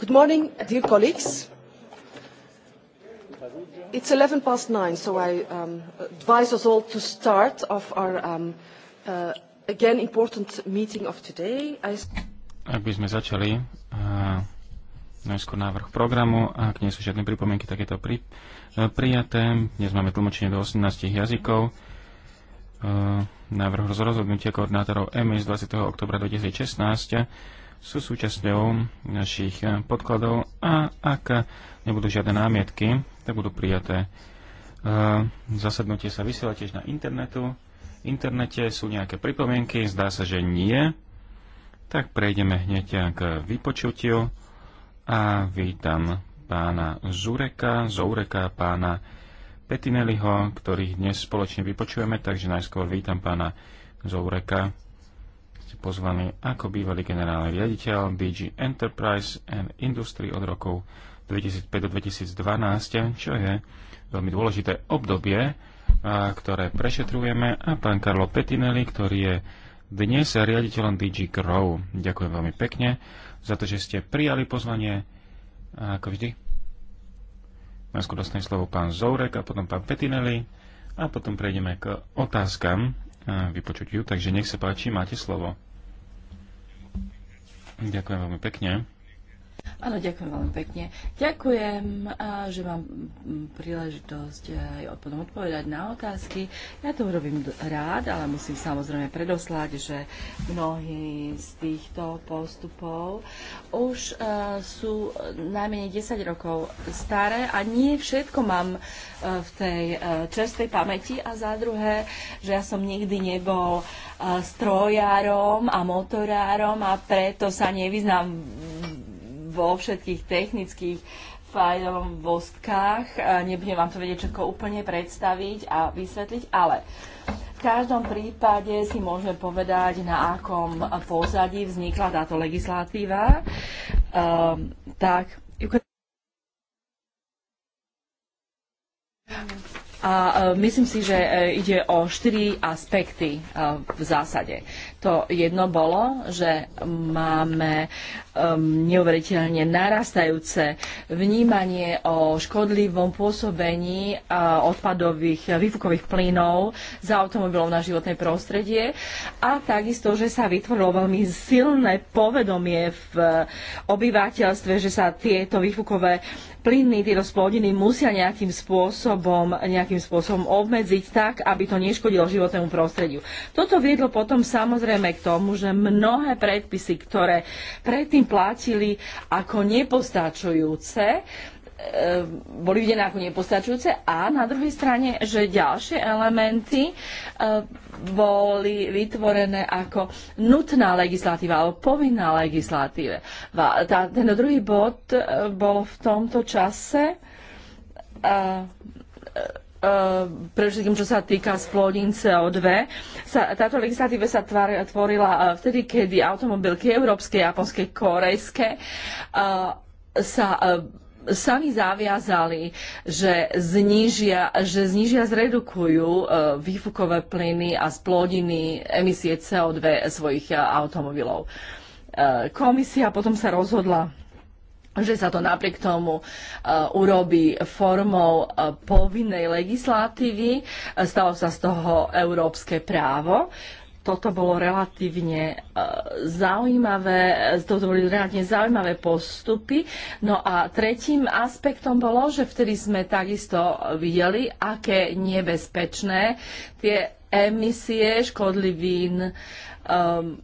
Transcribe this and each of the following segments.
Good morning, dear colleagues. It's 11 past nine, so I um, advise us all to start off our um, uh, again important meeting of today. I... Ak by sme začali uh, najskôr návrh programu, ak nie sú žiadne pripomienky, tak je to pri, uh, prijaté. Dnes máme tlmočenie do 18 jazykov. E, návrh z rozhodnutia koordinátorov MS 20. oktobra 2016 sú súčasťou našich podkladov a ak nebudú žiadne námietky, tak budú prijaté. E, zasadnutie sa vysiela tiež na internetu. V internete sú nejaké pripomienky, zdá sa, že nie. Tak prejdeme hneď k vypočutiu a vítam pána Zureka, Zoureka, pána Petinelliho, ktorých dnes spoločne vypočujeme, takže najskôr vítam pána Zoureka, ste pozvaní ako bývalý generálny riaditeľ DG Enterprise and Industry od rokov 2005 do 2012, čo je veľmi dôležité obdobie, ktoré prešetrujeme, a pán Karlo Petinelli, ktorý je dnes riaditeľom DG Grow. Ďakujem veľmi pekne za to, že ste prijali pozvanie. A ako vždy, Najskôr dostane slovo pán Zourek a potom pán Petinelli a potom prejdeme k otázkam ju, eh, Takže nech sa páči, máte slovo. Ďakujem veľmi pekne. Áno, ďakujem veľmi pekne. Ďakujem, že mám príležitosť e, aj potom odpovedať na otázky. Ja to urobím rád, ale musím samozrejme predoslať, že mnohí z týchto postupov už e, sú najmenej 10 rokov staré a nie všetko mám e, v tej čerstvej pamäti a za druhé, že ja som nikdy nebol strojárom a motorárom a preto sa nevyznám vo všetkých technických fajlovom voskách. Nebudem vám to vedieť všetko úplne predstaviť a vysvetliť, ale v každom prípade si môžeme povedať, na akom pozadí vznikla táto legislatíva. Um, tak. A e, myslím si, že e, ide o štyri aspekty e, v zásade. To jedno bolo, že máme um, neuveriteľne narastajúce vnímanie o škodlivom pôsobení uh, odpadových výfukových plynov za automobilov na životné prostredie a takisto, že sa vytvorilo veľmi silné povedomie v uh, obyvateľstve, že sa tieto výfukové plynný, tieto splodiny musia nejakým spôsobom, nejakým spôsobom obmedziť tak, aby to neškodilo životnému prostrediu. Toto viedlo potom samozrejme smerujeme k tomu, že mnohé predpisy, ktoré predtým platili ako nepostačujúce, e, boli videné ako nepostačujúce a na druhej strane, že ďalšie elementy e, boli vytvorené ako nutná legislatíva alebo povinná legislatíva. Tá, ten druhý bod e, bol v tomto čase Eh, pre všetkým, čo sa týka splodín CO2. Sa, táto legislatíva sa tvorila eh, vtedy, kedy automobilky európske, japonské, korejské eh, sa sami zaviazali, že znížia, že znížia zredukujú výfukové plyny a splodiny emisie CO2 svojich automobilov. Komisia potom sa rozhodla že sa to napriek tomu e, urobí formou e, povinnej legislatívy. E, stalo sa z toho európske právo toto bolo relatívne zaujímavé, toto boli relatívne zaujímavé postupy. No a tretím aspektom bolo, že vtedy sme takisto videli, aké nebezpečné tie emisie škodlivín um,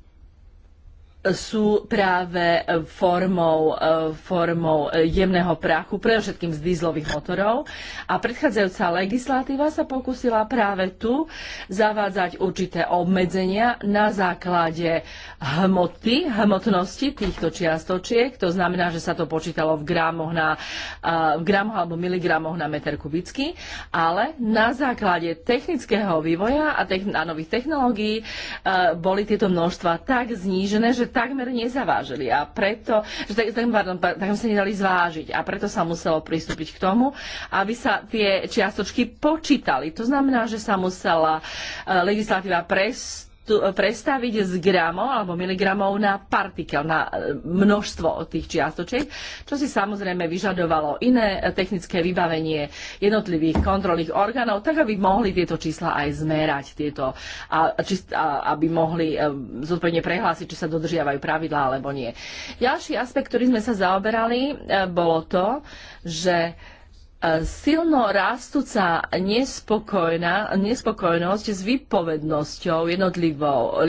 sú práve e, formou, e, formou e, jemného prachu, pre všetkým z dýzlových motorov. A predchádzajúca legislatíva sa pokusila práve tu zavádzať určité obmedzenia na základe hmoty, hmotnosti týchto čiastočiek. To znamená, že sa to počítalo v gramoch, na, v gramoch alebo miligramoch na meter kubický, ale na základe technického vývoja a, techn- a nových technológií boli tieto množstva tak znížené, že takmer nezavážili a preto, že tak, pardon, tak sa nedali zvážiť a preto sa muselo pristúpiť k tomu, aby sa tie čiastočky počítali. To znamená, že sa musela eh, legislatíva prestúpiť tu prestaviť z gramov alebo miligramov na partikel, na e, množstvo tých čiastočiek, čo si samozrejme vyžadovalo iné e, technické vybavenie jednotlivých kontrolných orgánov, tak aby mohli tieto čísla aj zmerať, tieto, a, či, a, aby mohli e, zodpovedne prehlásiť, či sa dodržiavajú pravidlá alebo nie. Ďalší aspekt, ktorý sme sa zaoberali, bolo to, že E, silno rastúca nespokojná, nespokojnosť s vypovednosťou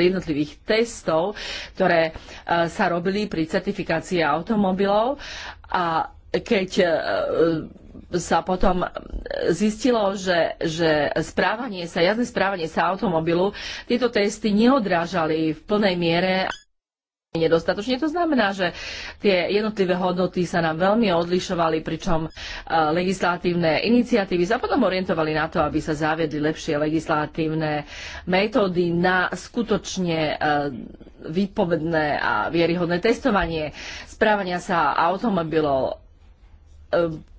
jednotlivých testov, ktoré e, sa robili pri certifikácii automobilov a keď e, sa potom zistilo, že, že správanie sa, jazdné správanie sa automobilu, tieto testy neodrážali v plnej miere nedostatočne. To znamená, že tie jednotlivé hodnoty sa nám veľmi odlišovali, pričom eh, legislatívne iniciatívy sa potom orientovali na to, aby sa zaviedli lepšie legislatívne metódy na skutočne eh, výpovedné a vieryhodné testovanie správania sa automobilov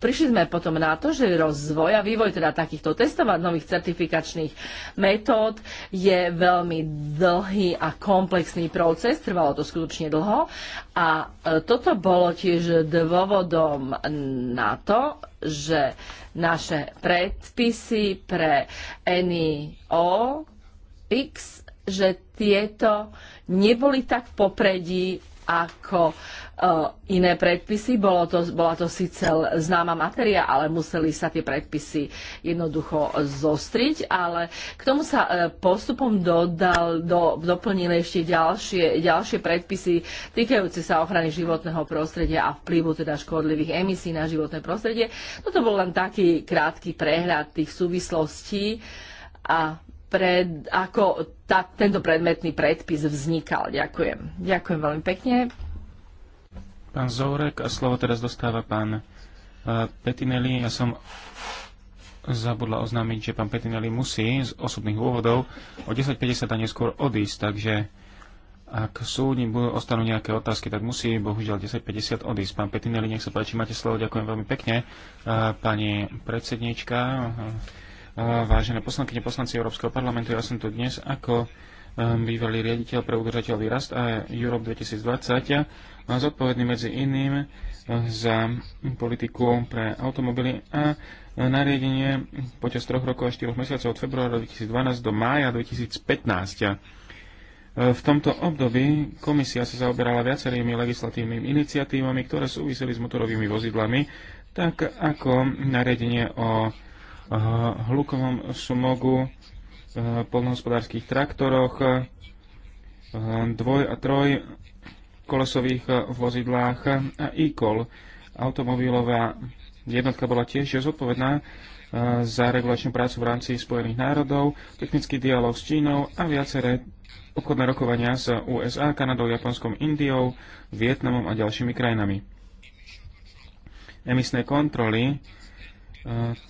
prišli sme potom na to, že rozvoj a vývoj teda takýchto testovať nových certifikačných metód je veľmi dlhý a komplexný proces, trvalo to skutočne dlho a e, toto bolo tiež dôvodom na to, že naše predpisy pre NIO X, že tieto neboli tak v popredí ako iné predpisy. Bolo to, bola to síce známa materia, ale museli sa tie predpisy jednoducho zostriť, ale k tomu sa e, postupom dodal, do, doplnili ešte ďalšie, ďalšie predpisy týkajúce sa ochrany životného prostredia a vplyvu teda škodlivých emisí na životné prostredie. Toto bol len taký krátky prehľad tých súvislostí a pred, ako tá, tento predmetný predpis vznikal. Ďakujem. Ďakujem veľmi pekne pán Zourek a slovo teraz dostáva pán e, Petinelli. Ja som zabudla oznámiť, že pán Petinelli musí z osobných dôvodov o 10.50 a neskôr odísť, takže ak sú, budú, ostanú nejaké otázky, tak musí bohužiaľ 10.50 odísť. Pán Petinelli, nech sa páči, máte slovo, ďakujem veľmi pekne. E, pani predsedníčka, e, vážené poslankyne, poslanci Európskeho parlamentu, ja som tu dnes ako bývalý riaditeľ pre udržateľný rast a Europe 2020 zodpovedný medzi iným eh, za politiku pre automobily a eh, nariadenie počas troch rokov a štyroch mesiacov od februára 2012 do mája 2015. Eh, v tomto období komisia sa zaoberala viacerými legislatívnymi iniciatívami, ktoré súviseli s motorovými vozidlami, tak ako nariadenie o hlukovom sumogu, polnohospodárských traktoroch, dvoj- a troj kolesových eh, vozidlách a eh, e-call. Automobilová jednotka bola tiež zodpovedná eh, za regulačnú prácu v rámci Spojených národov, technický dialog s Čínou a viaceré obchodné rokovania s USA, Kanadou, Japonskom, Indiou, Vietnamom a ďalšími krajinami. Emisné kontroly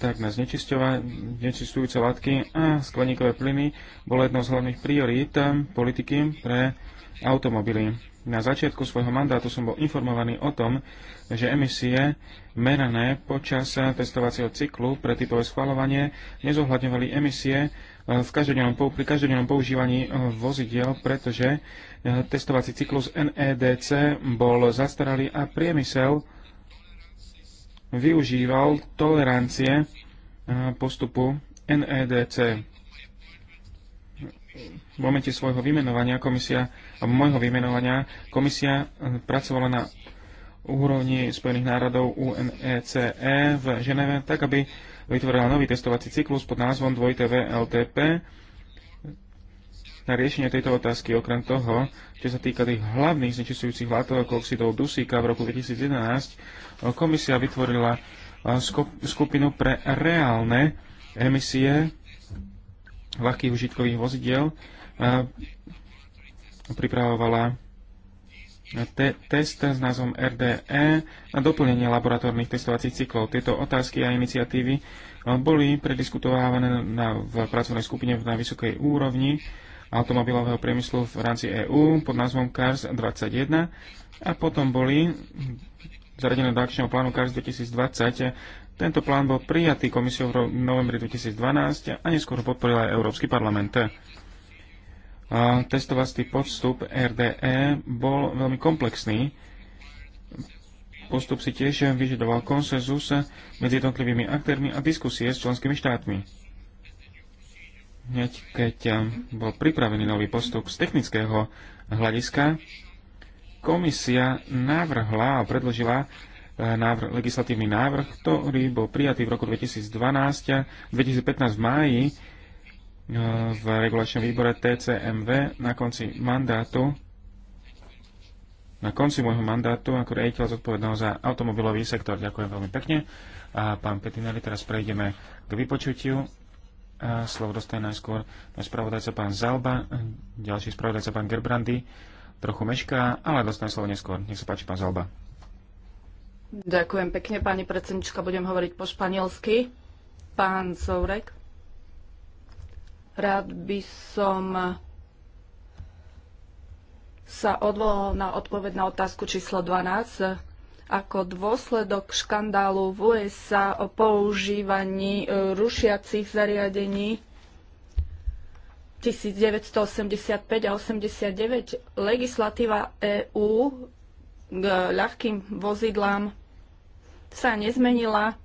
tak na znečistujúce látky a skleníkové plyny bolo jednou z hlavných priorít politiky pre automobily. Na začiatku svojho mandátu som bol informovaný o tom, že emisie merané počas testovacieho cyklu pre typové schvalovanie nezohľadňovali emisie eh, v každodennom, pri každodennom používaní eh, vozidiel, pretože eh, testovací cyklus NEDC bol zastaralý a priemysel využíval tolerancie postupu NEDC. V momente svojho vymenovania komisia môjho vymenovania komisia eh, pracovala na úrovni Spojených národov UNECE e v Ženeve, tak aby vytvorila nový testovací cyklus pod názvom 2TVLTP na riešenie tejto otázky. Okrem toho, čo sa týka tých hlavných znečistujúcich látok ako oxidov dusíka v roku 2011, komisia vytvorila eh, skupinu pre reálne emisie ľahkých užitkových vozidiel eh, pripravovala te- test s názvom RDE na doplnenie laboratórnych testovacích cyklov. Tieto otázky a iniciatívy eh, boli prediskutovávané na, v pracovnej skupine na vysokej úrovni automobilového priemyslu v rámci EÚ pod názvom CARS 21 a potom boli zaradené do akčného plánu CARS 2020. Tento plán bol prijatý komisiou v novembri 2012 a neskôr podporil aj Európsky parlament testovací postup RDE bol veľmi komplexný. Postup si tiež vyžadoval konsenzus medzi jednotlivými aktérmi a diskusie s členskými štátmi. Hneď keď eh, bol pripravený nový postup z technického hľadiska, komisia navrhla a predložila eh, návrh, legislatívny návrh, ktorý bol prijatý v roku 2012, 2015 v máji v regulačnom výbore TCMV na konci mandátu na konci môjho mandátu ako rejiteľ zodpovedného za automobilový sektor. Ďakujem veľmi pekne. A pán Petinelli, teraz prejdeme k vypočutiu. A slovo dostane najskôr náš spravodajca pán Zalba, ďalší spravodajca pán Gerbrandy. Trochu mešká, ale dostane slovo neskôr. Nech sa páči, pán Zalba. Ďakujem pekne, pani predsednička. Budem hovoriť po španielsky. Pán Sourek. Rád by som sa odvolal na odpoveď na otázku číslo 12. Ako dôsledok škandálu v USA o používaní e, rušiacich zariadení 1985 a 89 legislatíva EÚ k ľahkým vozidlám sa nezmenila,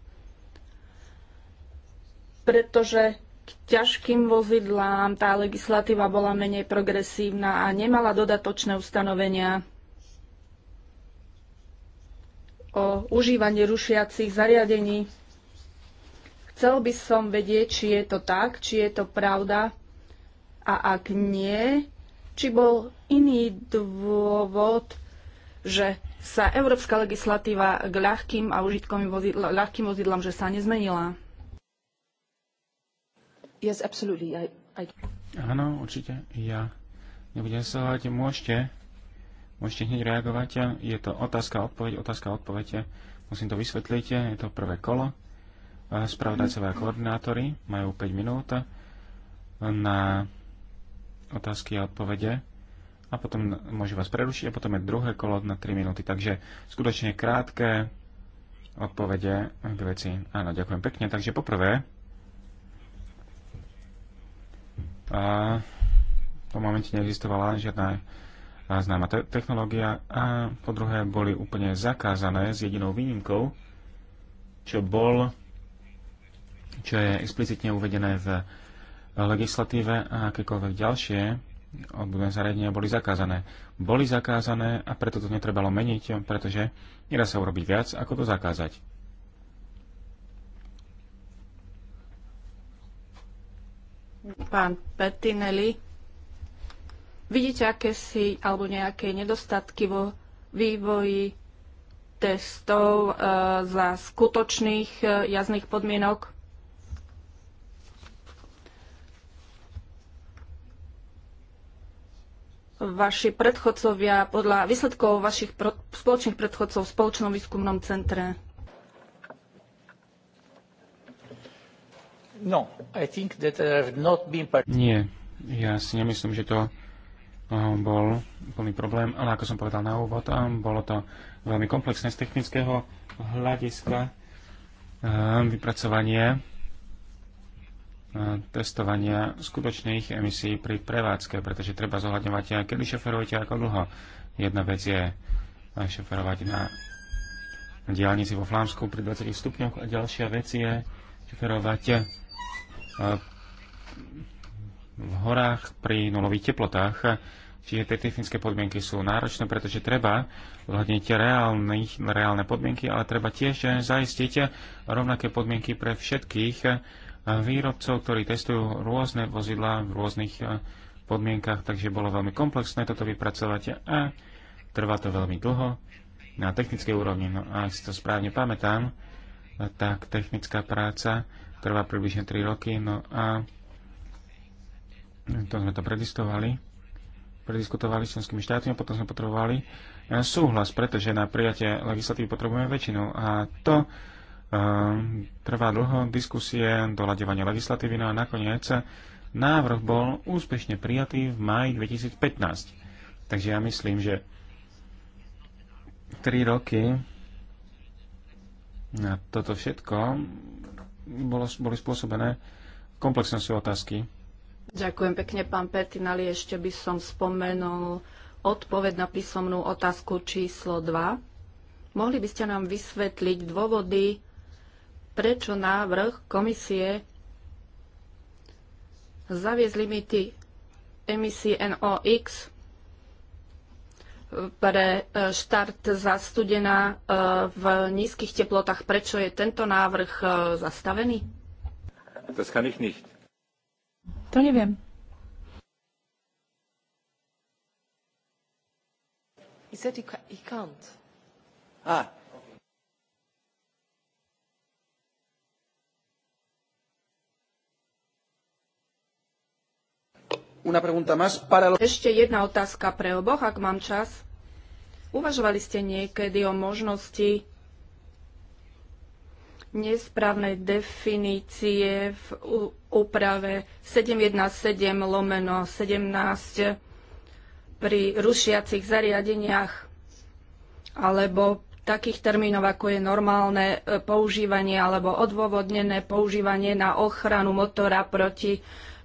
pretože ťažkým vozidlám tá legislatíva bola menej progresívna a nemala dodatočné ustanovenia o užívanie rušiacich zariadení. Chcel by som vedieť, či je to tak, či je to pravda a ak nie, či bol iný dôvod, že sa európska legislatíva k ľahkým a užitkovým ľahkým vozidlám, že sa nezmenila. Yes, absolutely. I, I... Áno, určite. Ja nebudem hlasovať. Môžete, môžete hneď reagovať. Je to otázka, odpoveď, otázka, odpoveď. Musím to vysvetliť. Je to prvé kolo. Spravodajcovia koordinátori majú 5 minút na otázky a odpovede a potom môžu vás prerušiť a potom je druhé kolo na 3 minúty. Takže skutočne krátke odpovede k veci. Áno, ďakujem pekne. Takže poprvé, a v tom momente neexistovala žiadna známa te- technológia a po druhé boli úplne zakázané s jedinou výnimkou, čo bol, čo je explicitne uvedené v legislatíve a akékoľvek ďalšie odbudné zariadenia boli zakázané. Boli zakázané a preto to netrebalo meniť, pretože nedá sa urobiť viac, ako to zakázať. pán Petinelli. Vidíte aké si, alebo nejaké nedostatky vo vývoji testov e, za skutočných e, jazdných podmienok? Vaši predchodcovia podľa výsledkov vašich pro, spoločných predchodcov v Spoločnom výskumnom centre No, Nie, ja si nemyslím, že to eh, bol plný problém, ale ako som povedal na úvod, eh, bolo to veľmi komplexné z technického hľadiska eh, vypracovanie testovania skutočných emisí pri prevádzke, pretože treba zohľadňovať, kedy šoferujete, ako dlho. Jedna vec je šoferovať na diálnici vo Flámsku pri 20 stupňoch a ďalšia vec je šoferovať v horách pri nulových teplotách. Čiže tie technické podmienky sú náročné, pretože treba zohľadniť reálne podmienky, ale treba tiež zaistiť rovnaké podmienky pre všetkých výrobcov, ktorí testujú rôzne vozidlá v rôznych podmienkach, takže bolo veľmi komplexné toto vypracovať a trvá to veľmi dlho na technickej úrovni. No a ak si to správne pamätám, tak technická práca trvá približne 3 roky, no a to sme to predistovali, prediskutovali s členskými štátmi a potom sme potrebovali eh, súhlas, pretože na prijatie legislatívy potrebujeme väčšinu a to um, trvá dlho, diskusie, doľadevanie legislatívy, no a nakoniec návrh bol úspešne prijatý v maji 2015. Takže ja myslím, že 3 roky na toto všetko bolo, boli spôsobené sú otázky. Ďakujem pekne, pán Pertinali. Ešte by som spomenul odpoveď na písomnú otázku číslo 2. Mohli by ste nám vysvetliť dôvody, prečo návrh komisie zaviesť limity emisí NOx pre e, štart za studená e, v nízkych teplotách. Prečo je tento návrh e, zastavený? Das kann ich nicht. To neviem. He said he, he can't. Ah, una pregunta más para los... Ešte jedna otázka pre oboch, ak mám čas. Uvažovali ste niekedy o možnosti nesprávnej definície v úprave 717 lomeno 17 pri rušiacich zariadeniach alebo takých termínov, ako je normálne e, používanie alebo odôvodnené používanie na ochranu motora proti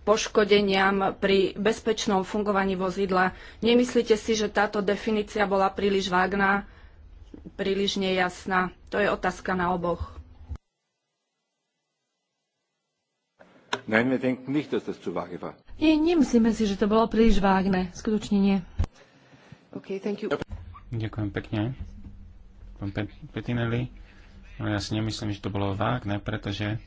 poškodeniam pri bezpečnom fungovaní vozidla. Nemyslíte si, že táto definícia bola príliš vágná, príliš nejasná? To je otázka na oboch. Nie, nemyslíme si, že to bolo príliš vágne. Skutočne nie. Okay, thank you. Ďakujem pekne. Pán Petinelli. No ja si nemyslím, že to bolo vágne, pretože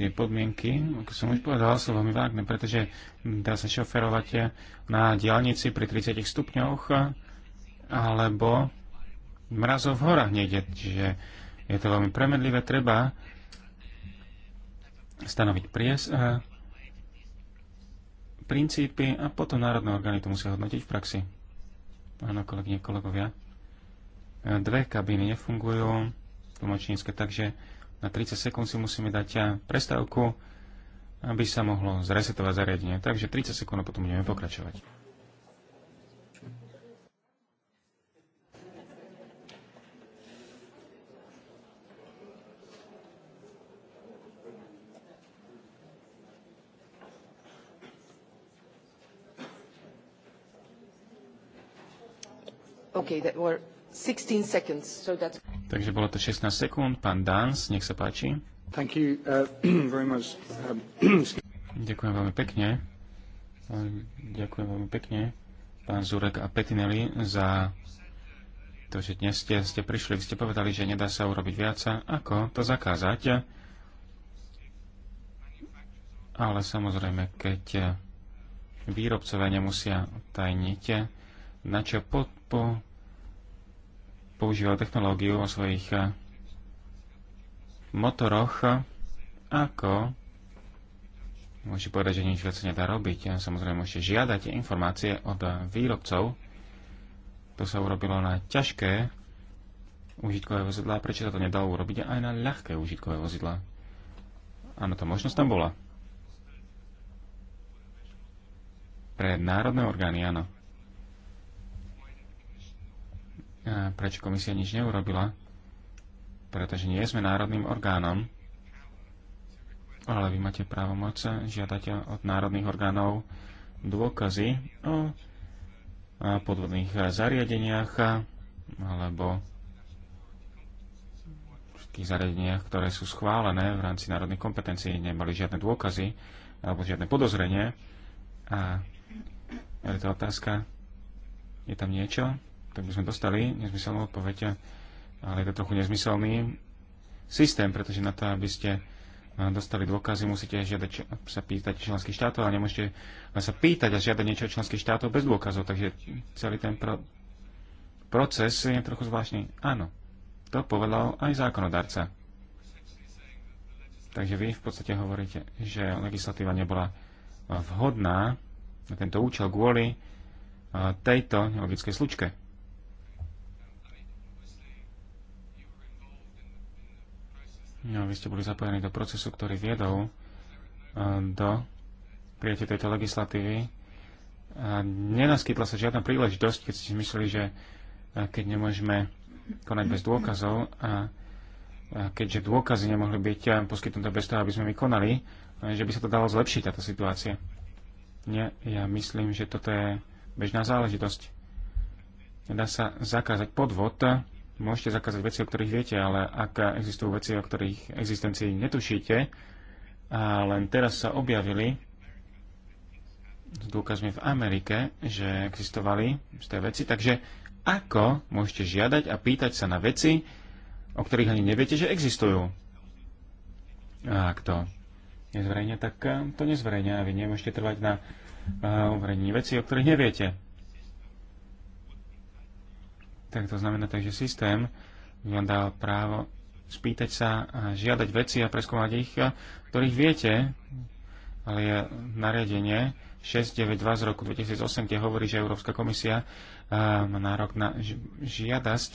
tie podmienky, ako som už povedal, sú veľmi vágne, pretože dá sa šoferovať na diálnici pri 30 stupňoch alebo mrazov v horách niekde. Čiže je to veľmi premedlivé. Treba stanoviť pries, eh, princípy a potom národné orgány to musia hodnotiť v praxi. Áno, kolegyne, kolegovia. Eh, dve kabíny nefungujú, tlmočnícke, takže na 30 sekúnd si musíme dať prestávku, aby sa mohlo zresetovať zariadenie. Takže 30 sekúnd a potom budeme pokračovať. Okay, that were 16 seconds, so that... Takže bolo to 16 sekúnd. Pán Dans, nech sa páči. Thank you, uh, very much. Um, ďakujem veľmi pekne. Ďakujem veľmi pekne, pán Zurek a Petinelli, za to, že dnes ste, ste prišli. Vy ste povedali, že nedá sa urobiť viac, ako to zakázať. Ale samozrejme, keď výrobcovia nemusia tajniť, na čo po, po, používal technológiu o svojich eh, motoroch eh, ako môžete povedať, že nič viac nedá robiť. Eh, samozrejme môžete žiadať informácie od výrobcov. To sa urobilo na ťažké užitkové a Prečo sa to nedalo urobiť aj na ľahké užitkové vozidlá? Áno, to možnosť tam bola. Pre národné orgány, áno. E, prečo komisia nič neurobila, pretože nie sme národným orgánom, ale vy máte právomoc žiadať od národných orgánov dôkazy o e, podvodných zariadeniach alebo všetkých zariadeniach, ktoré sú schválené v rámci národných kompetencií, nemali žiadne dôkazy alebo žiadne podozrenie. A je to otázka, je tam niečo, tak by sme dostali nezmyselnú odpoveď, ale je to trochu nezmyselný systém, pretože na to, aby ste eh, dostali dôkazy, musíte žiadať, sa pýtať členských štátov, ale nemôžete sa pýtať a žiadať niečo členských štátov bez dôkazov, takže celý ten pro- proces je trochu zvláštny. Áno, to povedal aj zákonodárca. Takže vy v podstate hovoríte, že legislatíva nebola eh, vhodná na tento účel kvôli eh, tejto logickej slučke. No, vy ste boli zapojení do procesu, ktorý viedol e, do prijatia tejto legislatívy. A nenaskytla sa žiadna príležitosť, keď ste mysleli, že e, keď nemôžeme konať bez dôkazov a e, keďže dôkazy nemohli byť poskytnuté bez toho, aby sme vykonali, že by sa to dalo zlepšiť, táto situácia. Nie, ja myslím, že toto je bežná záležitosť. Dá sa zakázať podvod môžete zakázať veci, o ktorých viete, ale ak existujú veci, o ktorých existencii netušíte, a len teraz sa objavili s dôkazmi v Amerike, že existovali z tej veci, takže ako môžete žiadať a pýtať sa na veci, o ktorých ani neviete, že existujú? A ak to nezverejňa, tak to nezverejňa a vy nemôžete trvať na uverejnení veci, o ktorých neviete tak to znamená tak, že systém by vám dal právo spýtať sa a žiadať veci a preskúmať ich, ktorých viete, ale je nariadenie 692 z roku 2008, kde hovorí, že Európska komisia má nárok na žiadasť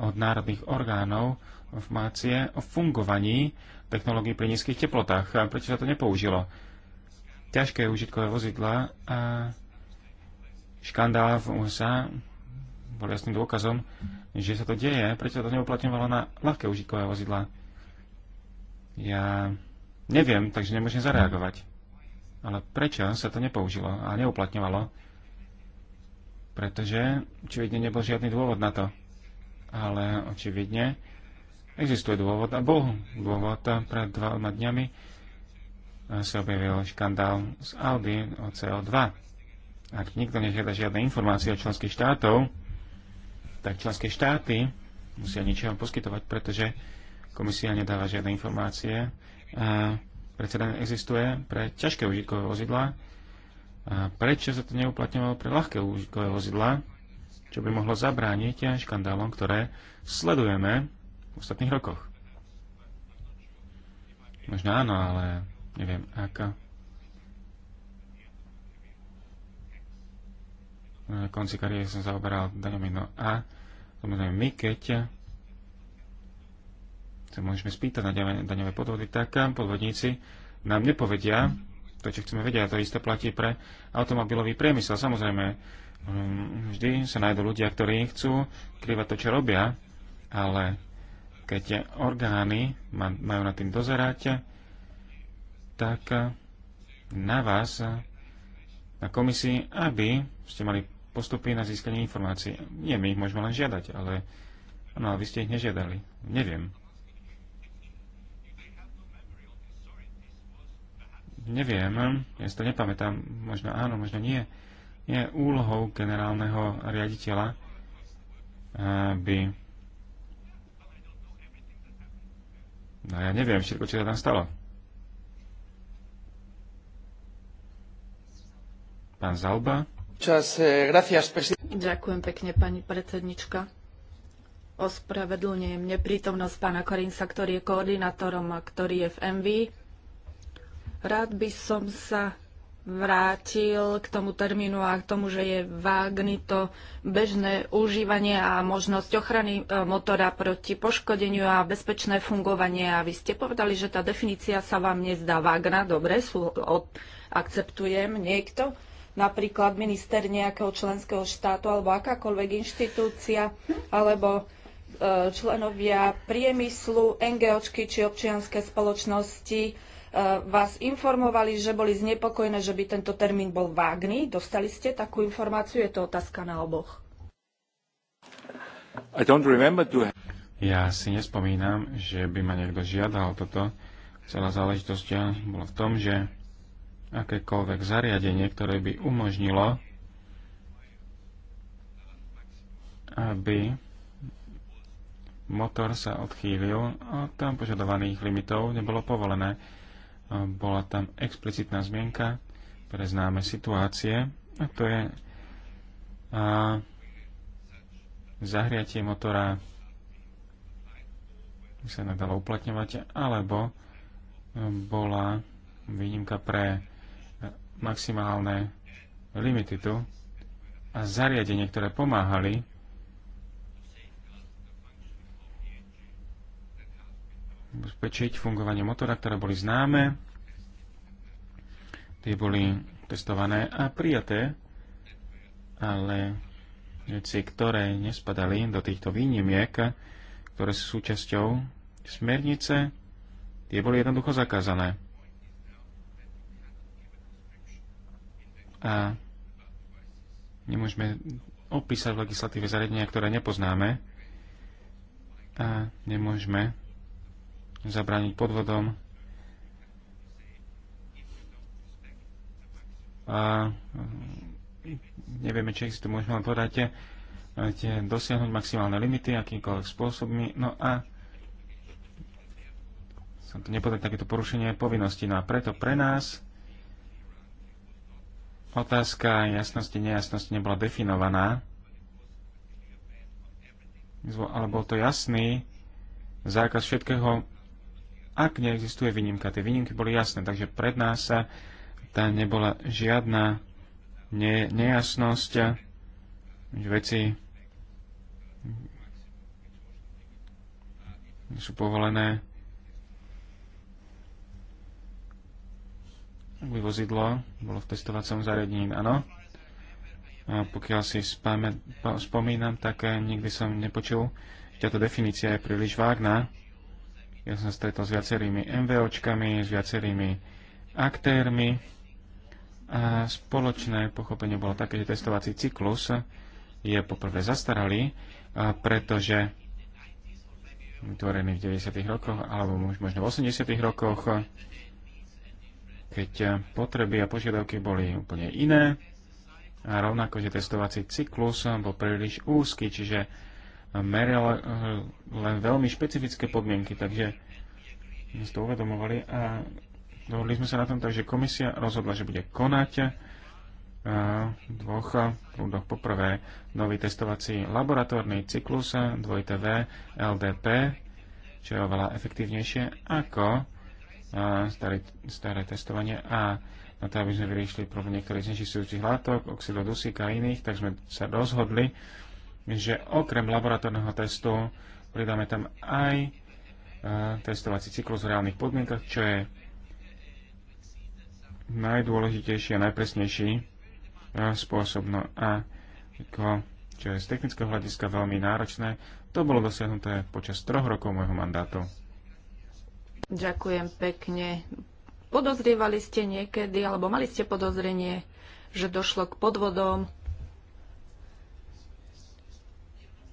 od národných orgánov informácie o fungovaní technológií pri nízkych teplotách. A prečo sa to nepoužilo? Ťažké užitkové vozidla a škandál v USA bol jasným dôkazom, že sa to deje, prečo to neuplatňovalo na ľahké užitkové vozidla. Ja neviem, takže nemôžem zareagovať. Ale prečo sa to nepoužilo a neuplatňovalo? Pretože očividne nebol žiadny dôvod na to. Ale očividne existuje dôvod a bol dôvod pred dvoma dňami sa objavil škandál z Audi o CO2. Ak nikto nežiada žiadne informácie od členských štátov, tak členské štáty musia niečo poskytovať, pretože komisia nedáva žiadne informácie. Precedent existuje pre ťažké užitkové vozidla. A prečo sa to neuplatňovalo pre ľahké užitkové vozidla, čo by mohlo zabrániť škandálom, ktoré sledujeme v ostatných rokoch? Možno áno, ale neviem, aká na konci kariéry som zaoberal daňami. No a samozrejme my, keď sa môžeme spýtať na daňové podvody, tak podvodníci nám nepovedia to, čo chceme vedieť. A to isté platí pre automobilový priemysel. Samozrejme, mm, vždy sa nájdú ľudia, ktorí chcú krývať to, čo robia, ale keď orgány majú na tým dozerať, tak na vás, na komisii, aby ste mali postupy na získanie informácií. Nie, my ich môžeme len žiadať, ale no, vy ste ich nežiadali. Neviem. Neviem, ja si to nepamätám, možno áno, možno nie. Je úlohou generálneho riaditeľa, aby... No ja neviem všetko, čo sa tam stalo. Pán Zalba? Eh, Ďakujem pekne, pani predsednička. Ospravedlňujem neprítomnosť pána Korinsa, ktorý je koordinátorom a ktorý je v MV. Rád by som sa vrátil k tomu termínu a k tomu, že je vágny to bežné užívanie a možnosť ochrany eh, motora proti poškodeniu a bezpečné fungovanie. A vy ste povedali, že tá definícia sa vám nezdá vágna. Dobre, sú, akceptujem niekto napríklad minister nejakého členského štátu alebo akákoľvek inštitúcia alebo e, členovia priemyslu, NGOčky či občianské spoločnosti e, vás informovali, že boli znepokojené, že by tento termín bol vágný. Dostali ste takú informáciu? Je to otázka na oboch. To... Ja si nespomínam, že by ma niekto žiadal toto. Celá záležitosť eh, bola v tom, že akékoľvek zariadenie, ktoré by umožnilo, aby motor sa odchýlil od tam požadovaných limitov, nebolo povolené. Bola tam explicitná zmienka pre známe situácie, a to je a, zahriatie motora sa nedalo uplatňovať, alebo bola výnimka pre maximálne limity tu a zariadenie, ktoré pomáhali zabezpečiť fungovanie motora, ktoré boli známe, tie boli testované a prijaté, ale veci, ktoré nespadali do týchto výnimiek, ktoré sú súčasťou smernice, tie boli jednoducho zakázané. a nemôžeme opísať v legislatíve zariadenia, ktoré nepoznáme a nemôžeme zabrániť podvodom a mm, nevieme, či existujú, môžeme len povedať, eh, tie dosiahnuť maximálne limity akýmkoľvek spôsobmi. No a sa to nepodať takéto porušenie povinnosti. No a preto pre nás Otázka jasnosti, nejasnosti nebola definovaná, ale bol to jasný zákaz všetkého, ak neexistuje výnimka. Tie výnimky boli jasné, takže pred nás sa tá nebola žiadna ne, nejasnosť, že veci sú povolené aby vozidlo bolo v testovacom zariadení. Áno. A pokiaľ si spáme, spomínam, tak eh, nikdy som nepočul, že táto definícia je príliš vágna. Ja som stretol s viacerými MVOčkami, s viacerými aktérmi a spoločné pochopenie bolo také, že testovací cyklus je poprvé zastaralý, eh, pretože vytvorený v 90. rokoch alebo možno v 80. rokoch keď eh, potreby a požiadavky boli úplne iné a rovnako, že testovací cyklus eh, bol príliš úzky, čiže eh, merila len veľmi špecifické podmienky, takže my to uvedomovali a dohodli sme sa na tom, takže komisia rozhodla, že bude konať v dvoch prúdoch. Poprvé nový testovací laboratórny cyklus 2TV LDP, čo je oveľa efektívnejšie ako a staré, staré testovanie a na to, aby sme vyriešili problém niektorých znečistujúcich látok, oxidu dusíka a iných, tak sme sa rozhodli, že okrem laboratórneho testu pridáme tam aj e, testovací cyklus v reálnych podmienkach, čo je najdôležitejší a najpresnejší e, spôsob. No a ako, čo je z technického hľadiska veľmi náročné, to bolo dosiahnuté počas troch rokov môjho mandátu. Ďakujem pekne. Podozrievali ste niekedy, alebo mali ste podozrenie, že došlo k podvodom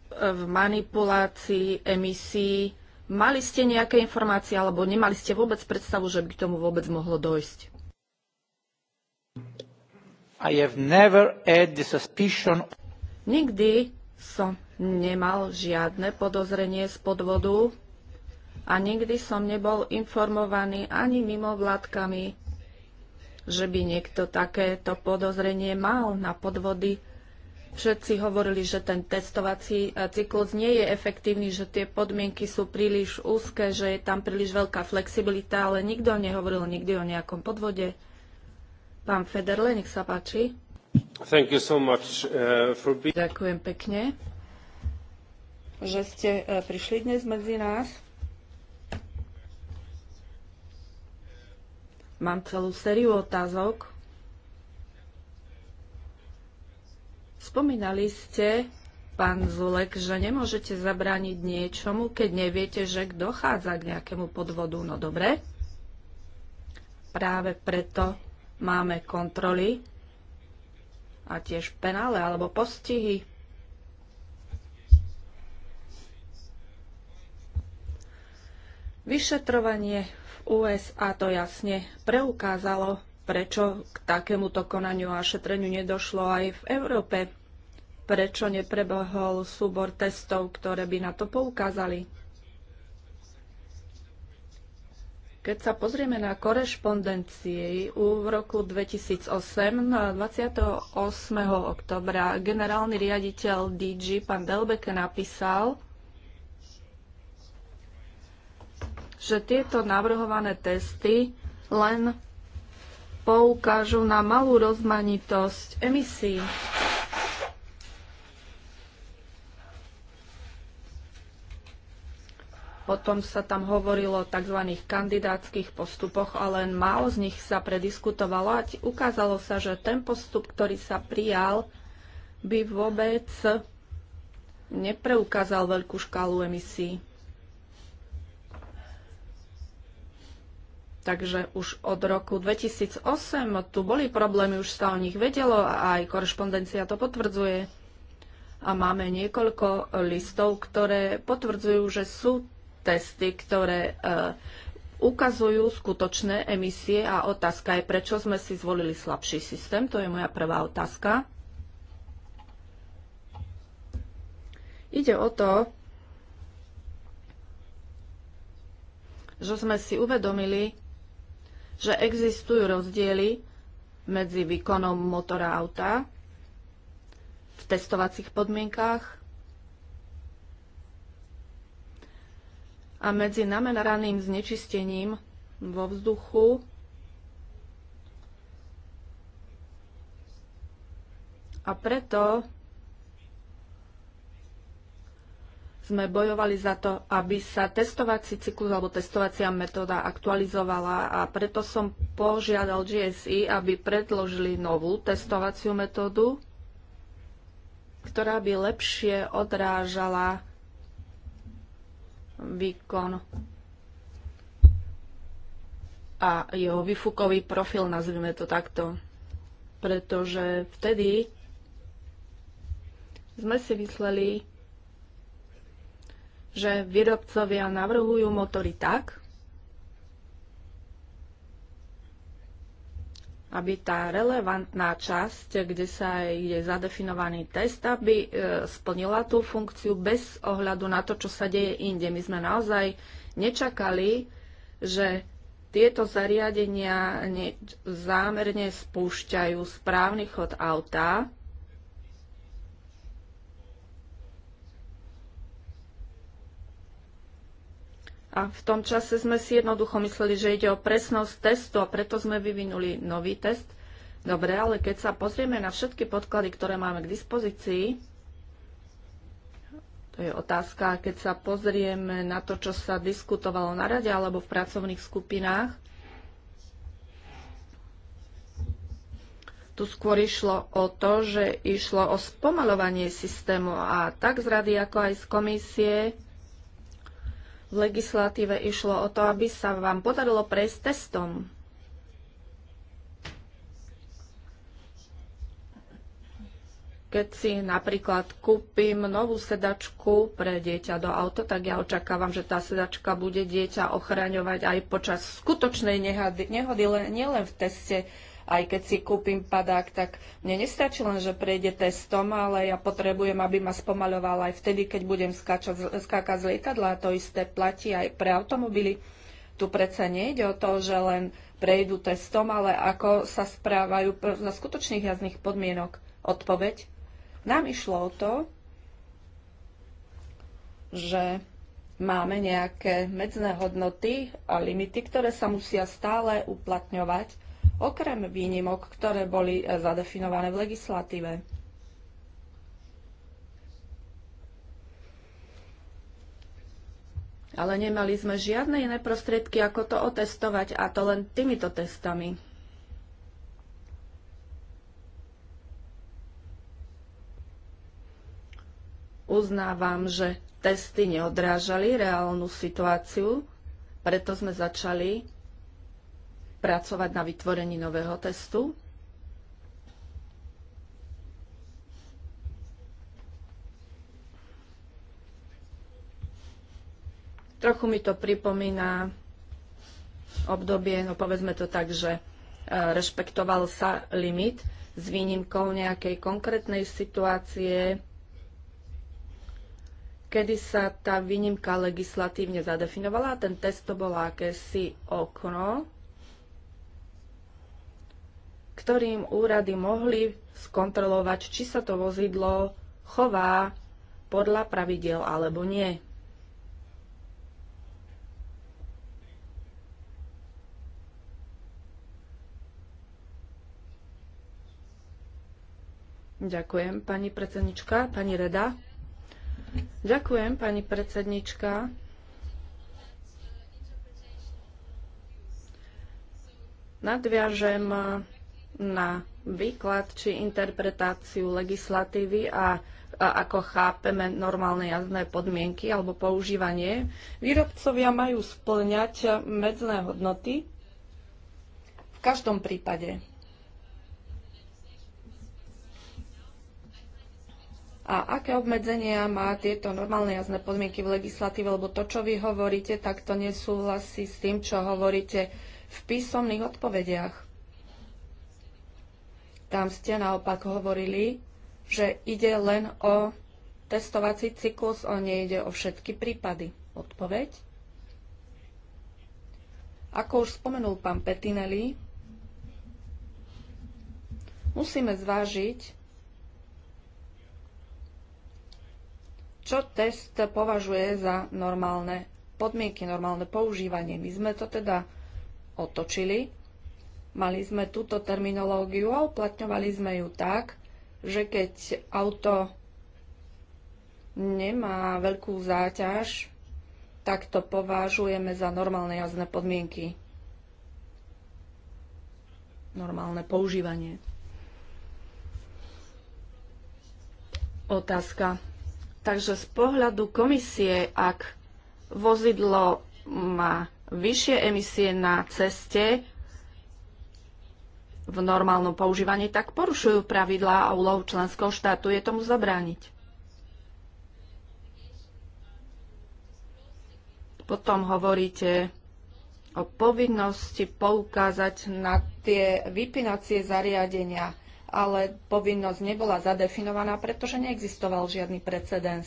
v manipulácii emisí? Mali ste nejaké informácie, alebo nemali ste vôbec predstavu, že by k tomu vôbec mohlo dojsť? I have never had the suspicion... Nikdy som nemal žiadne podozrenie z podvodu a nikdy som nebol informovaný ani mimo vládkami, že by niekto takéto podozrenie mal na podvody. Všetci hovorili, že ten testovací e, cyklus nie je efektívny, že tie podmienky sú príliš úzke, že je tam príliš veľká flexibilita, ale nikto nehovoril nikdy o nejakom podvode. Pán Federle, nech sa páči. Thank you so much, uh, for Ďakujem pekne, že ste e, prišli dnes medzi nás. Mám celú sériu otázok. Spomínali ste, pán Zulek, že nemôžete zabrániť niečomu, keď neviete, že dochádza k nejakému podvodu. No dobre, práve preto máme kontroly a tiež penále alebo postihy. Vyšetrovanie USA to jasne preukázalo, prečo k takémuto konaniu a šetreniu nedošlo aj v Európe. Prečo neprebehol súbor testov, ktoré by na to poukázali? Keď sa pozrieme na korešpondencie v roku 2008, 28. oktobra, generálny riaditeľ DG, pán Delbeke, napísal, že tieto navrhované testy len poukážu na malú rozmanitosť emisí. Potom sa tam hovorilo o tzv. kandidátskych postupoch, a len málo z nich sa prediskutovalo a ukázalo sa, že ten postup, ktorý sa prijal, by vôbec nepreukázal veľkú škálu emisí. Takže už od roku 2008 tu boli problémy, už sa o nich vedelo a aj korešpondencia to potvrdzuje. A máme niekoľko listov, ktoré potvrdzujú, že sú testy, ktoré e, ukazujú skutočné emisie a otázka je, prečo sme si zvolili slabší systém. To je moja prvá otázka. Ide o to, že sme si uvedomili, že existujú rozdiely medzi výkonom motora auta v testovacích podmienkách a medzi nameraným znečistením vo vzduchu a preto sme bojovali za to, aby sa testovací cyklus alebo testovacia metóda aktualizovala a preto som požiadal GSI, aby predložili novú testovaciu metódu, ktorá by lepšie odrážala výkon a jeho vyfukový profil, nazvime to takto. Pretože vtedy sme si mysleli, že výrobcovia navrhujú motory tak, aby tá relevantná časť, kde sa je zadefinovaný test, aby e, splnila tú funkciu bez ohľadu na to, čo sa deje inde. My sme naozaj nečakali, že tieto zariadenia zámerne spúšťajú správny chod auta, A v tom čase sme si jednoducho mysleli, že ide o presnosť testu a preto sme vyvinuli nový test. Dobre, ale keď sa pozrieme na všetky podklady, ktoré máme k dispozícii, to je otázka, keď sa pozrieme na to, čo sa diskutovalo na rade alebo v pracovných skupinách, Tu skôr išlo o to, že išlo o spomalovanie systému a tak z rady ako aj z komisie v legislatíve išlo o to, aby sa vám podarilo prejsť testom. Keď si napríklad kúpim novú sedačku pre dieťa do auto, tak ja očakávam, že tá sedačka bude dieťa ochraňovať aj počas skutočnej nehody, nehody nielen v teste aj keď si kúpim padák, tak mne nestačí len, že prejde testom, ale ja potrebujem, aby ma spomaľoval aj vtedy, keď budem skáčať, skákať z lietadla. To isté platí aj pre automobily. Tu predsa nejde o to, že len prejdú testom, ale ako sa správajú za skutočných jazdných podmienok. Odpoveď? Nám išlo o to, že máme nejaké medzné hodnoty a limity, ktoré sa musia stále uplatňovať okrem výnimok, ktoré boli eh, zadefinované v legislatíve. Ale nemali sme žiadne iné prostriedky, ako to otestovať, a to len týmito testami. Uznávam, že testy neodrážali reálnu situáciu, preto sme začali pracovať na vytvorení nového testu. Trochu mi to pripomína obdobie, no povedzme to tak, že e, rešpektoval sa limit s výnimkou nejakej konkrétnej situácie, kedy sa tá výnimka legislatívne zadefinovala a ten test to bolo akési okno, ktorým úrady mohli skontrolovať, či sa to vozidlo chová podľa pravidel alebo nie. Ďakujem, pani predsednička. Pani Reda. Ďakujem, pani predsednička. Nadviažem na výklad či interpretáciu legislatívy a, a ako chápeme normálne jazdné podmienky alebo používanie. Výrobcovia majú splňať medzné hodnoty v každom prípade. A aké obmedzenia má tieto normálne jazdné podmienky v legislatíve, lebo to, čo vy hovoríte, tak to nesúhlasí s tým, čo hovoríte v písomných odpovediach. Tam ste naopak hovorili, že ide len o testovací cyklus, o nejde o všetky prípady. Odpoveď? Ako už spomenul pán Petinelli, musíme zvážiť, čo test považuje za normálne podmienky, normálne používanie. My sme to teda otočili Mali sme túto terminológiu a uplatňovali sme ju tak, že keď auto nemá veľkú záťaž, tak to považujeme za normálne jazdné podmienky. Normálne používanie. Otázka. Takže z pohľadu komisie, ak vozidlo má vyššie emisie na ceste, v normálnom používaní, tak porušujú pravidlá a úlohu členského štátu je tomu zabrániť. Potom hovoríte o povinnosti poukázať na tie vypínacie zariadenia, ale povinnosť nebola zadefinovaná, pretože neexistoval žiadny precedens.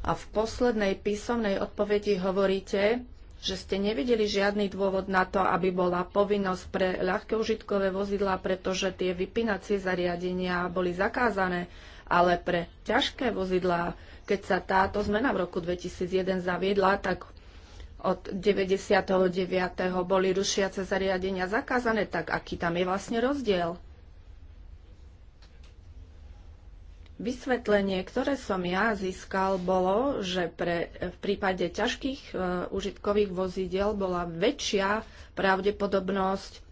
A v poslednej písomnej odpovedi hovoríte, že ste nevideli žiadny dôvod na to, aby bola povinnosť pre ľahké užitkové vozidlá, pretože tie vypínacie zariadenia boli zakázané, ale pre ťažké vozidlá, keď sa táto zmena v roku 2001 zaviedla, tak od 99. boli rušiace zariadenia zakázané, tak aký tam je vlastne rozdiel? Vysvetlenie, ktoré som ja získal, bolo, že pre, v prípade ťažkých e, užitkových vozidiel bola väčšia pravdepodobnosť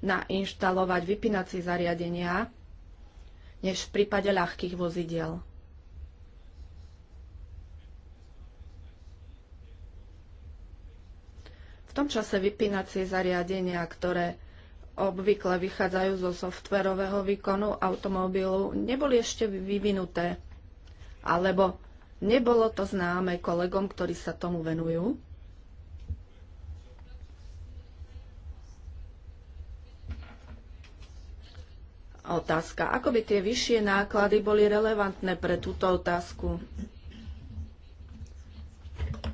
nainštalovať vypínacie zariadenia než v prípade ľahkých vozidiel. V tom čase vypínacie zariadenia, ktoré obvykle vychádzajú zo softverového výkonu automobilu, neboli ešte vyvinuté, alebo nebolo to známe kolegom, ktorí sa tomu venujú. Otázka. Ako by tie vyššie náklady boli relevantné pre túto otázku?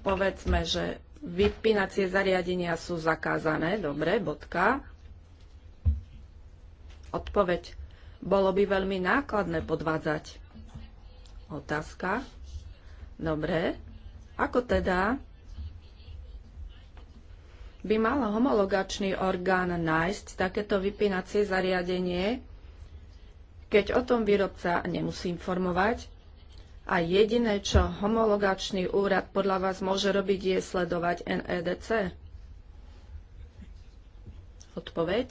Povedzme, že vypínacie zariadenia sú zakázané. Dobre, bodka Odpoveď. Bolo by veľmi nákladné podvádzať. Otázka. Dobre. Ako teda by mal homologačný orgán nájsť takéto vypínacie zariadenie, keď o tom výrobca nemusí informovať? A jediné, čo homologačný úrad podľa vás môže robiť, je sledovať NEDC? Odpoveď?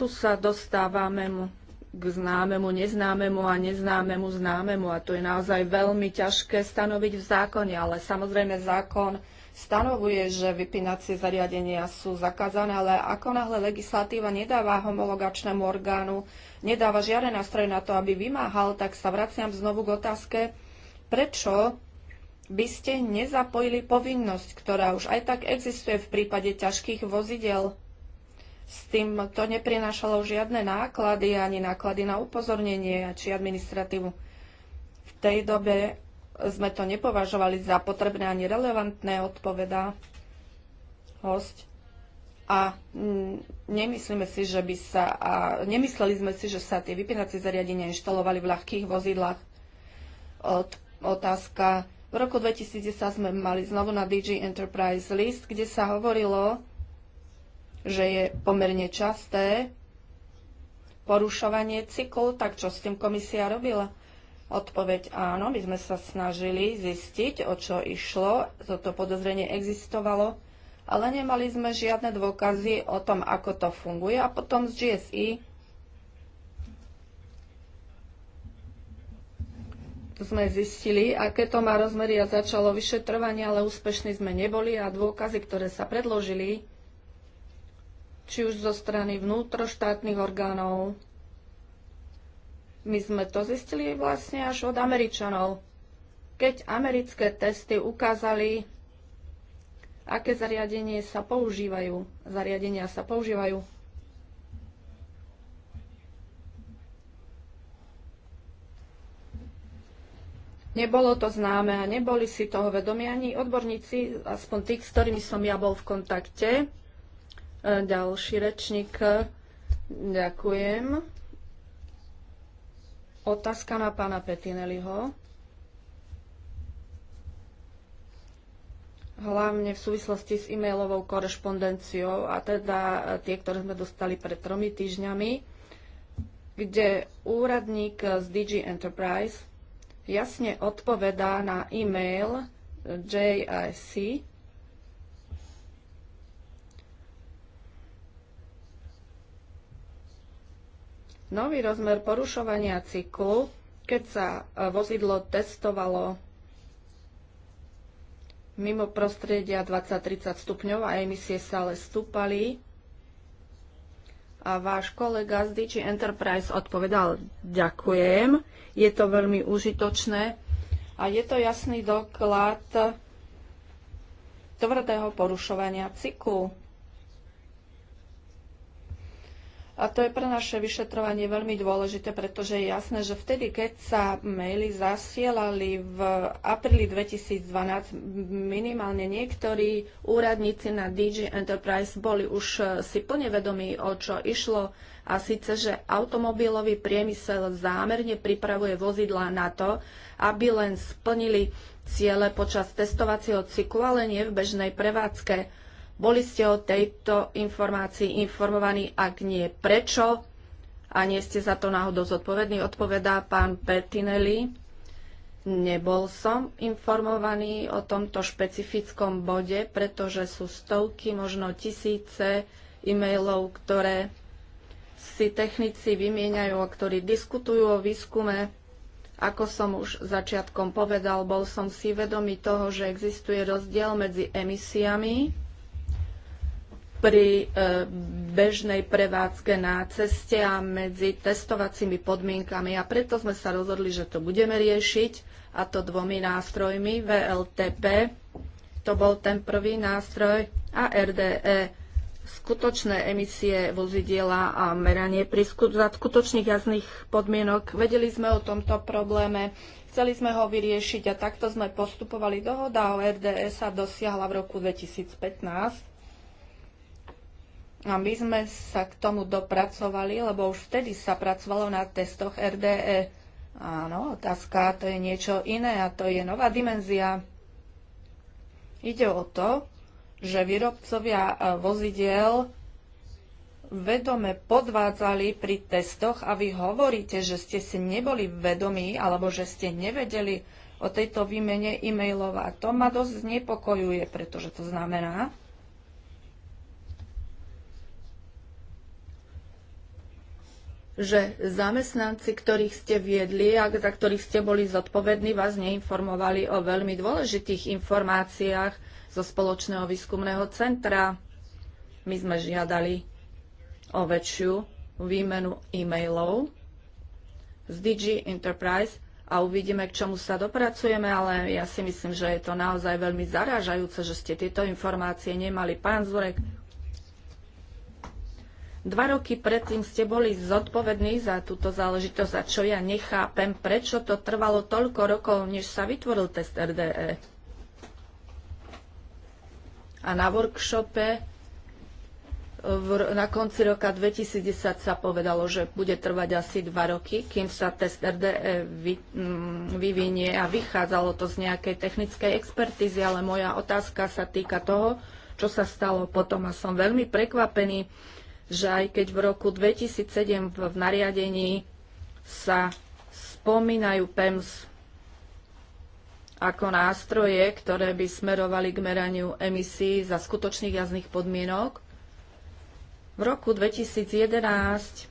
tu sa dostávame mu k známemu, neznámemu a neznámemu známemu. A to je naozaj veľmi ťažké stanoviť v zákone, ale samozrejme zákon stanovuje, že vypínacie zariadenia sú zakázané, ale ako náhle legislatíva nedáva homologačnému orgánu, nedáva žiadne nástroje na to, aby vymáhal, tak sa vraciam znovu k otázke, prečo by ste nezapojili povinnosť, ktorá už aj tak existuje v prípade ťažkých vozidel s tým to neprinášalo žiadne náklady, ani náklady na upozornenie či administratívu. V tej dobe sme to nepovažovali za potrebné ani relevantné, odpovedá host. A nemyslíme si, že by sa, a nemysleli sme si, že sa tie vypínacie zariadenia inštalovali v ľahkých vozidlách. Od, otázka. V roku 2010 sme mali znovu na DG Enterprise list, kde sa hovorilo, že je pomerne časté porušovanie cyklu, tak čo s tým komisia robila? Odpoveď áno, my sme sa snažili zistiť, o čo išlo, toto podozrenie existovalo, ale nemali sme žiadne dôkazy o tom, ako to funguje a potom z GSI sme zistili, aké to má rozmery a začalo vyšetrovanie, ale úspešní sme neboli a dôkazy, ktoré sa predložili, či už zo strany vnútroštátnych orgánov. My sme to zistili vlastne až od Američanov, keď americké testy ukázali, aké zariadenie sa používajú. Zariadenia sa používajú. Nebolo to známe a neboli si toho vedomi ani odborníci, aspoň tí, s ktorými som ja bol v kontakte. Ďalší rečník. Ďakujem. Otázka na pána Petinelliho. Hlavne v súvislosti s e-mailovou korešpondenciou, a teda tie, ktoré sme dostali pred tromi týždňami, kde úradník z DG Enterprise jasne odpovedá na e-mail JIC, nový rozmer porušovania cyklu, keď sa e, vozidlo testovalo mimo prostredia 20-30 stupňov a emisie sa ale stúpali. A váš kolega z DG Enterprise odpovedal, ďakujem, je to veľmi užitočné a je to jasný doklad tvrdého porušovania cyklu. A to je pre naše vyšetrovanie veľmi dôležité, pretože je jasné, že vtedy, keď sa maily zasielali v apríli 2012, minimálne niektorí úradníci na DG Enterprise boli už eh, si plne vedomí, o čo išlo. A síce, že automobilový priemysel zámerne pripravuje vozidlá na to, aby len splnili ciele počas testovacieho cyklu, ale nie v bežnej prevádzke boli ste o tejto informácii informovaní? Ak nie, prečo? A nie ste za to náhodou zodpovední? Odpovedá pán Bertinelli. Nebol som informovaný o tomto špecifickom bode, pretože sú stovky, možno tisíce e-mailov, ktoré si technici vymieňajú a ktorí diskutujú o výskume. Ako som už začiatkom povedal, bol som si vedomý toho, že existuje rozdiel medzi emisiami pri e, bežnej prevádzke na ceste a medzi testovacími podmienkami. A preto sme sa rozhodli, že to budeme riešiť a to dvomi nástrojmi VLTP, to bol ten prvý nástroj, a RDE, skutočné emisie vozidiela a meranie pri skutočných jazdných podmienok. Vedeli sme o tomto probléme, chceli sme ho vyriešiť a takto sme postupovali. Dohoda o RDE sa dosiahla v roku 2015 a my sme sa k tomu dopracovali, lebo už vtedy sa pracovalo na testoch RDE. Áno, otázka, to je niečo iné a to je nová dimenzia. Ide o to, že výrobcovia e, vozidiel vedome podvádzali pri testoch a vy hovoríte, že ste si neboli vedomí alebo že ste nevedeli o tejto výmene e-mailov. A to ma dosť znepokojuje, pretože to znamená, že zamestnanci, ktorých ste viedli a za ktorých ste boli zodpovední, vás neinformovali o veľmi dôležitých informáciách zo spoločného výskumného centra. My sme žiadali o väčšiu výmenu e-mailov z DG Enterprise a uvidíme, k čomu sa dopracujeme, ale ja si myslím, že je to naozaj veľmi zarážajúce, že ste tieto informácie nemali. Pán Zurek, Dva roky predtým ste boli zodpovední za túto záležitosť a čo ja nechápem, prečo to trvalo toľko rokov, než sa vytvoril test RDE. A na workshope eh, na konci roka 2010 sa povedalo, že bude trvať asi dva roky, kým sa test RDE mm, vyvinie a vychádzalo to z nejakej technickej expertízy, ale moja otázka sa týka toho, čo sa stalo potom a som veľmi prekvapený, že aj keď v roku 2007 v nariadení sa spomínajú PEMS ako nástroje, ktoré by smerovali k meraniu emisí za skutočných jazdných podmienok, v roku 2011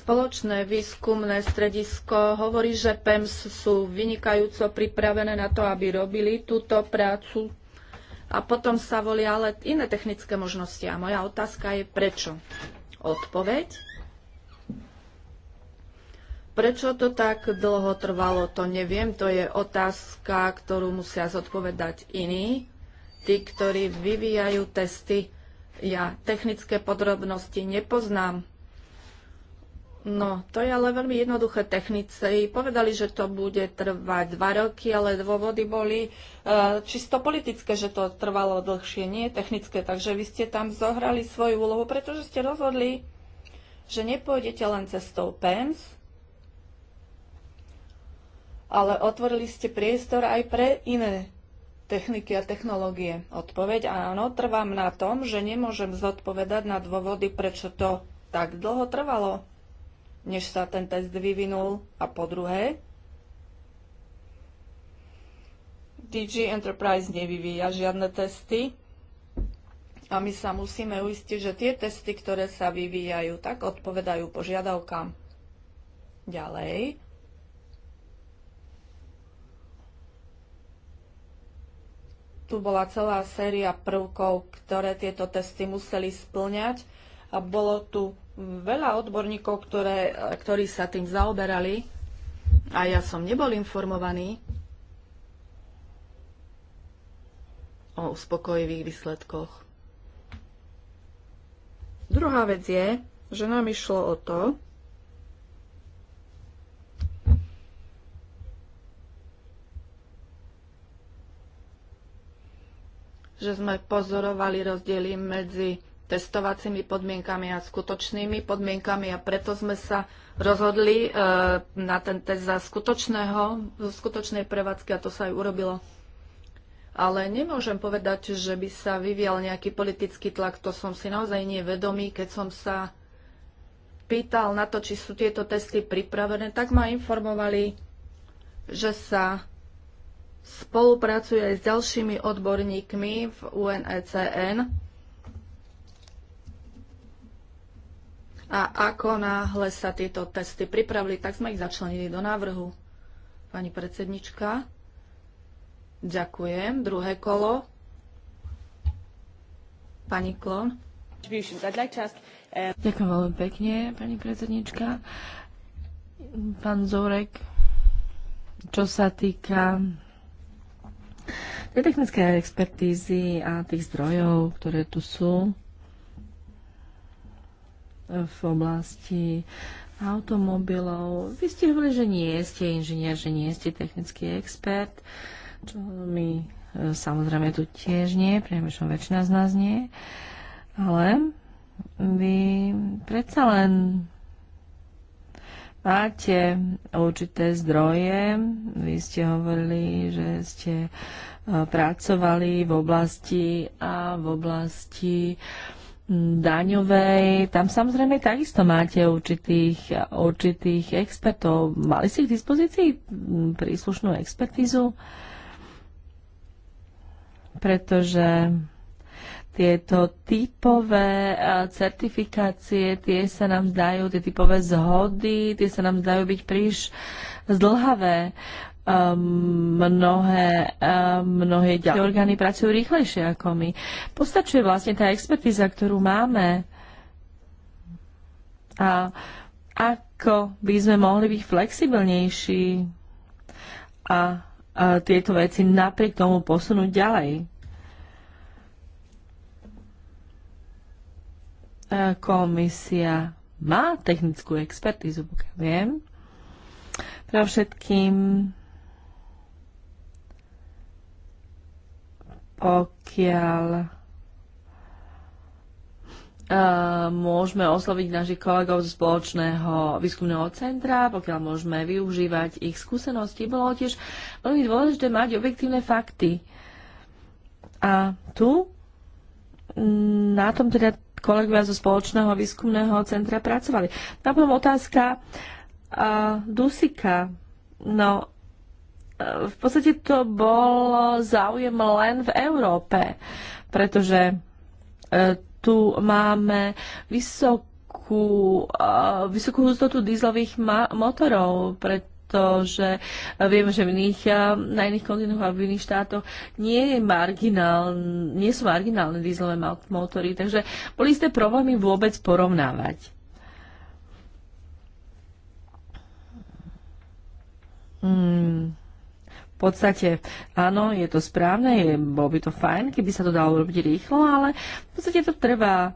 Spoločné výskumné stredisko hovorí, že PEMS sú vynikajúco pripravené na to, aby robili túto prácu a potom sa volia ale iné technické možnosti. A moja otázka je prečo? Odpoveď? Prečo to tak dlho trvalo, to neviem. To je otázka, ktorú musia zodpovedať iní, tí, ktorí vyvíjajú testy. Ja technické podrobnosti nepoznám. No, to je ale veľmi jednoduché technice. Povedali, že to bude trvať dva roky, ale dôvody boli e, čisto politické, že to trvalo dlhšie, nie technické. Takže vy ste tam zohrali svoju úlohu, pretože ste rozhodli, že nepôjdete len cestou PEMS, ale otvorili ste priestor aj pre iné techniky a technológie. Odpoveď áno, trvám na tom, že nemôžem zodpovedať na dôvody, prečo to tak dlho trvalo než sa ten test vyvinul. A po druhé, DG Enterprise nevyvíja žiadne testy a my sa musíme uistiť, že tie testy, ktoré sa vyvíjajú, tak odpovedajú požiadavkám. Ďalej. Tu bola celá séria prvkov, ktoré tieto testy museli splňať a bolo tu veľa odborníkov, ktoré, ktorí sa tým zaoberali a ja som nebol informovaný o uspokojivých výsledkoch. Druhá vec je, že nám išlo o to, že sme pozorovali rozdiely medzi testovacími podmienkami a skutočnými podmienkami a preto sme sa rozhodli e, na ten test za skutočného, zo skutočnej prevádzky a to sa aj urobilo. Ale nemôžem povedať, že by sa vyvial nejaký politický tlak, to som si naozaj nevedomý. Keď som sa pýtal na to, či sú tieto testy pripravené, tak ma informovali, že sa spolupracuje aj s ďalšími odborníkmi v UNECN, e A ako náhle sa tieto testy pripravili, tak sme ich začlenili do návrhu. Pani predsednička, ďakujem. Druhé kolo. Pani Klon. Ďakujem veľmi pekne, pani predsednička. Pán Zorek, čo sa týka tej technické expertízy a tých zdrojov, ktoré tu sú, v oblasti automobilov. Vy ste hovorili, že nie ste inžinier, že nie ste technický expert, čo my e, samozrejme tu tiež nie, priemešom väčšina z nás nie, ale vy predsa len máte určité zdroje. Vy ste hovorili, že ste e, pracovali v oblasti a v oblasti uh, daňovej, tam samozrejme takisto máte určitých, určitých expertov. Mali si k dispozícii príslušnú expertízu? Pretože tieto typové certifikácie, tie sa nám zdajú, tie typové zhody, tie sa nám zdajú byť príliš zdlhavé mnohé, eh, mnohé ďalšie orgány pracujú rýchlejšie ako my. Postačuje vlastne tá expertíza, ktorú máme. A ako by sme mohli byť flexibilnejší a, a tieto veci napriek tomu posunúť ďalej. Eh, komisia má technickú expertizu, pokiaľ viem. Pre všetkým pokiaľ eh, môžeme osloviť našich kolegov z spoločného výskumného centra, pokiaľ môžeme využívať ich skúsenosti. Bolo tiež veľmi dôležité mať objektívne fakty. A tu mm, na tom teda kolegovia zo spoločného výskumného centra pracovali. Napokon otázka uh, Dusika. No, v podstate to bol záujem len v Európe, pretože e, tu máme vysokú, e, vysokú hustotu dízlových motorov, pretože vieme, že v iných, e, na iných kontinentoch a v iných štátoch nie, je marginál, nie sú marginálne dízlové motory, takže boli ste problémy vôbec porovnávať. Mm podstate áno, je to správne, je, bolo by to fajn, keby sa to dalo robiť rýchlo, ale v podstate to trvá,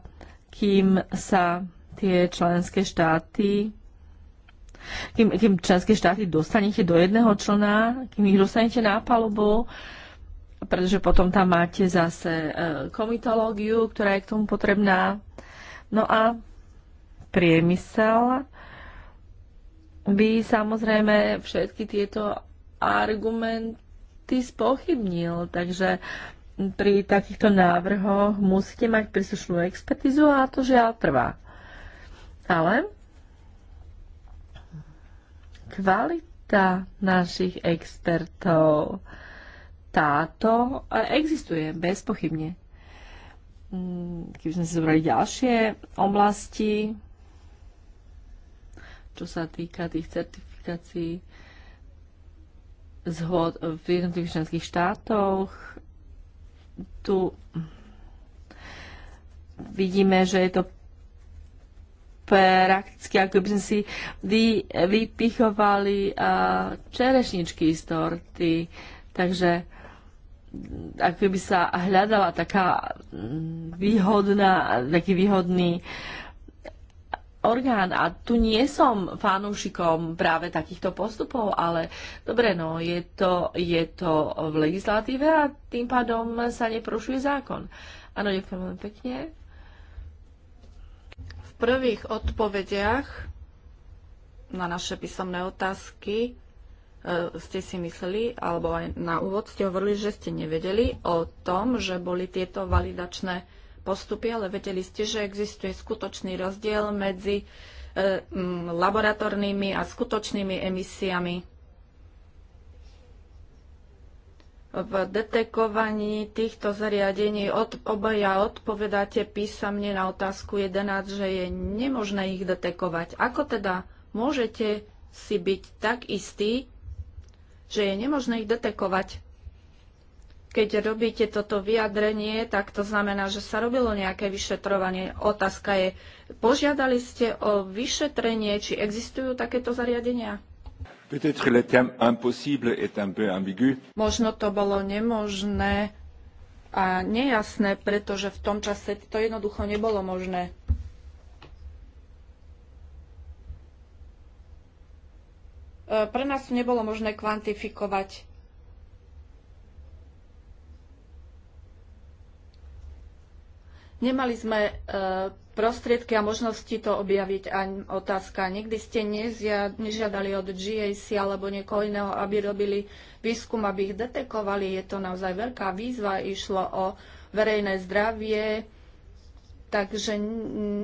kým sa tie členské štáty kým, kým členské štáty dostanete do jedného člna, kým ich dostanete na palubu, pretože potom tam máte zase e, komitológiu, ktorá je k tomu potrebná. No a priemysel by samozrejme všetky tieto argumenty spochybnil. Takže pri takýchto návrhoch musíte mať príslušnú expertizu a to žiaľ trvá. Ale kvalita našich expertov táto existuje bezpochybne. Keby sme si zobrali ďalšie oblasti, čo sa týka tých certifikácií, zhod v jednotlivých členských štátoch. Tu vidíme, že je to prakticky, ako by sme si vy, vypichovali čerešničky z torty. Takže ak by sa hľadala taká mm, výhodná, taký výhodný uh, orgán a tu nie som fanúšikom práve takýchto postupov, ale dobre, no je to, je to v legislatíve a tým pádom sa neprošuje zákon. Áno, ďakujem veľmi pekne. V prvých odpovediach na naše písomné otázky e, ste si mysleli, alebo aj na úvod ste hovorili, že ste nevedeli o tom, že boli tieto validačné postupy, ale vedeli ste, že existuje skutočný rozdiel medzi e, laboratórnymi a skutočnými emisiami. V detekovaní týchto zariadení od, obaja odpovedáte písomne na otázku 11, že je nemožné ich detekovať. Ako teda môžete si byť tak istí, že je nemožné ich detekovať? Keď robíte toto vyjadrenie, tak to znamená, že sa robilo nejaké vyšetrovanie. Otázka je, požiadali ste o vyšetrenie, či existujú takéto zariadenia? Možno to bolo nemožné a nejasné, pretože v tom čase to jednoducho nebolo možné. E, pre nás nebolo možné kvantifikovať Nemali sme e, prostriedky a možnosti to objaviť ani otázka. Nikdy ste nežiadali od GAC alebo niekoho iného, aby robili výskum, aby ich detekovali. Je to naozaj veľká výzva. Išlo o verejné zdravie. Takže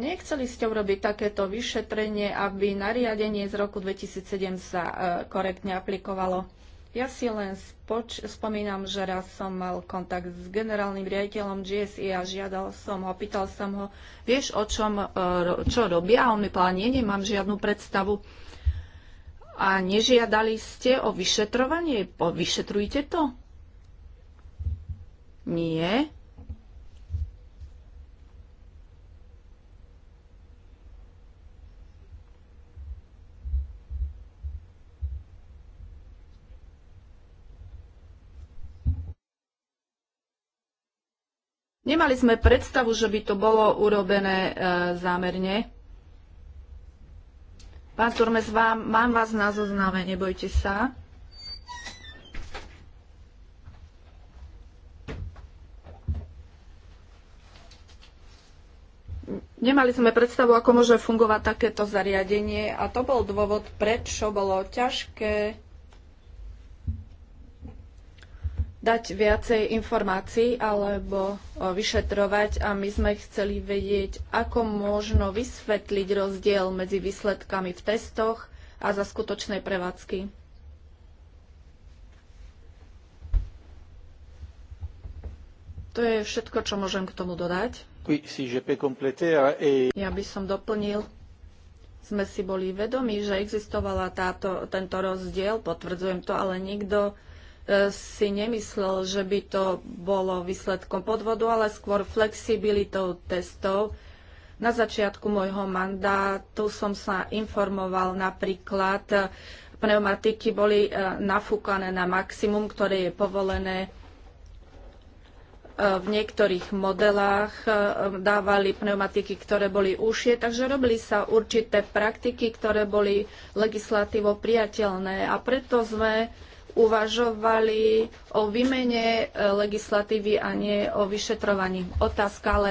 nechceli ste urobiť takéto vyšetrenie, aby nariadenie z roku 2007 sa e, korektne aplikovalo. Ja si len spoč- spomínam, že raz som mal kontakt s generálnym riaditeľom GSI a žiadal som ho, pýtal som ho, vieš o čom, e, čo robia? A on mi povedal, nie, nemám žiadnu predstavu. A nežiadali ste o vyšetrovanie? Vyšetrujte to? Nie. Nemali sme predstavu, že by to bolo urobené e, zámerne. Pán Turmes, vám, mám vás na zozname, nebojte sa. Nemali sme predstavu, ako môže fungovať takéto zariadenie a to bol dôvod, prečo bolo ťažké dať viacej informácií alebo vyšetrovať a my sme chceli vedieť, ako možno vysvetliť rozdiel medzi výsledkami v testoch a za skutočnej prevádzky. To je všetko, čo môžem k tomu dodať. Ja by som doplnil, sme si boli vedomi, že existovala táto, tento rozdiel, potvrdzujem to, ale nikto E, si nemyslel, že by to bolo výsledkom podvodu, ale skôr flexibilitou testov. Na začiatku môjho mandátu som sa informoval napríklad, e, pneumatiky boli e, nafúkané na maximum, ktoré je povolené v niektorých modelách dávali pneumatiky, ktoré boli užšie, takže robili sa určité praktiky, ktoré boli legislatívou priateľné a preto sme uvažovali o výmene e, legislatívy a nie o vyšetrovaní. Otázka, ale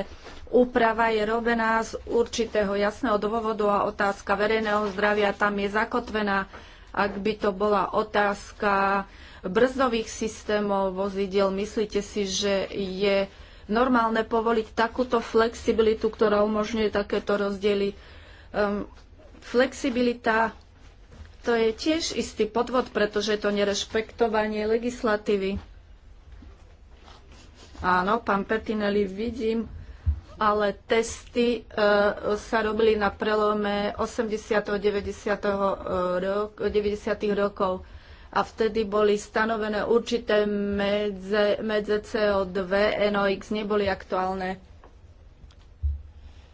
úprava je robená z určitého jasného dôvodu a otázka verejného zdravia tam je zakotvená. Ak by to bola otázka brzdových systémov vozidel, myslíte si, že je normálne povoliť takúto flexibilitu, ktorá umožňuje takéto rozdiely? Um, flexibilita to je tiež istý podvod, pretože je to nerešpektovanie legislatívy. Áno, pán Petinelli, vidím, ale testy e, sa robili na prelome 80. a 90. Rok, 90. rokov a vtedy boli stanovené určité medze, medze CO2, NOx neboli aktuálne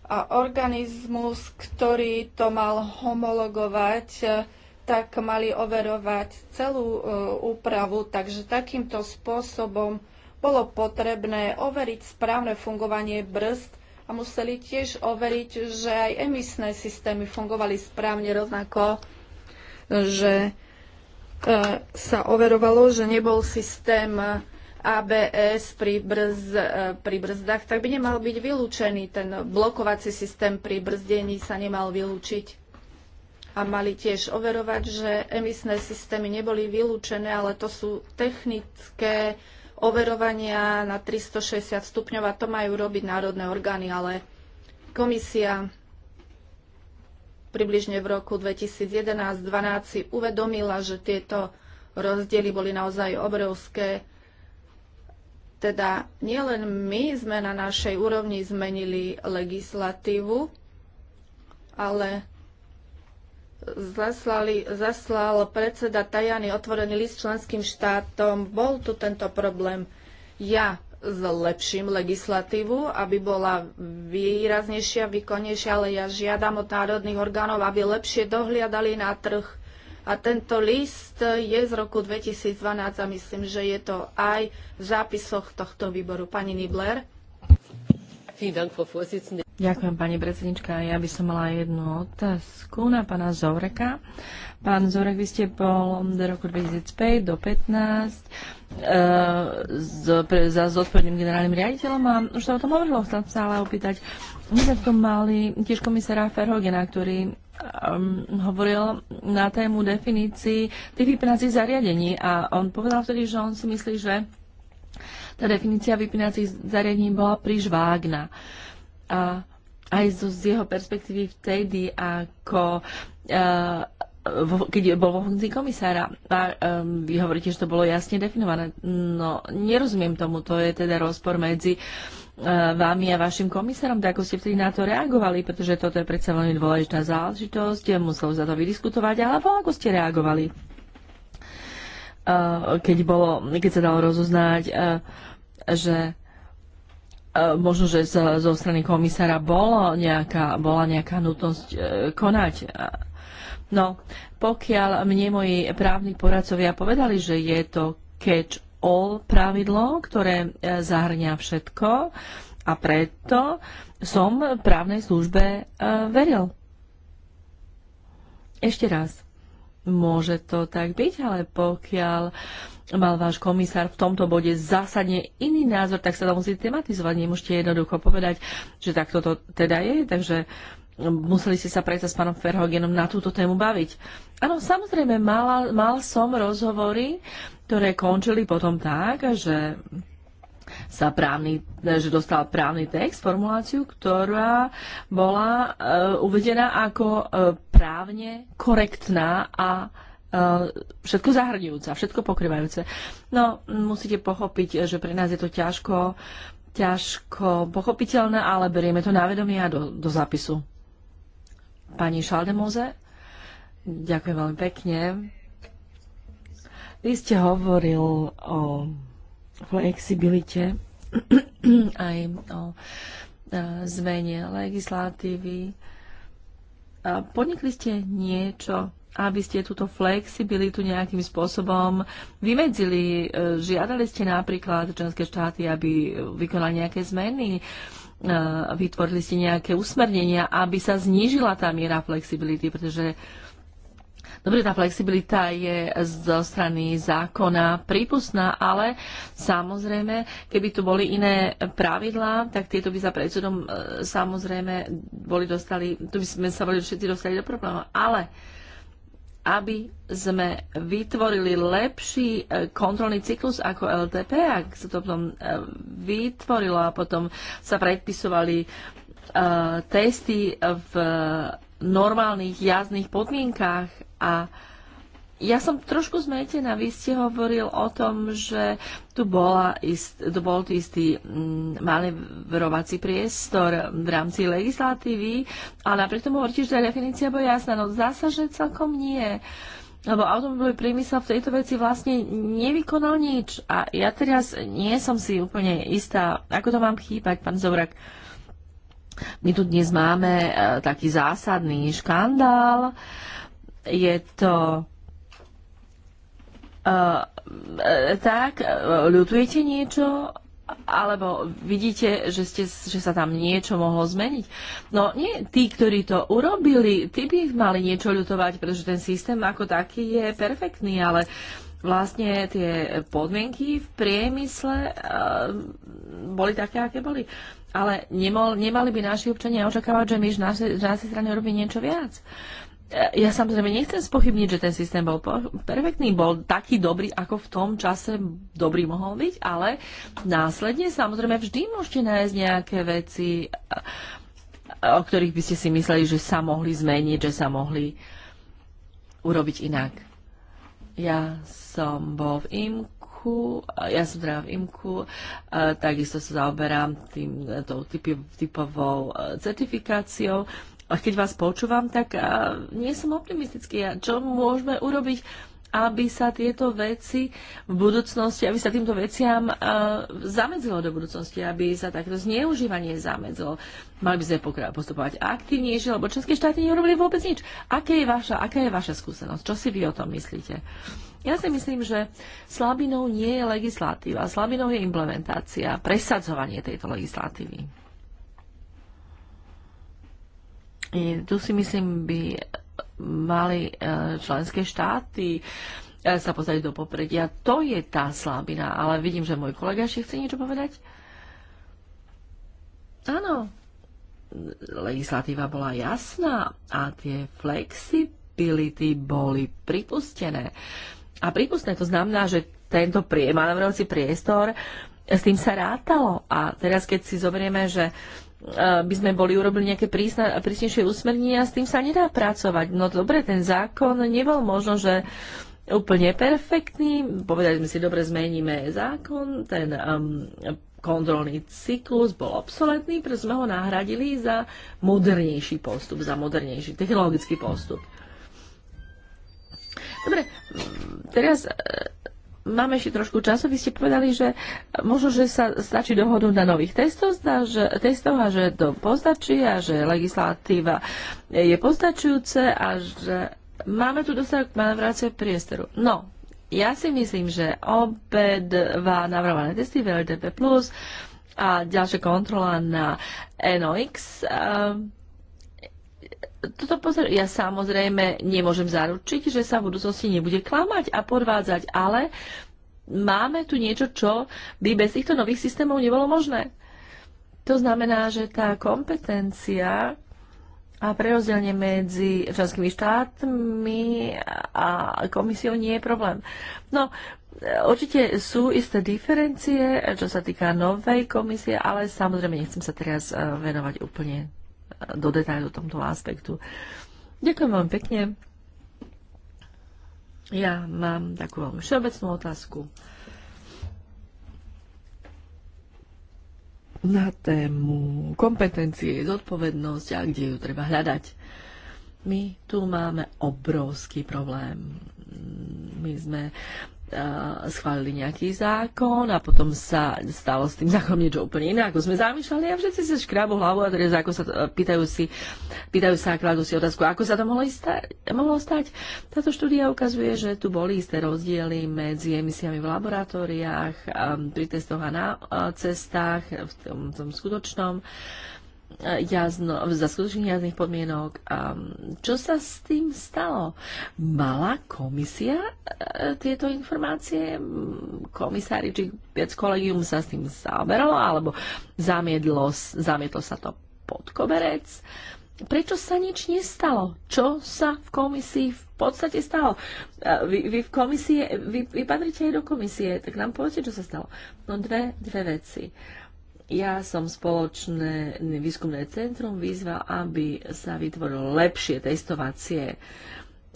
a organizmus, ktorý to mal homologovať, tak mali overovať celú e, úpravu, takže takýmto spôsobom bolo potrebné overiť správne fungovanie brzd a museli tiež overiť, že aj emisné systémy fungovali správne rovnako, e, že e, sa overovalo, že nebol systém ABS pri, brz, pri brzdách, tak by nemal byť vylúčený. Ten blokovací systém pri brzdení sa nemal vylúčiť a mali tiež overovať, že emisné systémy neboli vylúčené, ale to sú technické overovania na 360 stupňov a to majú robiť národné orgány, ale komisia približne v roku 2011-2012 si uvedomila, že tieto rozdiely boli naozaj obrovské. Teda nielen my sme na našej úrovni zmenili legislatívu, ale zaslali, zaslal predseda Tajany otvorený list členským štátom, bol tu tento problém. Ja zlepším legislatívu, aby bola výraznejšia, výkonnejšia, ale ja žiadam od národných orgánov, aby lepšie dohliadali na trh. A tento list je z roku 2012 a myslím, že je to aj v zápisoch tohto výboru. Pani Nibler. Ďakujem, pani predsednička. Ja by som mala jednu otázku na pána Zoreka. Pán Zorek, vy ste bol do roku 2005 do 15 eh, za zodpovedným generálnym riaditeľom a už sa o tom hovorilo, chcem sa ale opýtať. My sme v tom mali tiež komisára Ferhogena, ktorý um, hovoril na tému definícií tých vypnacích zariadení a on povedal vtedy, že on si myslí, že tá definícia vypínacích zariadení bola príliš vágna. A aj zo, z jeho perspektívy vtedy, ako uh, keď bol vo funkcii komisára a um, vy hovoríte, že to bolo jasne definované. No, nerozumiem tomu, to je teda rozpor medzi uh, e, vami a vašim komisárom, tak ako ste vtedy na to reagovali, pretože toto je predsa veľmi dôležitá záležitosť, musel sa to vydiskutovať, alebo ako ste reagovali? Eh, keď, bolo, keď sa dalo rozoznať, eh, že eh, možno, že zo strany komisára bolo nejaká, bola nejaká nutnosť konať. No, pokiaľ mne moji právni poradcovia povedali, že je to catch all pravidlo, ktoré zahrňa všetko a preto som právnej službe veril. Ešte raz Môže to tak byť, ale pokiaľ mal váš komisár v tomto bode zásadne iný názor, tak sa to musí tematizovať. Nemôžete jednoducho povedať, že takto to teda je, takže museli ste sa predsa s pánom Ferhogenom na túto tému baviť. Áno, samozrejme, mal, mal som rozhovory, ktoré končili potom tak, že sa právny, e, že dostal právny text, formuláciu, ktorá bola e, uvedená ako e, právne korektná a všetko zahrňujúca, všetko pokrývajúce. No, musíte pochopiť, že pre nás je to ťažko, ťažko pochopiteľné, ale berieme to na vedomie a do, do zápisu. Pani Šaldemoze, ďakujem veľmi pekne. Vy ste hovoril o flexibilite aj o zmene legislatívy. Podnikli ste niečo, aby ste túto flexibilitu nejakým spôsobom vymedzili? E, žiadali ste napríklad členské štáty, aby vykonali nejaké zmeny? E, vytvorili ste nejaké usmernenia, aby sa znížila tá miera flexibility, pretože uh, Dobre, tá flexibilita je zo strany zákona prípustná, ale samozrejme, keby tu boli iné pravidlá, tak tieto by za predsudom e, samozrejme boli dostali, tu by sme sa boli všetci dostali do problémov. Ale aby sme vytvorili lepší e, kontrolný cyklus ako LTP, ak sa to potom e, vytvorilo a potom sa predpisovali testy v normálnych jazdných podmienkách a ja som trošku zmetená. Vy ste hovoril o tom, že tu, bola ist, tu bol tu istý mm, manevrovací priestor v rámci legislatívy, ale napriek tomu hovoríte, že definícia bola jasná. No zdá sa, že celkom nie. Lebo automobilový priemysel v tejto veci vlastne nevykonal nič. A ja teraz nie som si úplne istá, ako to mám chýpať, pán Zobrak. My tu dnes máme e, taký zásadný škandál, e, je to uh, tak, e, ľutujete niečo, alebo vidíte, že, ste, že sa tam niečo mohlo zmeniť. No nie, tí, ktorí to urobili, tí by mali niečo ľutovať, pretože ten systém ako taký je perfektný, ale vlastne tie podmienky v priemysle uh, boli také, aké boli. Ale nemol, nemali by naši občania očakávať, že my z našej strany urobí niečo viac. Uh, E, ja samozrejme nechcem spochybniť, že ten systém bol perfektný, bol taký dobrý, ako v tom čase dobrý mohol byť, ale následne samozrejme vždy môžete nájsť nejaké veci, e, e, o ktorých by ste si mysleli, že sa mohli zmeniť, že sa mohli urobiť inak. Ja som bol v IMKU, ja som teda v IMKU, takisto sa zaoberám tým, tou typovou certifikáciou a keď vás počúvam, tak eh, nie som optimistický. Čo môžeme urobiť, aby sa tieto veci v budúcnosti, aby sa týmto veciam eh, zamedzilo do budúcnosti, aby sa takto zneužívanie zamedzilo. Mali by sme postupovať aktívnejšie, lebo české štáty neurobili vôbec nič. Aké je vaša, aká je vaša skúsenosť? Čo si vy o tom myslíte? Ja si myslím, že slabinou nie je legislatíva, slabinou je implementácia, presadzovanie tejto legislatívy. I tu si myslím, by mali e, členské štáty e, sa pozrieť do popredia. To je tá slabina, ale vidím, že môj kolega ešte chce niečo povedať. Áno, legislatíva bola jasná a tie flexibility boli pripustené. A pripustné to znamená, že tento manevrovací priestor, s tým sa rátalo. A teraz, keď si zoberieme, že uh, by sme boli urobili nejaké prísna, prísnejšie usmernenia, s tým sa nedá pracovať. No dobre, ten zákon nebol možno, že úplne perfektný. Povedali sme si, dobre, zmeníme zákon, ten um, kontrolný cyklus bol obsoletný, preto sme ho nahradili za modernejší postup, za modernejší technologický postup. Dobre, teraz e, máme ešte trošku času. Vy ste povedali, že možno, že sa stačí dohodnúť na nových testoch, že, testov a že to postačí a že legislatíva je postačujúce a že máme tu dostatok manevrácie priestoru. No, ja si myslím, že obe dva navrhované testy, VLDP+, a ďalšia kontrola na NOx, ehm, toto pozor, ja samozrejme nemôžem zaručiť, že sa v budúcnosti nebude klamať a podvádzať, ale máme tu niečo, čo by bez týchto nových systémov nebolo možné. To znamená, že tá kompetencia a prerozdelenie medzi členskými štátmi a komisiou nie je problém. No, určite sú isté diferencie, čo sa týka novej komisie, ale samozrejme nechcem sa teraz eh, venovať úplne do detailu tomto aspektu. Ďakujem vám pekne. Ja mám takú veľmi všeobecnú otázku na tému kompetencie, zodpovednosť a kde ju treba hľadať. My tu máme obrovský problém. My sme schválili nejaký zákon a potom sa stalo s tým zákonom niečo úplne iné, ako sme zamýšľali a všetci sa škrabu hlavu a teraz ako sa, e, pýtajú, si, pýtajú sa a kladú si otázku, ako sa to mohlo, istá, mohlo stať. Táto štúdia ukazuje, že tu boli isté rozdiely medzi emisiami v laboratóriách, pri testoch a na cestách, v tom, v tom skutočnom. Uh, jazno, za skutočných jazných podmienok. A čo sa s tým stalo? Mala komisia e, tieto informácie? Komisári či viac kolegium sa s tým zaoberalo? Alebo zamiedlo, zamietlo sa to pod koberec? Prečo sa nič nestalo? Čo sa v komisii v podstate stalo? E, vy, vy v komisie, vy, vy patrite aj do komisie, tak nám povedzte, čo sa stalo. No dve, dve veci. Uh, ja som spoločné výskumné centrum vyzval, aby sa vytvoril lepšie testovacie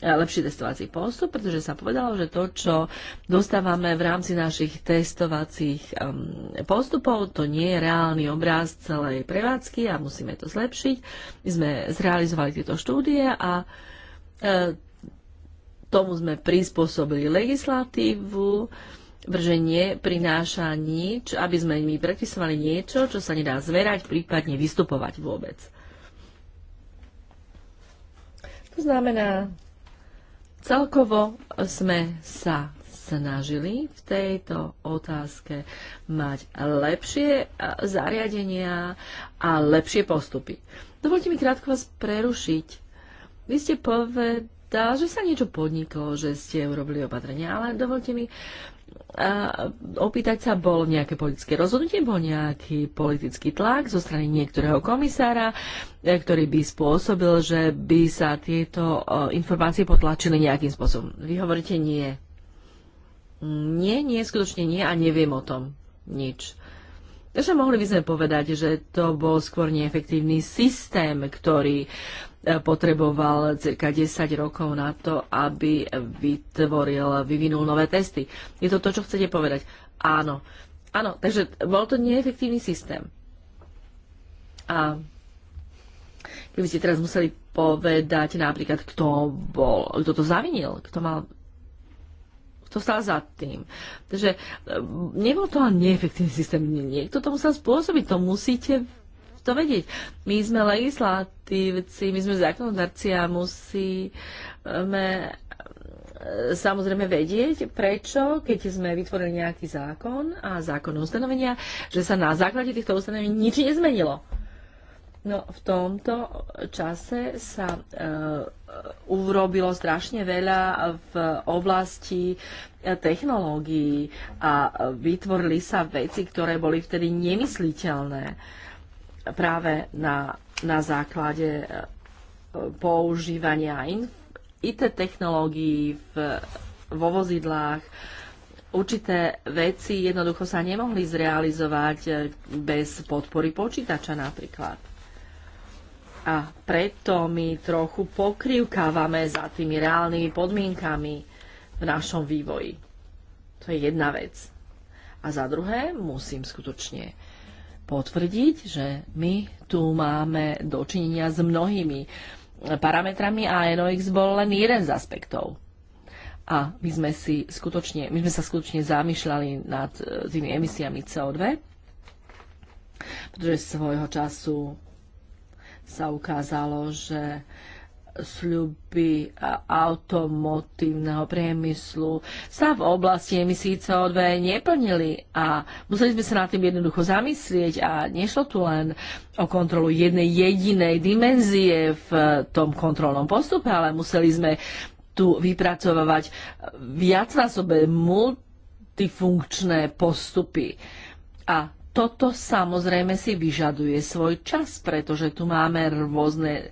eh, lepší testovací postup, pretože sa povedalo, že to, čo dostávame v rámci našich testovacích um, postupov, to nie je reálny obraz celej prevádzky a musíme to zlepšiť. My sme zrealizovali tieto štúdie a e, tomu sme prispôsobili legislatívu. E, vrženie prináša nič, aby sme im predpisovali niečo, čo sa nedá zverať, prípadne vystupovať vôbec. To znamená, celkovo sme sa snažili v tejto otázke mať lepšie e, zariadenia a lepšie postupy. Dovolte mi krátko vás prerušiť. Vy ste povedali, že sa niečo podniklo, že ste urobili opatrenia, ale dovolte mi a opýtať sa, bol nejaké politické rozhodnutie, bol nejaký politický tlak zo strany niektorého komisára, e, ktorý by spôsobil, že by sa tieto e, informácie potlačili nejakým spôsobom. Vy hovoríte nie. Nie, nie, skutočne nie a neviem o tom nič. Takže mohli by sme povedať, že to bol skôr neefektívny systém, ktorý uh, potreboval cirka 10 rokov na to, aby vytvoril, vyvinul nové testy. Je to to, čo chcete povedať? Áno. Áno, takže bol to neefektívny systém. A keby ste teraz museli povedať napríklad, kto bol, kto to zavinil, kto mal to stál za tým. Takže e, nebol to len neefektívny systém. Niekto to musel spôsobiť. To musíte to vedieť. My sme legislatívci, my sme zákonodarci a musíme e, samozrejme vedieť, prečo, keď sme vytvorili nejaký zákon a zákonné ustanovenia, že sa na základe týchto ustanovení nič nezmenilo. No, v tomto čase sa e, urobilo strašne veľa v oblasti e, technológií a e, vytvorili sa veci, ktoré boli vtedy nemysliteľné. E, práve na, na základe e, používania IT technológií v, vo vozidlách. Určité veci jednoducho sa nemohli zrealizovať e, bez podpory počítača napríklad. A preto my trochu pokrivkávame za tými reálnymi podmienkami v našom vývoji. To je jedna vec. A za druhé, musím skutočne potvrdiť, že my tu máme dočinenia s mnohými parametrami a NOx bol len jeden z aspektov. A my sme, si skutočne, my sme sa skutočne zamýšľali nad e, tými emisiami CO2, pretože svojho času sa ukázalo, že sľuby automotívneho priemyslu sa v oblasti emisí CO2 neplnili a museli sme sa nad tým jednoducho zamyslieť a nešlo tu len o kontrolu jednej jedinej dimenzie v tom kontrolnom postupe, ale museli sme tu vypracovať viac na sobe multifunkčné postupy. A toto samozrejme si vyžaduje svoj čas, pretože tu máme rôzne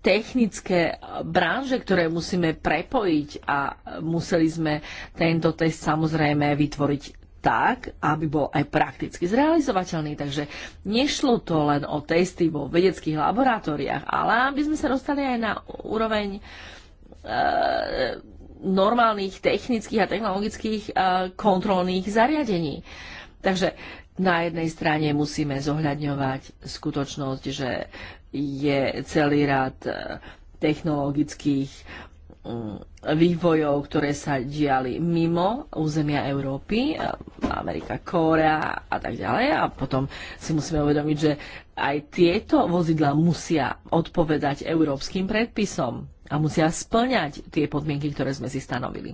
technické branže, ktoré musíme prepojiť a museli sme tento test samozrejme vytvoriť tak, aby bol aj prakticky zrealizovateľný. Takže nešlo to len o testy vo vedeckých laboratóriách, ale aby sme sa dostali aj na úroveň e, normálnych technických a technologických e, kontrolných zariadení. Takže na jednej strane musíme zohľadňovať skutočnosť, že je celý rád e, technologických mm, vývojov, ktoré sa diali mimo územia Európy, e, Amerika, Kórea a tak ďalej. A potom si musíme uvedomiť, že aj tieto vozidla musia odpovedať európskym predpisom a musia splňať tie podmienky, ktoré sme si stanovili.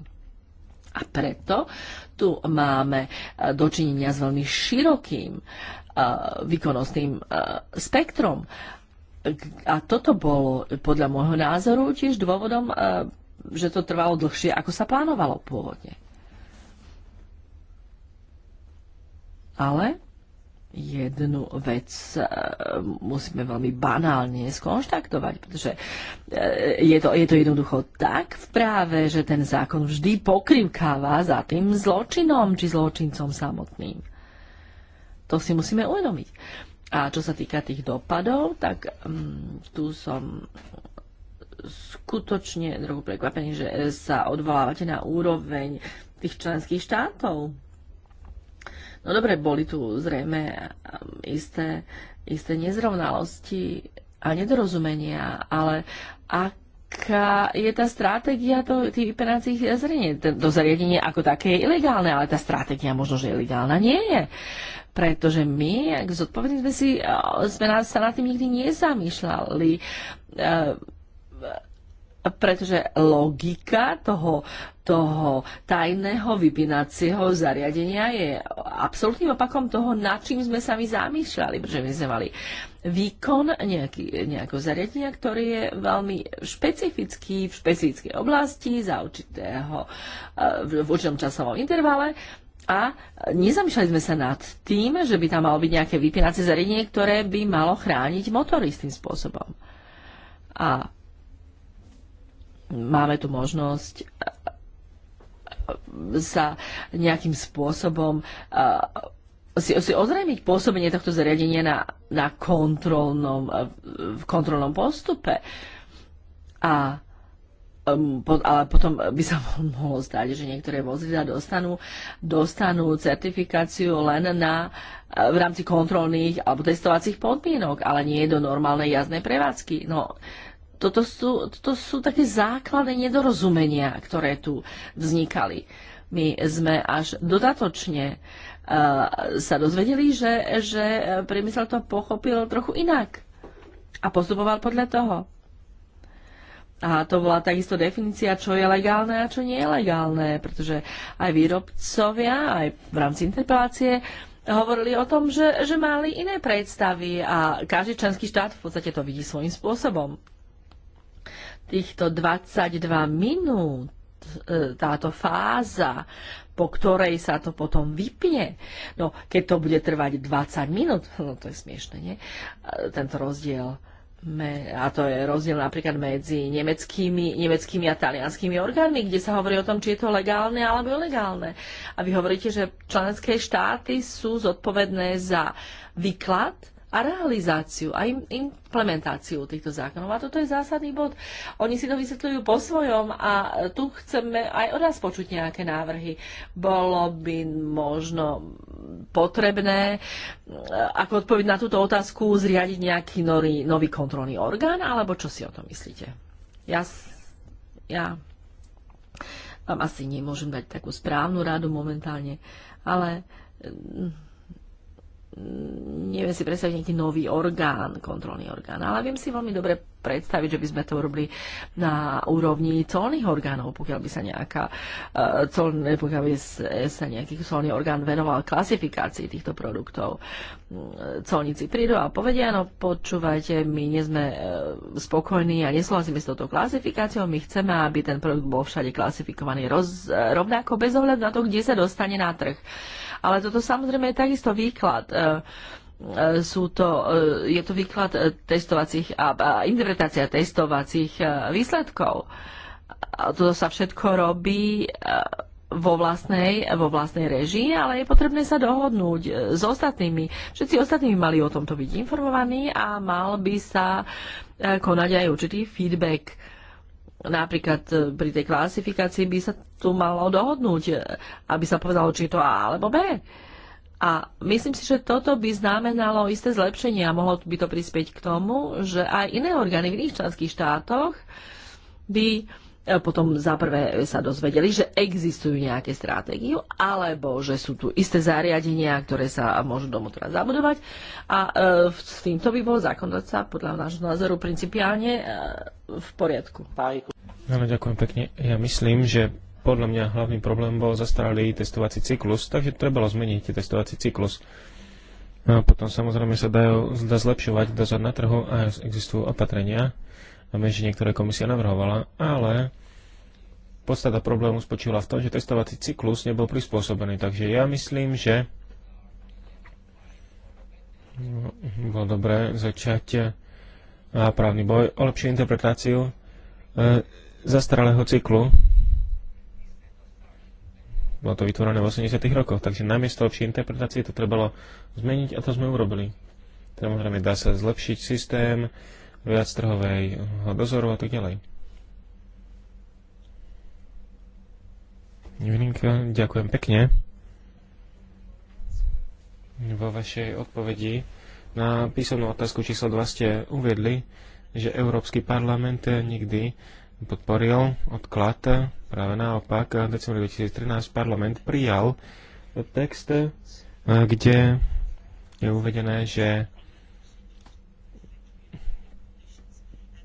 A preto tu máme e, dočinenia s veľmi širokým výkonnostným spektrom a toto bolo podľa môjho názoru tiež dôvodom, e, že to trvalo dlhšie, ako sa plánovalo pôvodne. Ale jednu vec e, musíme veľmi banálne skonštaktovať, pretože e, je to, je to jednoducho tak v práve, že ten zákon vždy pokrivkáva za tým zločinom či zločincom samotným. To si musíme uvedomiť. A čo sa týka tých dopadov, tak um, tu som skutočne trochu prekvapený, že sa odvolávate na úroveň tých členských štátov. No dobre, boli tu zrejme mm, isté, isté nezrovnalosti a nedorozumenia, ale ak aká je tá stratégia to, tých vypenacích zrenie. To zariadenie ako také je ilegálne, ale tá stratégia možno, že ilegálna nie je. Pretože my, ak zodpovední sme si, sme sa nad tým nikdy nezamýšľali. E, pretože logika toho, toho tajného vypínacieho zariadenia je absolútnym opakom toho, na čím sme sa my zamýšľali, pretože my sme mali výkon nejaký, nejakého zariadenia, ktorý je veľmi špecifický v špecifickej oblasti za určitého, eh, v určitom časovom intervale a nezamýšľali sme sa nad tým, že by tam malo byť nejaké vypínacie zariadenie, ktoré by malo chrániť motory s tým spôsobom. A máme tu možnosť e, e, sa nejakým spôsobom e, si, si ozrejmiť pôsobenie tohto zariadenia na, na kontrolnom, v kontrolnom postupe. A ale potom by sa mohlo stať, že niektoré vozidla dostanú, dostanú certifikáciu len na, v rámci kontrolných alebo testovacích podmienok, ale nie do normálnej jazdnej prevádzky. No, toto sú, toto sú také základné nedorozumenia, ktoré tu vznikali. My sme až dodatočne uh, sa dozvedeli, že, že priemysel to pochopil trochu inak a postupoval podľa toho. A to bola takisto definícia, čo je legálne a čo nie je legálne, pretože aj výrobcovia, aj v rámci interpelácie hovorili o tom, že, že mali iné predstavy a každý členský štát v podstate to vidí svojím spôsobom týchto 22 minút, e, táto fáza, po ktorej sa to potom vypne. No, keď to bude trvať 20 minút, no to je smiešne, nie? E, tento rozdiel. A to je rozdiel napríklad medzi nemeckými, nemeckými a talianskými orgánmi, kde sa hovorí o tom, či je to legálne alebo ilegálne. A vy hovoríte, že členské štáty sú zodpovedné za výklad a realizáciu a implementáciu týchto zákonov. A toto je zásadný bod. Oni si to vysvetľujú po svojom a tu chceme aj od nás počuť nejaké návrhy. Bolo by možno potrebné, eh, ako odpoveď na túto otázku, zriadiť nejaký nový, nový kontrolný orgán, alebo čo si o tom myslíte? Ja, ja vám asi nemôžem dať takú správnu radu momentálne, ale mm, neviem si predstaviť nejaký nový orgán, kontrolný orgán, ale viem si veľmi dobre predstaviť, že by sme to urobili na úrovni colných orgánov, pokiaľ by sa nejaká uh, pokiaľ by e, sa nejaký colný orgán venoval klasifikácii týchto produktov. Mm, colníci prídu a povedia, no počúvajte, my nie sme uh, spokojní a nesúhlasíme s touto klasifikáciou, my chceme, aby ten produkt bol všade klasifikovaný roz, rovnako bez ohľadu na to, kde sa dostane na trh. Uh, ale toto samozrejme je takisto výklad. E, e, sú to, e, je to výklad testovacích a interpretácia testovacích výsledkov. A toto sa všetko robí vo vlastnej, vo vlastnej režii, ale je potrebné sa dohodnúť s ostatnými. Všetci ostatní mali o tomto byť informovaní a mal by sa konať aj určitý feedback napríklad e, pri tej klasifikácii by sa tu malo dohodnúť, e, aby sa povedalo, či je to A alebo B. A myslím si, že toto by znamenalo isté zlepšenie a mohlo by to prispieť k tomu, že aj iné orgány v iných členských štátoch by e, potom prvé sa dozvedeli, že existujú nejaké stratégie, alebo že sú tu isté zariadenia, ktoré sa môžu domov teraz zabudovať. A e, s týmto by bol sa podľa nášho názoru principiálne e, v poriadku. Áno, ďakujem pekne. Ja myslím, že podľa mňa hlavný problém bol zastaralý testovací cyklus, takže trebalo zmeniť testovací cyklus. A potom samozrejme sa dajú, dá zlepšovať dozor na trhu a existujú opatrenia, a že niektoré komisia navrhovala, ale podstata problému spočívala v tom, že testovací cyklus nebol prispôsobený. Takže ja myslím, že bolo dobré začať právny boj o lepšiu interpretáciu e, zastaralého cyklu. Bolo to vytvorené v 80. rokoch, takže namiesto lepšej interpretácie to trebalo zmeniť a to sme urobili. Samozrejme, dá sa zlepšiť systém viac trhovej dozoru a tak ďalej. Julinka, ďakujem pekne vo vašej odpovedi na písomnú otázku číslo 2 ste uviedli, že Európsky parlament nikdy podporil odklad. Práve naopak, v decembri 2013 parlament prijal text, kde je uvedené, že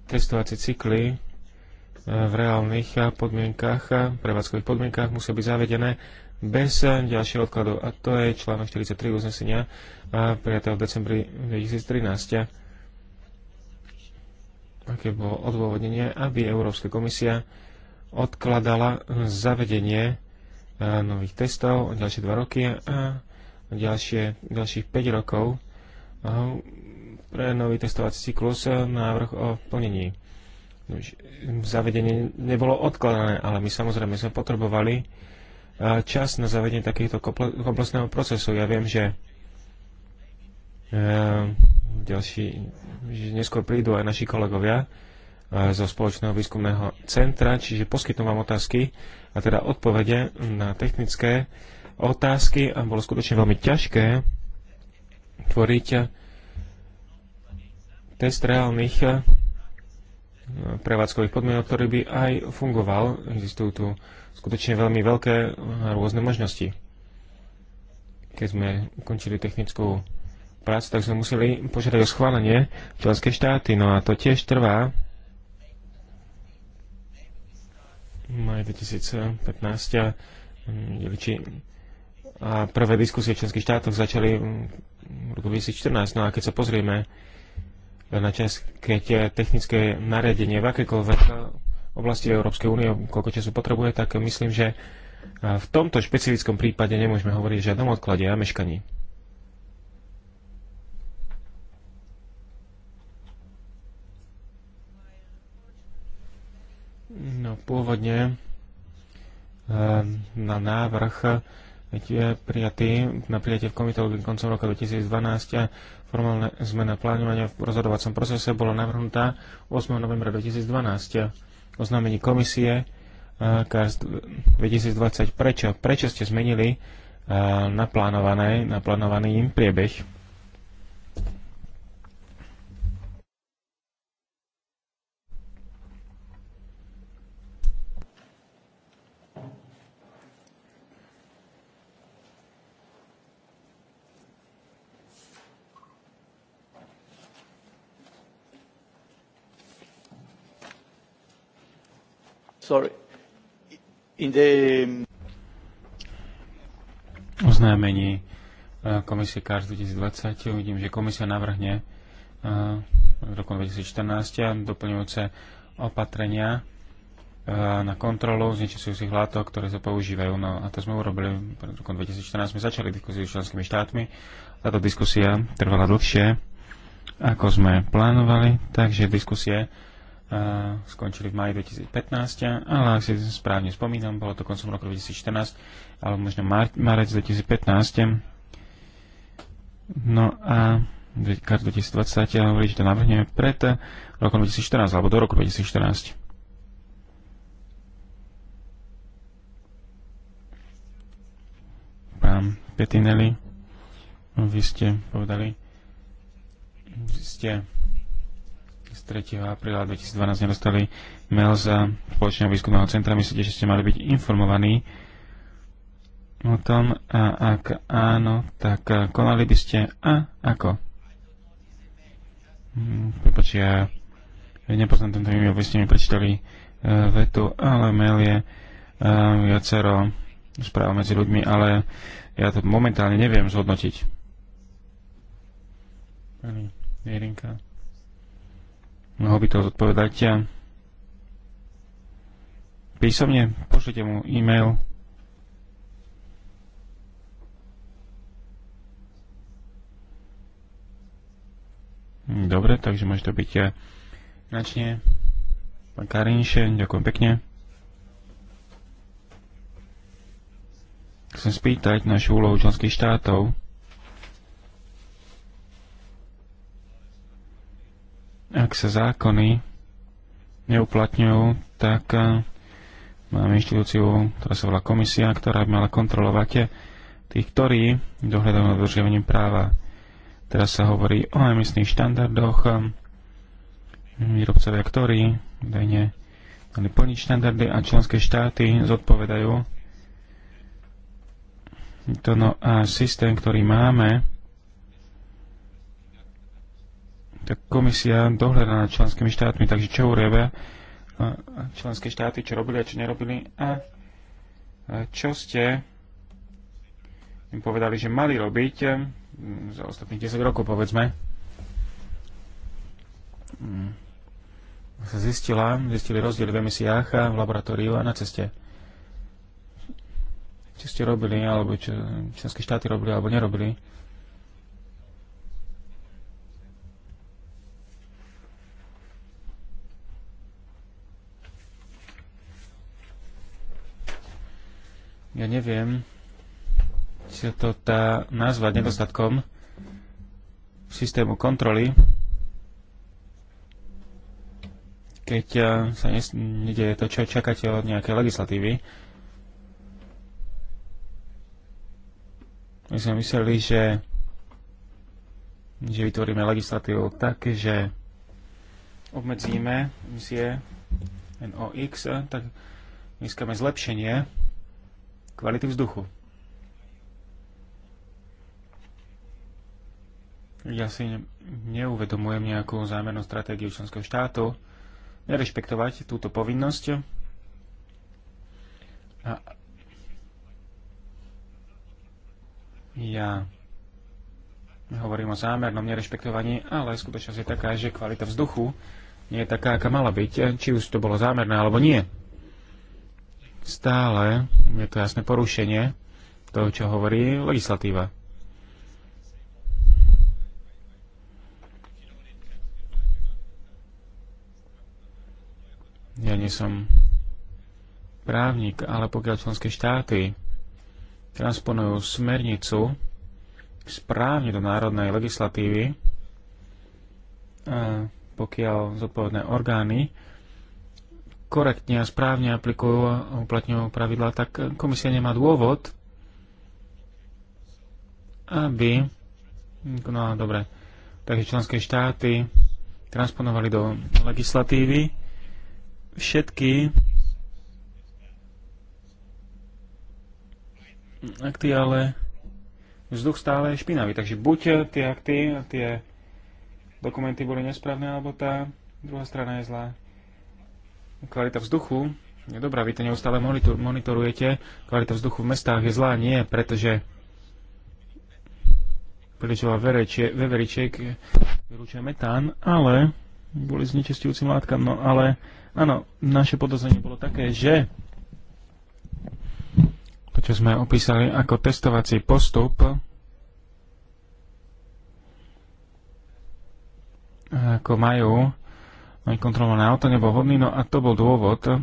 testovacie cykly e, v reálnych podmienkach, prevádzkových podmienkach musia byť zavedené bez ďalšieho odkladu. A to je článok 43 uznesenia e, prijatého v decembri 2013 aké bolo odôvodnenie, aby Európska komisia odkladala zavedenie eh, nových testov o ďalšie 2 roky a ďalšie, ďalších 5 rokov eh, pre nový testovací cyklus eh, návrh o plnení. No, zavedenie nebolo odkladané, ale my samozrejme sme potrebovali čas na zavedenie takéhoto komplexného procesu. Ja viem, že ďalší, že neskôr prídu aj naši kolegovia e, zo spoločného výskumného centra, čiže poskytnú vám otázky a teda odpovede na technické otázky a bolo skutočne veľmi ťažké tvoriť test reálnych e, prevádzkových podmienok, ktorý by aj fungoval. Existujú tu skutočne veľmi veľké e, rôzne možnosti. Keď sme ukončili technickú prácu, tak sme museli požiadať o schválenie členské štáty. No a to tiež trvá. Maj 2015 mm, a prvé diskusie v členských štátoch začali v roku 2014. No a keď sa pozrieme na čas, keď technické nariadenie v akékoľvek oblasti Európskej únie, koľko času potrebuje, tak myslím, že v tomto špecifickom prípade nemôžeme hovoriť o žiadnom odklade a meškaní. No, pôvodne ehm, na návrh je prijatý na prijatie v komitológii koncom roka 2012 a formálna zmena plánovania v rozhodovacom procese bola navrhnutá 8. novembra 2012. Oznámení komisie eh, KAS 2020. Prečo? Prečo ste zmenili eh, naplánované, naplánovaný priebeh? Sorry. In the... Um, Oznámení uh, komisie CARS 2020 vidím, že komisia navrhne uh, v roku 2014 doplňujúce opatrenia uh, na kontrolu znečistujúcich látok, ktoré sa používajú. No a to sme urobili v roku 2014. Sme začali diskusiu s členskými štátmi. Táto diskusia trvala dlhšie, ako sme plánovali, takže diskusie skončili v maji 2015, ale ak si správne spomínam, bolo to koncom roku 2014, alebo možno mar- marec 2015. No a kart 2020 hovorí, že to navrhneme pred rokom 2014, alebo do roku 2014. Pán Petinelli, vy ste povedali, vy ste 3. apríla 2012 nedostali mail za spoločného výskumného centra. Myslíte, že ste mali byť informovaní o tom a ak áno, tak eh, konali by ste a ako? Hm, prepačte, ja nepoznám tento e-mail, vy ste mi prečítali eh, vetu, ale mail je eh, viacero správ medzi ľuďmi, ale ja to momentálne neviem zhodnotiť. Pani Jerinka. Mohol by to zodpovedať písomne. Pošlite mu e-mail. Dobre, takže môže to byť ja. Načne. Pán Karinše, ďakujem pekne. Chcem spýtať našu úlohu členských štátov ak sa zákony neuplatňujú, tak eh, máme inštitúciu, ktorá sa volá komisia, ktorá by mala kontrolovať eh, tých, ktorí dohľadajú nad dodržiavaním práva. Teraz sa hovorí o emisných štandardoch, eh, výrobcovia, ktorí dajne mali plniť štandardy a členské štáty zodpovedajú to no a systém, ktorý máme, tak komisia dohľadá nad členskými štátmi, takže čo urobia členské štáty, čo robili a čo nerobili a čo ste im povedali, že mali robiť za ostatných 10 rokov, povedzme. Hmm. Sa zistila, zistili rozdiel v emisiách a v laboratóriu a na ceste. Čo ste robili, alebo čo členské štáty robili, alebo nerobili ja neviem, či sa to tá nazvať nedostatkom systému kontroly, keď eh, sa nedieje to, čo čakáte od nejakej legislatívy. My sme mysleli, že, že vytvoríme legislatívu tak, že obmedzíme misie NOX, eh, tak získame zlepšenie kvality vzduchu. Ja si neuvedomujem nejakú zámernú stratégiu členského štátu nerešpektovať túto povinnosť. A ja hovorím o zámernom nerešpektovaní, ale skutočnosť je taká, že kvalita vzduchu nie je taká, aká mala byť, či už to bolo zámerné alebo nie stále je to jasné porušenie toho, čo hovorí legislatíva. Ja nie som právnik, ale pokiaľ členské štáty transponujú smernicu správne do národnej legislatívy, a pokiaľ zodpovedné orgány korektne a správne aplikujú a uplatňujú pravidla, tak komisia nemá dôvod, aby no, dobre. Takže členské štáty transponovali do legislatívy všetky akty, ale vzduch stále je špinavý. Takže buď tie akty, tie dokumenty boli nesprávne, alebo tá druhá strana je zlá kvalita vzduchu je dobrá. Vy to neustále monitor, monitorujete. Kvalita vzduchu v mestách je zlá. Nie, pretože príliš veveriček vyručuje metán, ale boli znečistujúcim látkam. No ale áno, naše podozrenie bolo také, že to, čo sme opísali ako testovací postup, ako majú kontrolované auto nebol vhodný, no a to bol dôvod, eh,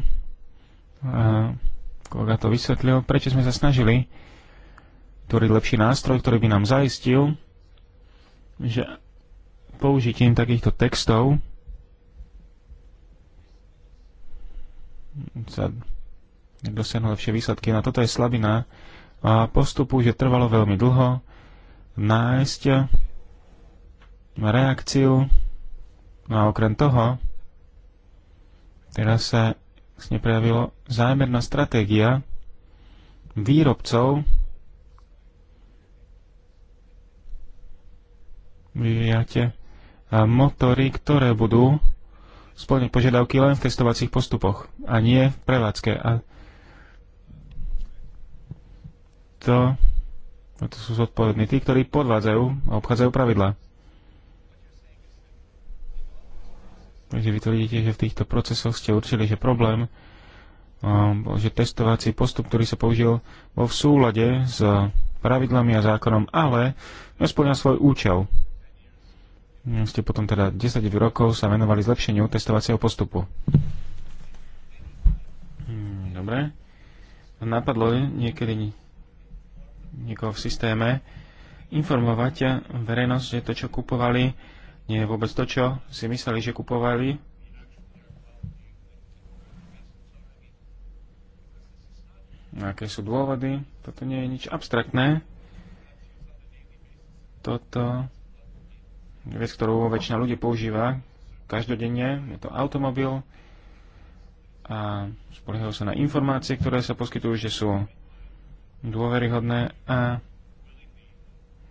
kolega to vysvetlil, prečo sme sa snažili tvoriť lepší nástroj, ktorý by nám zaistil, že použitím takýchto textov sa dosiahnu lepšie výsledky. Na no toto je slabina a postupu, že trvalo veľmi dlho nájsť reakciu. No a okrem toho, Teraz sa neprejavilo vlastne zámerná stratégia výrobcov vyvíjate motory, ktoré budú splniť požiadavky len v testovacích postupoch a nie v prevádzke. A to, to sú zodpovední tí, ktorí podvádzajú a obchádzajú pravidlá. Takže vy tvrdíte, že v týchto procesoch ste určili, že problém bol, um, že testovací postup, ktorý sa použil, bol v súlade s pravidlami a zákonom, ale nesplňal svoj účel. Ste potom teda 10 rokov sa venovali zlepšeniu testovacieho postupu. Hmm, dobre. Napadlo niekedy niekoho v systéme informovať verejnosť, že to, čo kupovali, nie je vôbec to, čo si mysleli, že kupovali. Aké sú dôvody? Toto nie je nič abstraktné. Toto je vec, ktorú väčšina ľudí používa každodenne. Je to automobil a spoliehajú sa na informácie, ktoré sa poskytujú, že sú dôveryhodné a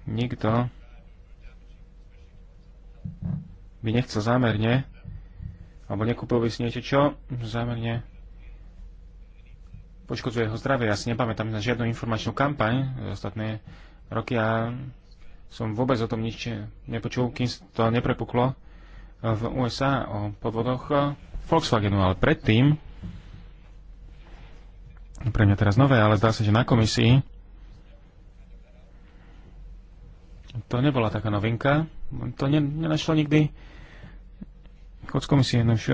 nikto by nechcel zámerne, alebo nekúpil by si niečo, čo zámerne poškodzuje jeho zdravie. Ja si nepamätám na žiadnu informačnú kampaň za ostatné roky a som vôbec o tom nič nepočul, kým to neprepuklo v USA o podvodoch Volkswagenu, ale predtým pre mňa teraz nové, ale zdá sa, že na komisii to nebola taká novinka. To ne, nenašlo nikdy chod z komisie. Nož,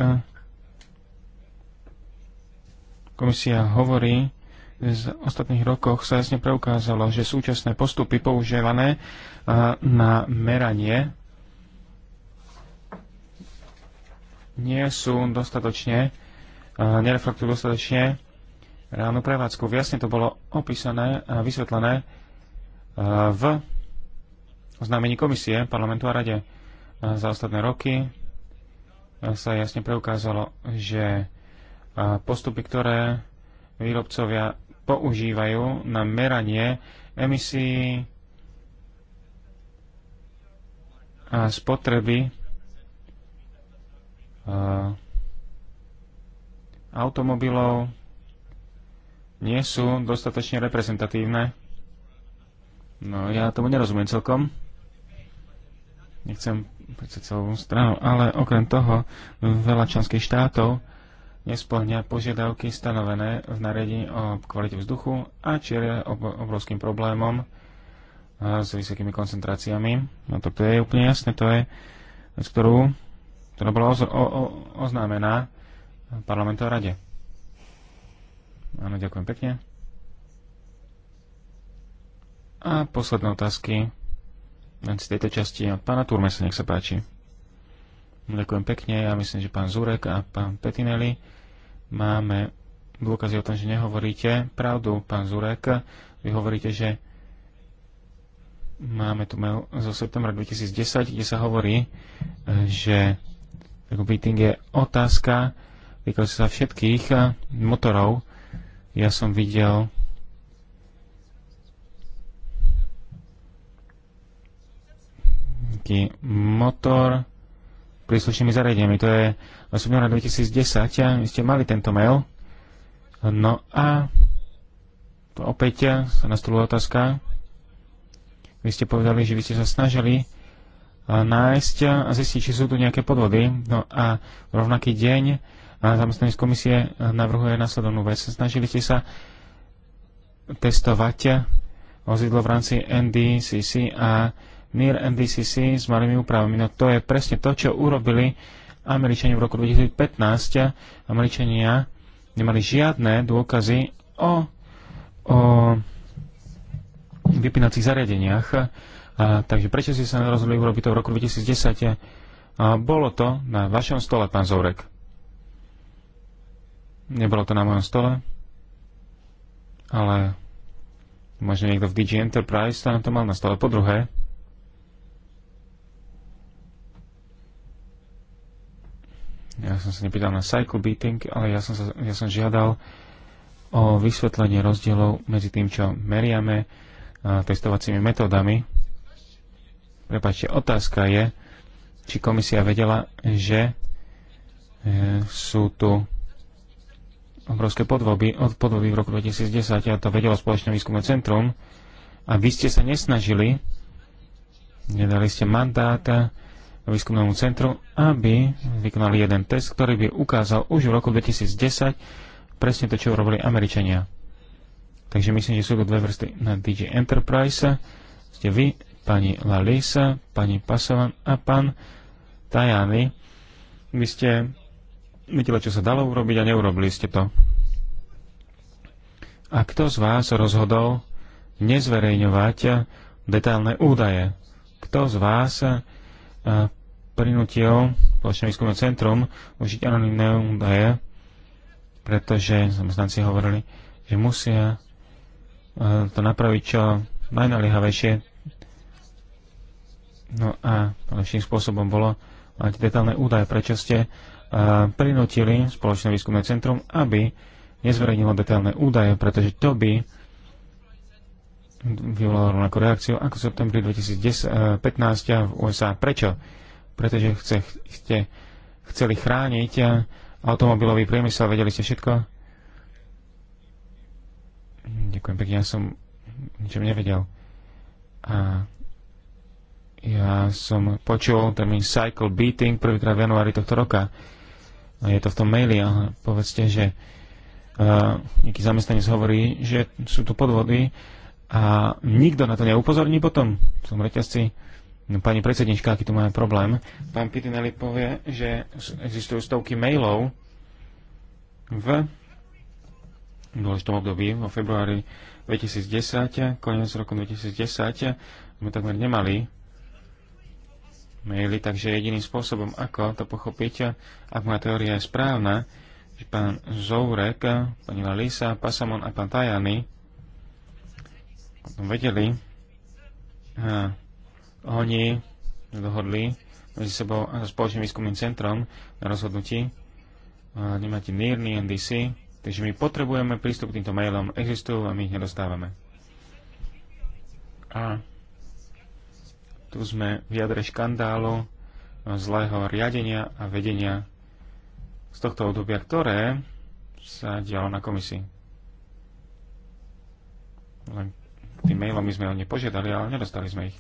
komisia hovorí, z ostatných rokoch sa jasne preukázalo, že súčasné postupy používané na meranie nie sú dostatočne, nereflektujú dostatočne reálnu prevádzku. Jasne to bolo opísané a vysvetlené v oznámení komisie parlamentu a rade e, za ostatné roky e, sa jasne preukázalo, že e, postupy, ktoré výrobcovia používajú na meranie emisí a spotreby automobilov nie sú dostatočne reprezentatívne. No, ja tomu nerozumiem celkom nechcem predsa celú stranu, ale okrem toho veľa členských štátov nesplňa požiadavky stanovené v nariadení o kvalite vzduchu a čieria obrovským problémom s vysokými koncentráciami. No to, to je úplne jasné, to je vec, ktorú, ktorá bola oz, o, o, oznámená parlamentu a rade. Áno, ďakujem pekne. A posledné otázky rámci tejto časti od pána Turmesa, nech sa páči. Ďakujem pekne, ja myslím, že pán Zurek a pán Petinelli máme dôkazy o tom, že nehovoríte pravdu, pán Zurek. Vy hovoríte, že máme tu mail zo septembra 2010, kde sa hovorí, že beating je otázka, týka sa všetkých motorov. Ja som videl nejaký motor príslušnými zariadeniami. To je v na 2010, vy ste mali tento mail. No a to opäť sa nastolila otázka. Vy ste povedali, že vy ste sa snažili eh, nájsť a zistiť, či sú tu nejaké podvody. No a rovnaký deň z komisie eh, navrhuje následovnú vec. Snažili ste sa testovať eh, vozidlo v rámci NDCC a NIR NDCC s malými úpravami. No to je presne to, čo urobili Američania v roku 2015. Američania nemali žiadne dôkazy o, o vypínacích zariadeniach. A, takže prečo ste sa rozhodli urobiť to v roku 2010? A, bolo to na vašom stole, pán Zorek. Nebolo to na mojom stole, ale možno niekto v DG Enterprise to, to mal na stole. Po druhé, ja som sa nepýtal na cycle beating, ale ja som, sa, ja som žiadal o vysvetlenie rozdielov medzi tým, čo meriame testovacími metódami. Prepačte, otázka je, či komisia vedela, že e, sú tu obrovské podvoby od podvoby v roku 2010 a to vedelo spoločné výskumné centrum a vy ste sa nesnažili, nedali ste mandát výskumnému centru, aby vykonali jeden test, ktorý by ukázal už v roku 2010 presne to, čo robili Američania. Takže myslím, že sú to dve vrsty na DJ Enterprise. Ste vy, pani Lalisa, pani Pasovan a pán Tajany. Vy ste videli, čo sa dalo urobiť a neurobili ste to. A kto z vás rozhodol nezverejňovať detailné údaje? Kto z vás prinútil spoločné výskumné centrum užiť anonimné údaje, pretože zamestnanci hovorili, že musia e, to napraviť čo najnaliehavejšie. No a lepším spôsobom bolo mať detálne údaje, prečo ste e, prinútili spoločné výskumné centrum, aby nezverejnilo detálne údaje, pretože to by vyvolalo rovnakú reakciu ako v septembri 2015 eh, v USA. Prečo? Pretože chce, ste chceli chrániť eh, automobilový priemysel, vedeli ste všetko? Ďakujem pekne, ja som ničom nevedel. A ja som počul termín cycle beating prvýkrát v januári tohto roka. Je to v tom maili, ale povedzte, že uh, nejaký zamestnanec hovorí, že sú tu podvody a nikto na to neupozorní potom som reťazci. No, pani predsednička, aký tu máme problém. Pán Pitinelli povie, že existujú stovky mailov v dôležitom období, vo februári 2010, koniec roku 2010, sme takmer nemali maily, takže jediným spôsobom, ako to pochopiť, ak moja teória je správna, že pán Zourek, pani Lalisa, Pasamon a pán Tajany vedeli, a oni dohodli medzi sebou a spoločným výskumným centrom na rozhodnutí nemáte mírny NDC, takže my potrebujeme prístup k týmto mailom, existujú a my ich nedostávame. A tu sme v jadre škandálu zlého riadenia a vedenia z tohto obdobia, ktoré sa dialo na komisii. Len tým mailom my sme o ne požiadali, ale nedostali sme ich.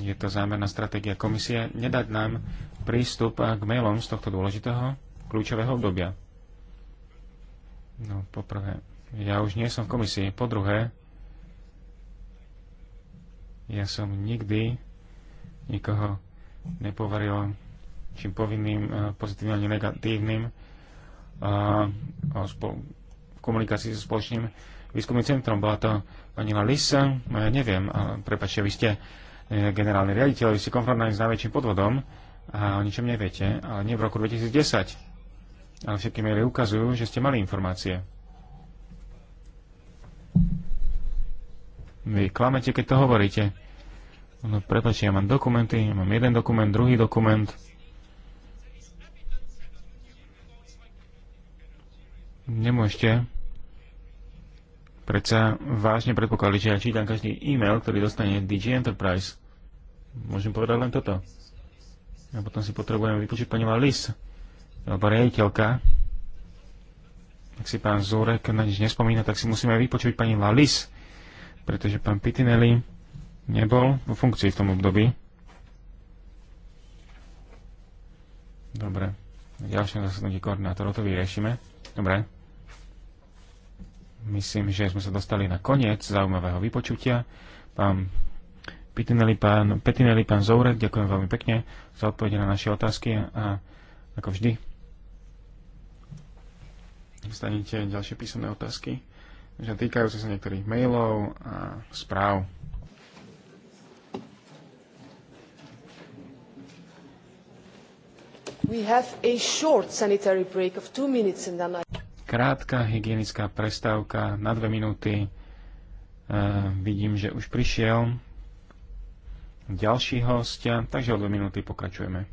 Je to zámerná stratégia komisie nedať nám prístup k mailom z tohto dôležitého kľúčového obdobia. No, poprvé, ja už nie som v komisii. Po druhé, ja som nikdy nikoho nepoveril čím povinným, eh, pozitívnym ani negatívnym a, eh, a v komunikácii so spoločným výskumným centrom. Bola to Pani Lalisa, no ja neviem, prepačte, vy ste e, generálny riaditeľ, vy ste konfrontovaní s najväčším podvodom a o ničom neviete, ale nie v roku 2010. Ale všetky maily ukazujú, že ste mali informácie. Vy klamete, keď to hovoríte. No prepačte, ja mám dokumenty, ja mám jeden dokument, druhý dokument. Nemôžete predsa vážne predpokladali, že ja čítam každý e-mail, ktorý dostane DG Enterprise. Môžem povedať len toto. A potom si potrebujeme vypočuť pani Lis, alebo rejiteľka. Ak si pán Zúrek na nič nespomína, tak si musíme vypočuť pani Lis, pretože pán Pitinelli nebol vo funkcii v tom období. Dobre. Ďalšie zasadnutie koordinátorov to vyriešime. Dobre. Myslím, že sme sa dostali na koniec zaujímavého vypočutia. Pán Petinelli, pán, Petinelli, pán Zourek, ďakujem veľmi pekne za odpovede na naše otázky a ako vždy dostanete ďalšie písomné otázky, že týkajú sa niektorých mailov a správ. We have a short sanitary break of two minutes and then I krátka hygienická prestávka na dve minúty. E, vidím, že už prišiel ďalší host, takže o dve minúty pokračujeme.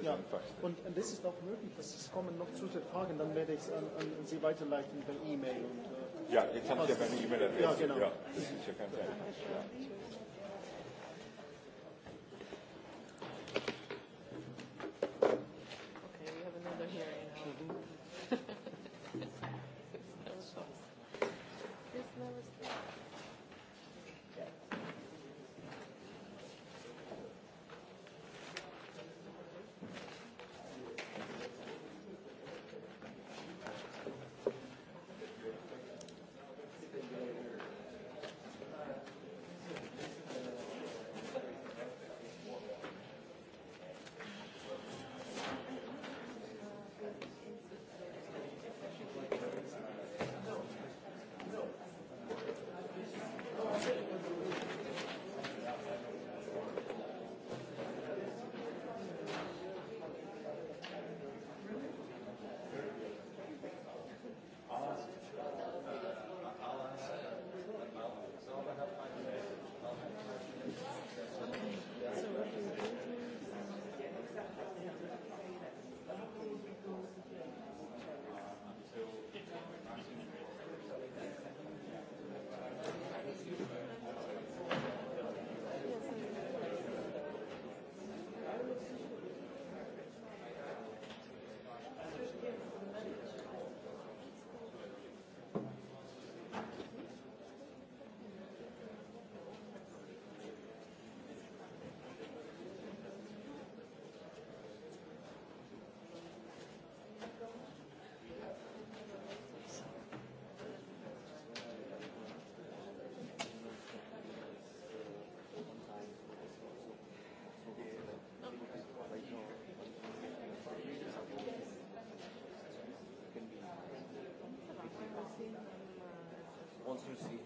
Ja, äh, äh, jetzt haben Sie ja meine E-Mail-Adresse. Ja, genau. Ja, das ist ja ganz einfach. Ja. consultancy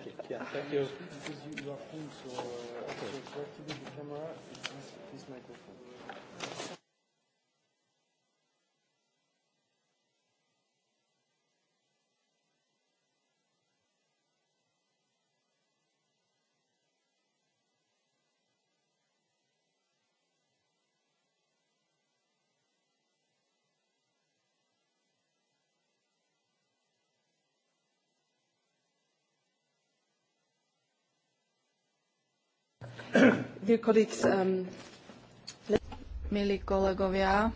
Okay. Yeah. Thank you. Because you, are so, uh, okay. so to do the camera. It's this, this microphone. Um, Milí kolegovia,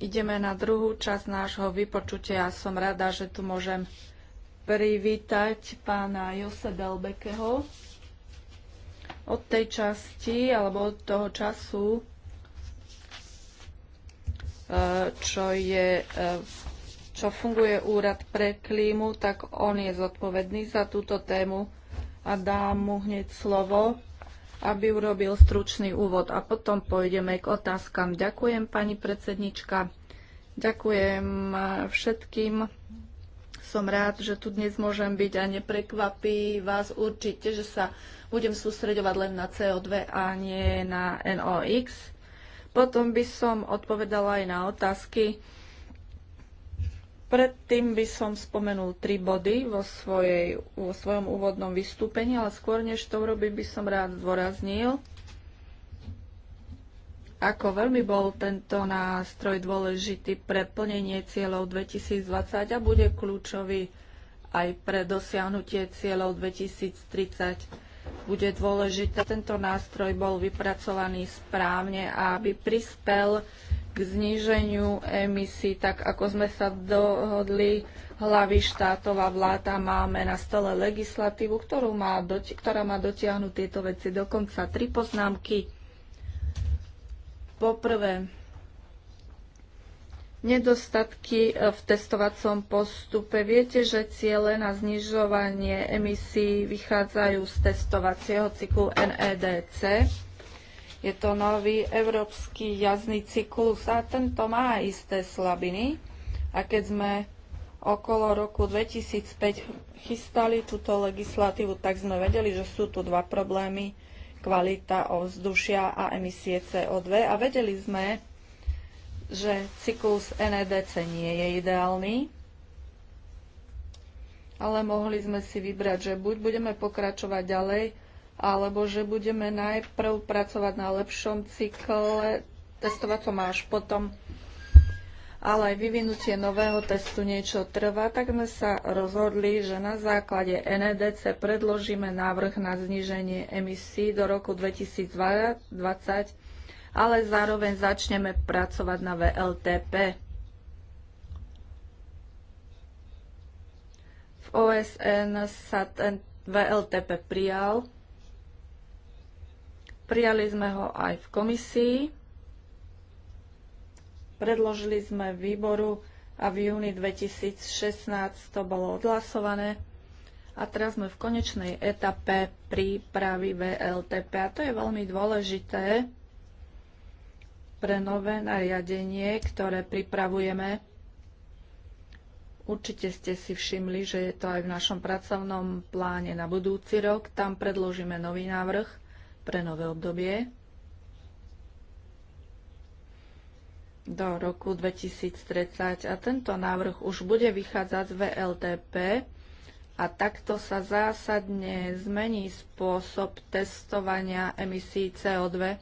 ideme na druhú časť nášho vypočutia. Ja som rada, že tu môžem privítať pána Jose Delbekeho. Od tej časti, alebo od toho času, e, čo, je, e, čo funguje úrad pre klímu, tak on je zodpovedný za túto tému a dám mu hneď slovo, aby urobil stručný úvod a potom pôjdeme k otázkam. Ďakujem, pani predsednička. Ďakujem všetkým. Som rád, že tu dnes môžem byť a neprekvapí vás určite, že sa budem sústreďovať len na CO2 a nie na NOx. Potom by som odpovedala aj na otázky Predtým by som spomenul tri body vo, svojej, vo svojom úvodnom vystúpení, ale skôr než to urobím, by som rád zdôraznil, ako veľmi bol tento nástroj dôležitý pre plnenie cieľov 2020 a bude kľúčový aj pre dosiahnutie cieľov 2030. Bude dôležité, tento nástroj bol vypracovaný správne a aby prispel k zníženiu emisí, tak ako sme sa dohodli, hlavy štátov a vláda máme na stole legislatívu, ktorú má doti- ktorá má dotiahnuť tieto veci. Dokonca tri poznámky. Poprvé, nedostatky e, v testovacom postupe. Viete, že ciele na znižovanie emisí vychádzajú z testovacieho cyklu NEDC je to nový európsky jazdný cyklus a tento má isté slabiny. A keď sme okolo roku 2005 chystali túto legislatívu, tak sme vedeli, že sú tu dva problémy, kvalita ovzdušia a emisie CO2 a vedeli sme, že cyklus NEDC nie je ideálny, ale mohli sme si vybrať, že buď budeme pokračovať ďalej alebo že budeme najprv pracovať na lepšom cykle testovacom až potom ale aj vyvinutie nového testu niečo trvá, tak sme sa rozhodli, že na základe NEDC predložíme návrh na zníženie emisí do roku 2020, ale zároveň začneme pracovať na VLTP. V OSN sa ten VLTP prijal Prijali sme ho aj v komisii. Predložili sme výboru a v júni 2016 to bolo odhlasované. A teraz sme v konečnej etape prípravy VLTP a to je veľmi dôležité pre nové nariadenie, ktoré pripravujeme. Určite ste si všimli, že je to aj v našom pracovnom pláne na budúci rok. Tam predložíme nový návrh pre nové obdobie do roku 2030 a tento návrh už bude vychádzať z VLTP a takto sa zásadne zmení spôsob testovania emisí CO2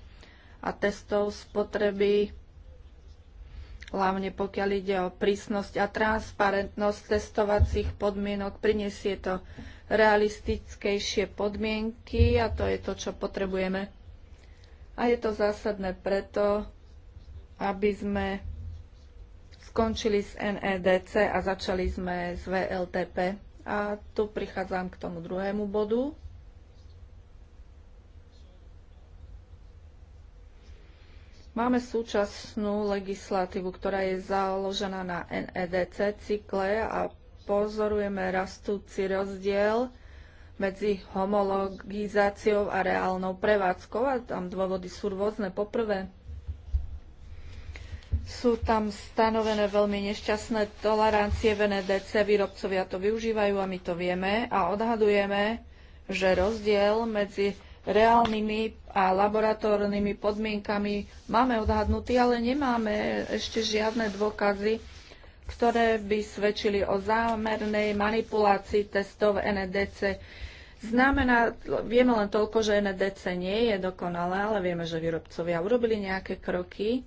a testov spotreby hlavne pokiaľ ide o prísnosť a transparentnosť testovacích podmienok, prinesie to realistickejšie podmienky a to je to, čo potrebujeme. A je to zásadné preto, aby sme skončili s NEDC a začali sme s VLTP. A tu prichádzam k tomu druhému bodu. Máme súčasnú legislatívu, ktorá je založená na NEDC cykle a pozorujeme rastúci rozdiel medzi homologizáciou a reálnou prevádzkou a tam dôvody sú rôzne. Poprvé, sú tam stanovené veľmi nešťastné tolerancie NDC. výrobcovia to využívajú a my to vieme a odhadujeme, že rozdiel medzi reálnymi a laboratórnymi podmienkami máme odhadnutý, ale nemáme ešte žiadne dôkazy, ktoré by svedčili o zámernej manipulácii testov NEDC. Znamená, vieme len toľko, že NDC e nie je dokonalé, ale vieme, že výrobcovia urobili nejaké kroky.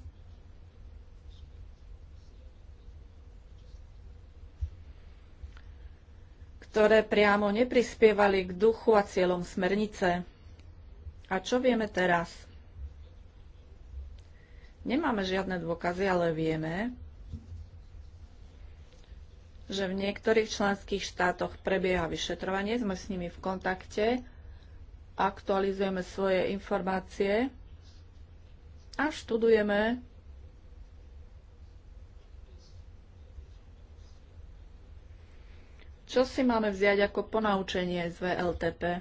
ktoré priamo neprispievali k duchu a cieľom smernice. A čo vieme teraz? Nemáme žiadne dôkazy, ale vieme, že v niektorých členských štátoch prebieha vyšetrovanie, sme s nimi v kontakte, aktualizujeme svoje informácie a študujeme Čo si máme vziať ako ponaučenie z VLTP?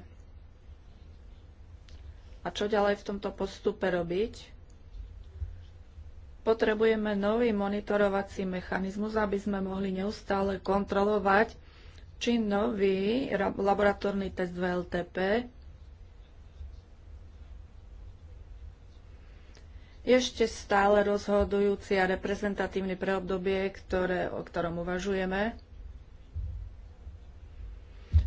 A čo ďalej v tomto postupe robiť? Potrebujeme nový monitorovací mechanizmus, aby sme mohli neustále kontrolovať, či nový laboratórny test VLTP ešte stále rozhodujúci a reprezentatívny pre obdobie, ktoré, o ktorom uvažujeme.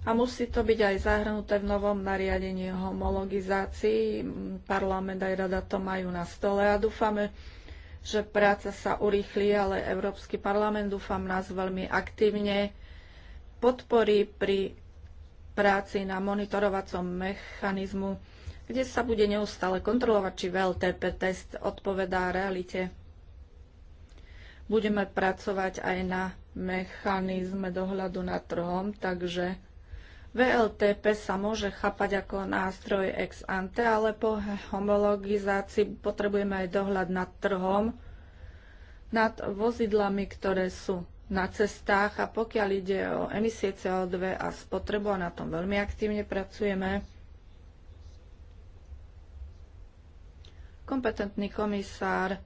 A musí to byť aj zahrnuté v novom nariadení homologizácii. Parlament aj rada to majú na stole a dúfame, že práca sa urýchli, ale Európsky parlament, dúfam, nás veľmi aktívne podporí pri práci na monitorovacom mechanizmu, kde sa bude neustále kontrolovať, či VLTP test odpovedá realite. Budeme pracovať aj na mechanizme dohľadu nad trhom, takže VLTP sa môže chápať ako nástroj ex ante, ale po homologizácii potrebujeme aj dohľad nad trhom, nad vozidlami, ktoré sú na cestách a pokiaľ ide o emisie CO2 a spotrebu, a na tom veľmi aktívne pracujeme, kompetentný komisár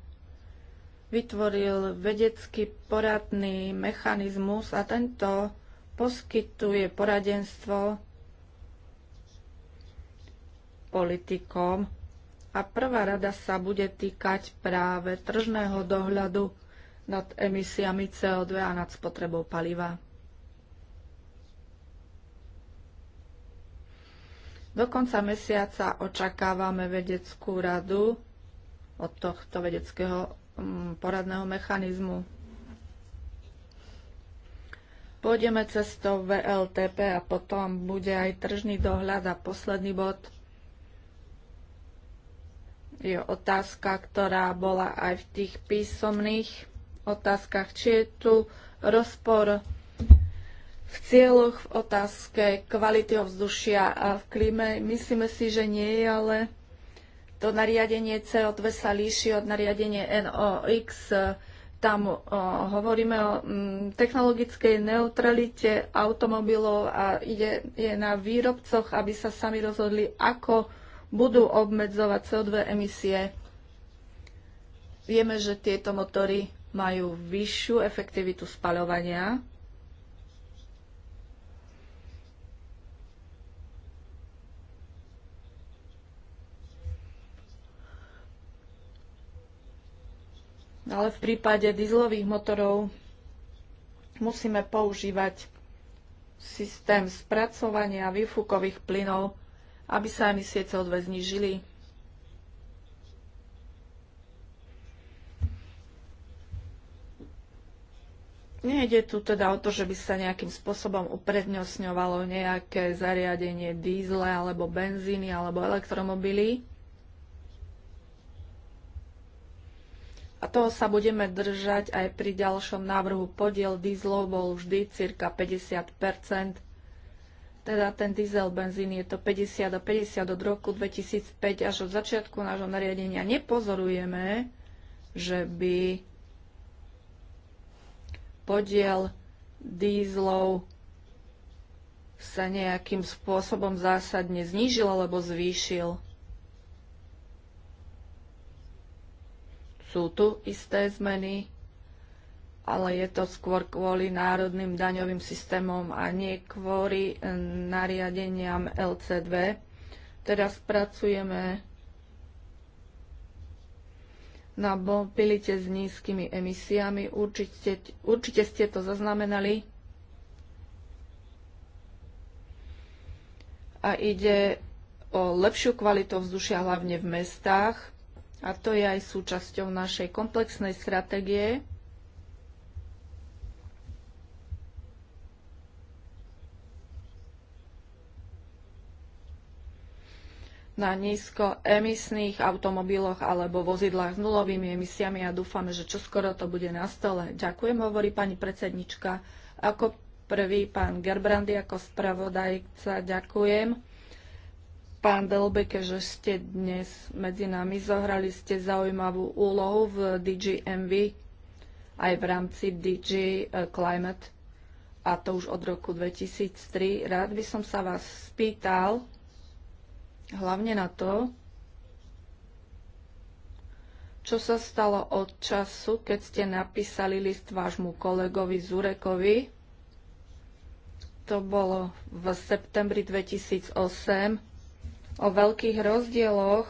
vytvoril vedecký poradný mechanizmus a tento poskytuje poradenstvo politikom a prvá rada sa bude týkať práve tržného dohľadu nad emisiami CO2 a nad spotrebou paliva. Do konca mesiaca očakávame vedeckú radu od tohto vedeckého mm, poradného mechanizmu. Pôjdeme cestou VLTP a potom bude aj tržný dohľad a posledný bod je otázka, ktorá bola aj v tých písomných otázkach. Či je tu rozpor v cieľoch, v otázke kvality ovzdušia a v klíme? Myslíme si, že nie je, ale to nariadenie CO2 sa líši od nariadenie NOx. Tam uh, hovoríme o um, technologickej neutralite automobilov a ide je na výrobcoch, aby sa sami rozhodli, ako budú obmedzovať CO2 emisie. Vieme, že tieto motory majú vyššiu efektivitu spaľovania Ale v prípade dizlových motorov musíme používať systém spracovania výfukových plynov, aby sa emisie CO2 znižili. Nejde tu teda o to, že by sa nejakým spôsobom uprednostňovalo nejaké zariadenie dízle alebo benzíny alebo elektromobily. A toho sa budeme držať aj pri ďalšom návrhu. Podiel dízlov bol vždy cirka 50 teda ten diesel benzín je to 50 a 50 od roku 2005 až od začiatku nášho nariadenia nepozorujeme, že by podiel dízlov sa nejakým spôsobom zásadne znížil alebo zvýšil. sú tu isté zmeny, ale je to skôr kvôli národným daňovým systémom a nie kvôli e, nariadeniam LC2. Teraz pracujeme na mobilite s nízkymi emisiami. Určite, určite ste to zaznamenali. A ide o lepšiu kvalitu vzdušia hlavne v mestách a to je aj súčasťou našej komplexnej stratégie, na nízkoemisných automobiloch alebo vozidlách s nulovými emisiami a dúfame, že čoskoro to bude na stole. Ďakujem, hovorí pani predsednička. Ako prvý pán Gerbrandy, ako spravodajca, ďakujem pán Delbeke, že ste dnes medzi nami. Zohrali ste zaujímavú úlohu v DGMV aj v rámci DG eh, Climate a to už od roku 2003. Rád by som sa vás spýtal hlavne na to, čo sa stalo od času, keď ste napísali list vášmu kolegovi Zurekovi. To bolo v septembri 2008 o veľkých rozdieloch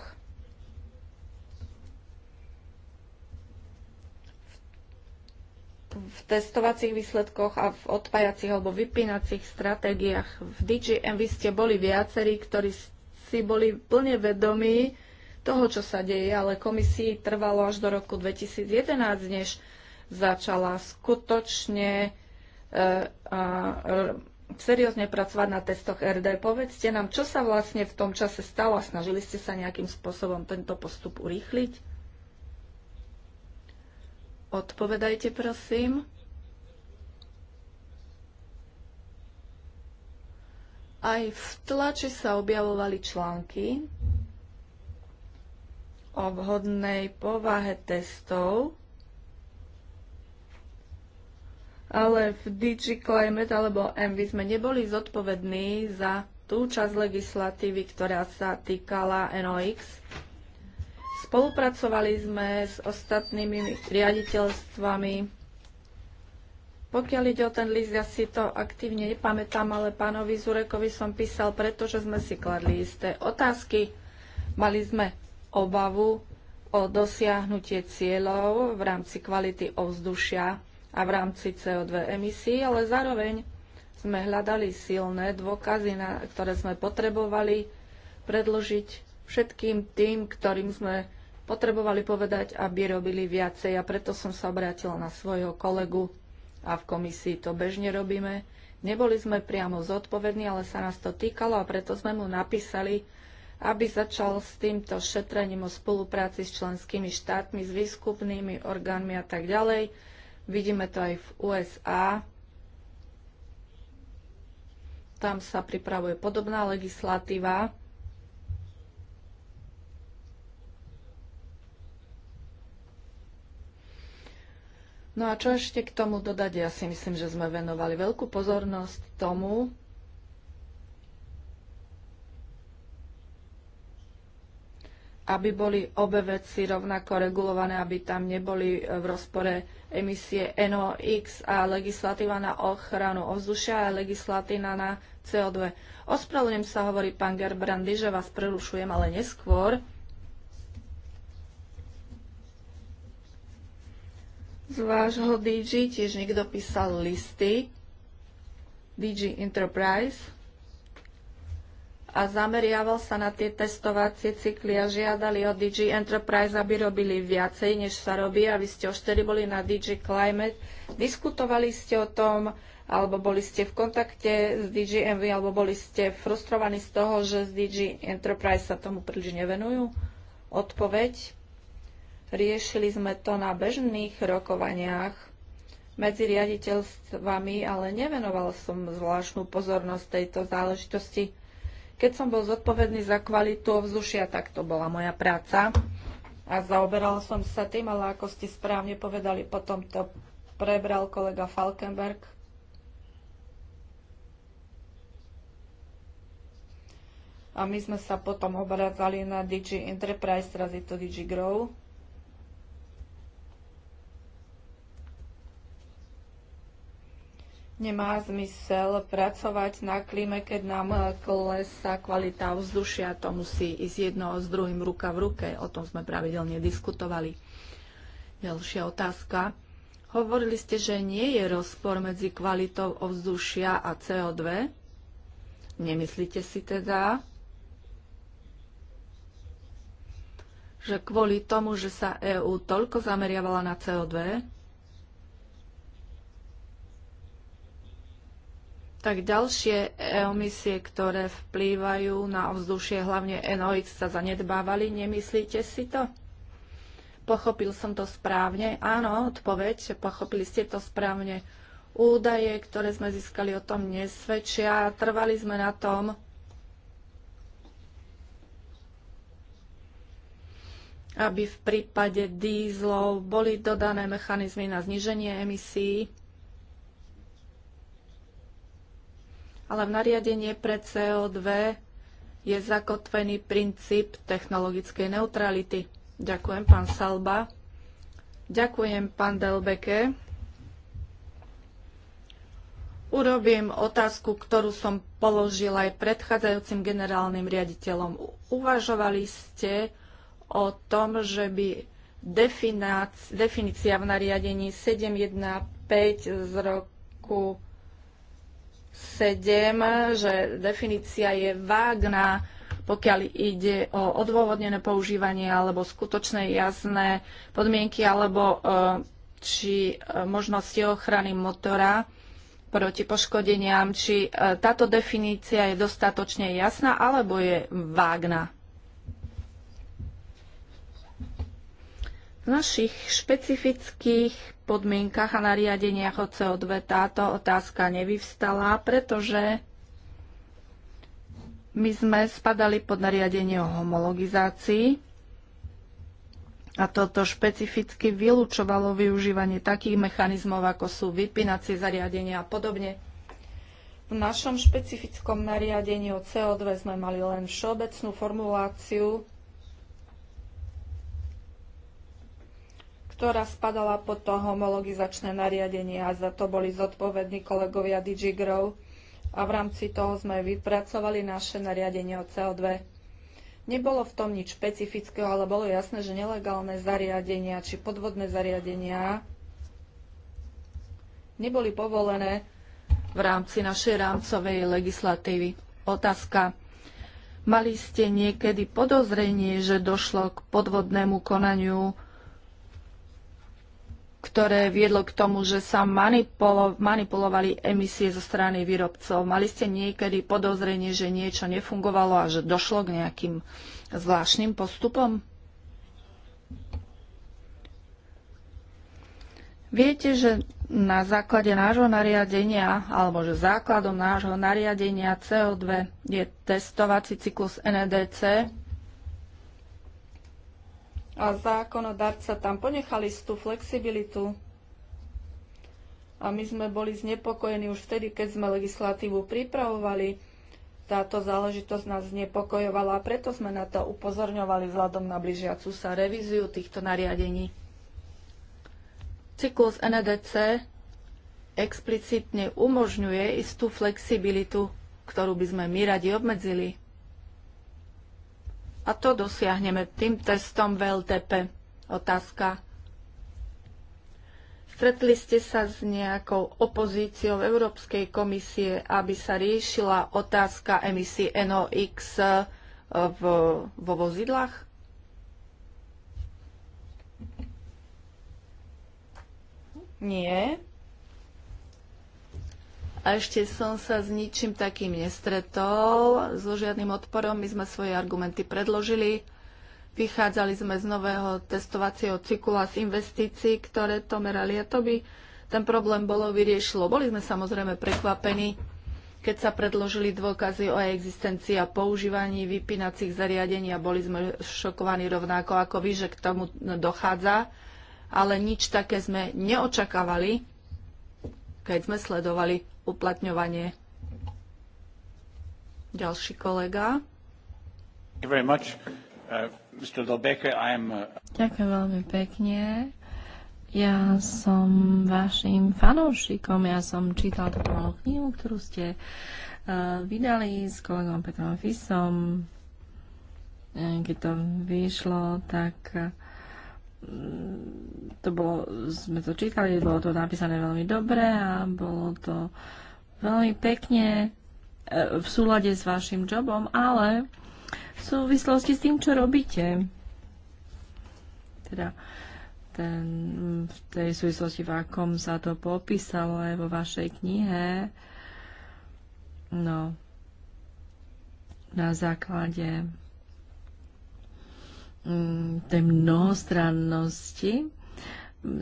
v testovacích výsledkoch a v odpájacích alebo vypínacích stratégiách. V DGM vy ste boli viacerí, ktorí si boli plne vedomí toho, čo sa deje, ale komisii trvalo až do roku 2011, než začala skutočne e, seriózne pracovať na testoch RD. Povedzte nám, čo sa vlastne v tom čase stalo a snažili ste sa nejakým spôsobom tento postup urýchliť? Odpovedajte, prosím. Aj v tlači sa objavovali články o vhodnej povahe testov, ale v DG Climate alebo MV sme neboli zodpovední za tú časť legislatívy, ktorá sa týkala NOx. Spolupracovali sme s ostatnými riaditeľstvami. Pokiaľ ide o ten list, ja si to aktívne nepamätám, ale pánovi Zurekovi som písal, pretože sme si kladli isté otázky. Mali sme obavu o dosiahnutie cieľov v rámci kvality ovzdušia a v rámci CO2 emisí, ale zároveň sme hľadali silné dôkazy, na ktoré sme potrebovali predložiť všetkým tým, ktorým sme potrebovali povedať, aby robili viacej. A preto som sa obrátila na svojho kolegu a v komisii to bežne robíme. Neboli sme priamo zodpovední, ale sa nás to týkalo a preto sme mu napísali, aby začal s týmto šetrením o spolupráci s členskými štátmi, s výskupnými orgánmi a tak ďalej Vidíme to aj v USA. Tam sa pripravuje podobná legislatíva. No a čo ešte k tomu dodať? Ja si myslím, že sme venovali veľkú pozornosť tomu, aby boli obe veci rovnako regulované, aby tam neboli e, v rozpore emisie NOx a legislatíva na ochranu ovzdušia a legislatíva na CO2. Ospravedlňujem sa, hovorí pán Gerbrandy, že vás prerušujem, ale neskôr. Z vášho DG tiež niekto písal listy. DG Enterprise a zameriaval sa na tie testovacie cykly a žiadali od DG Enterprise, aby robili viacej, než sa robí a vy ste už tedy boli na DG Climate. Diskutovali ste o tom, alebo boli ste v kontakte s DG Envy, alebo boli ste frustrovaní z toho, že z DG Enterprise sa tomu príliš nevenujú? Odpoveď. Riešili sme to na bežných rokovaniach medzi riaditeľstvami, ale nevenoval som zvláštnu pozornosť tejto záležitosti keď som bol zodpovedný za kvalitu ovzdušia, tak to bola moja práca a zaoberal som sa tým, ale ako ste správne povedali, potom to prebral kolega Falkenberg. A my sme sa potom obrázali na DG Enterprise, teraz je to DG Grow. Nemá zmysel pracovať na klíme, keď nám eh, klesá kvalita vzdušia. To musí ísť jedno s druhým ruka v ruke. O tom sme pravidelne diskutovali. Ďalšia otázka. Hovorili ste, že nie je rozpor medzi kvalitou ovzdušia a CO2. Nemyslíte si teda, že kvôli tomu, že sa EÚ toľko zameriavala na CO2, tak ďalšie emisie, ktoré vplývajú na ovzdušie, hlavne NOx, sa zanedbávali. Nemyslíte si to? Pochopil som to správne? Áno, odpoveď, pochopili ste to správne. Údaje, ktoré sme získali o tom, nesvedčia. Trvali sme na tom. aby v prípade dízlov boli dodané mechanizmy na zniženie emisí ale v nariadenie pre CO2 je zakotvený princíp technologickej neutrality. Ďakujem, pán Salba. Ďakujem, pán Delbeke. Urobím otázku, ktorú som položil aj predchádzajúcim generálnym riaditeľom. Uvažovali ste o tom, že by definícia v nariadení 715 z roku 7, že definícia je vágná, pokiaľ ide o odôvodnené používanie alebo skutočné jasné podmienky alebo e, či e, možnosti ochrany motora proti poškodeniam, či e, táto definícia je dostatočne jasná alebo je vágna. V našich špecifických podmienkach a nariadeniach o CO2 táto otázka nevyvstala, pretože my sme spadali pod nariadenie o homologizácii a toto špecificky vylúčovalo využívanie takých mechanizmov, ako sú vypínacie zariadenia a podobne. V našom špecifickom nariadení o CO2 sme mali len všeobecnú formuláciu, ktorá spadala pod to homologizačné nariadenie a za to boli zodpovední kolegovia DigiGrow a v rámci toho sme vypracovali naše nariadenie o CO2. Nebolo v tom nič špecifického, ale bolo jasné, že nelegálne zariadenia či podvodné zariadenia neboli povolené v rámci našej rámcovej legislatívy. Otázka. Mali ste niekedy podozrenie, že došlo k podvodnému konaniu ktoré viedlo k tomu, že sa manipulo, manipulovali emisie zo strany výrobcov. Mali ste niekedy podozrenie, že niečo nefungovalo a že došlo k nejakým zvláštnym postupom? Viete, že na základe nášho nariadenia, alebo že základom nášho nariadenia CO2 je testovací cyklus NEDC, a zákonodarca tam ponechali tú flexibilitu. A my sme boli znepokojení už vtedy, keď sme legislatívu pripravovali. Táto záležitosť nás znepokojovala a preto sme na to upozorňovali vzhľadom na blížiacu sa revíziu týchto nariadení. Cyklus NDC explicitne umožňuje istú flexibilitu, ktorú by sme my radi obmedzili. A to dosiahneme tým testom VLTP. Otázka. Stretli ste sa s nejakou opozíciou Európskej komisie, aby sa riešila otázka emisí NOx eh, v, vo vozidlách? Nie a ešte som sa s ničím takým nestretol, so žiadnym odporom. My sme svoje argumenty predložili. Vychádzali sme z nového testovacieho a z investícií, ktoré to merali a to by ten problém bolo vyriešilo. Boli sme samozrejme prekvapení, keď sa predložili dôkazy o existencii a používaní vypínacích zariadení a boli sme šokovaní rovnako ako vy, že k tomu dochádza, ale nič také sme neočakávali, keď sme sledovali uplatňovanie. Ďalší kolega. Uh, uh, Ďakujem veľmi pekne. Ja som vašim fanúšikom, ja som čítal túto malú knihu, ktorú ste uh, vydali s kolegom Petrom Fisom. E, keď to vyšlo, tak Mm, to bolo, sme to čítali, bolo to napísané veľmi dobre a bolo to veľmi pekne e, v súlade s vašim jobom, ale v súvislosti s tým, čo robíte, teda ten, v tej súvislosti, v akom sa to popísalo aj vo vašej knihe, no, na základe Mm, tej mnohostrannosti,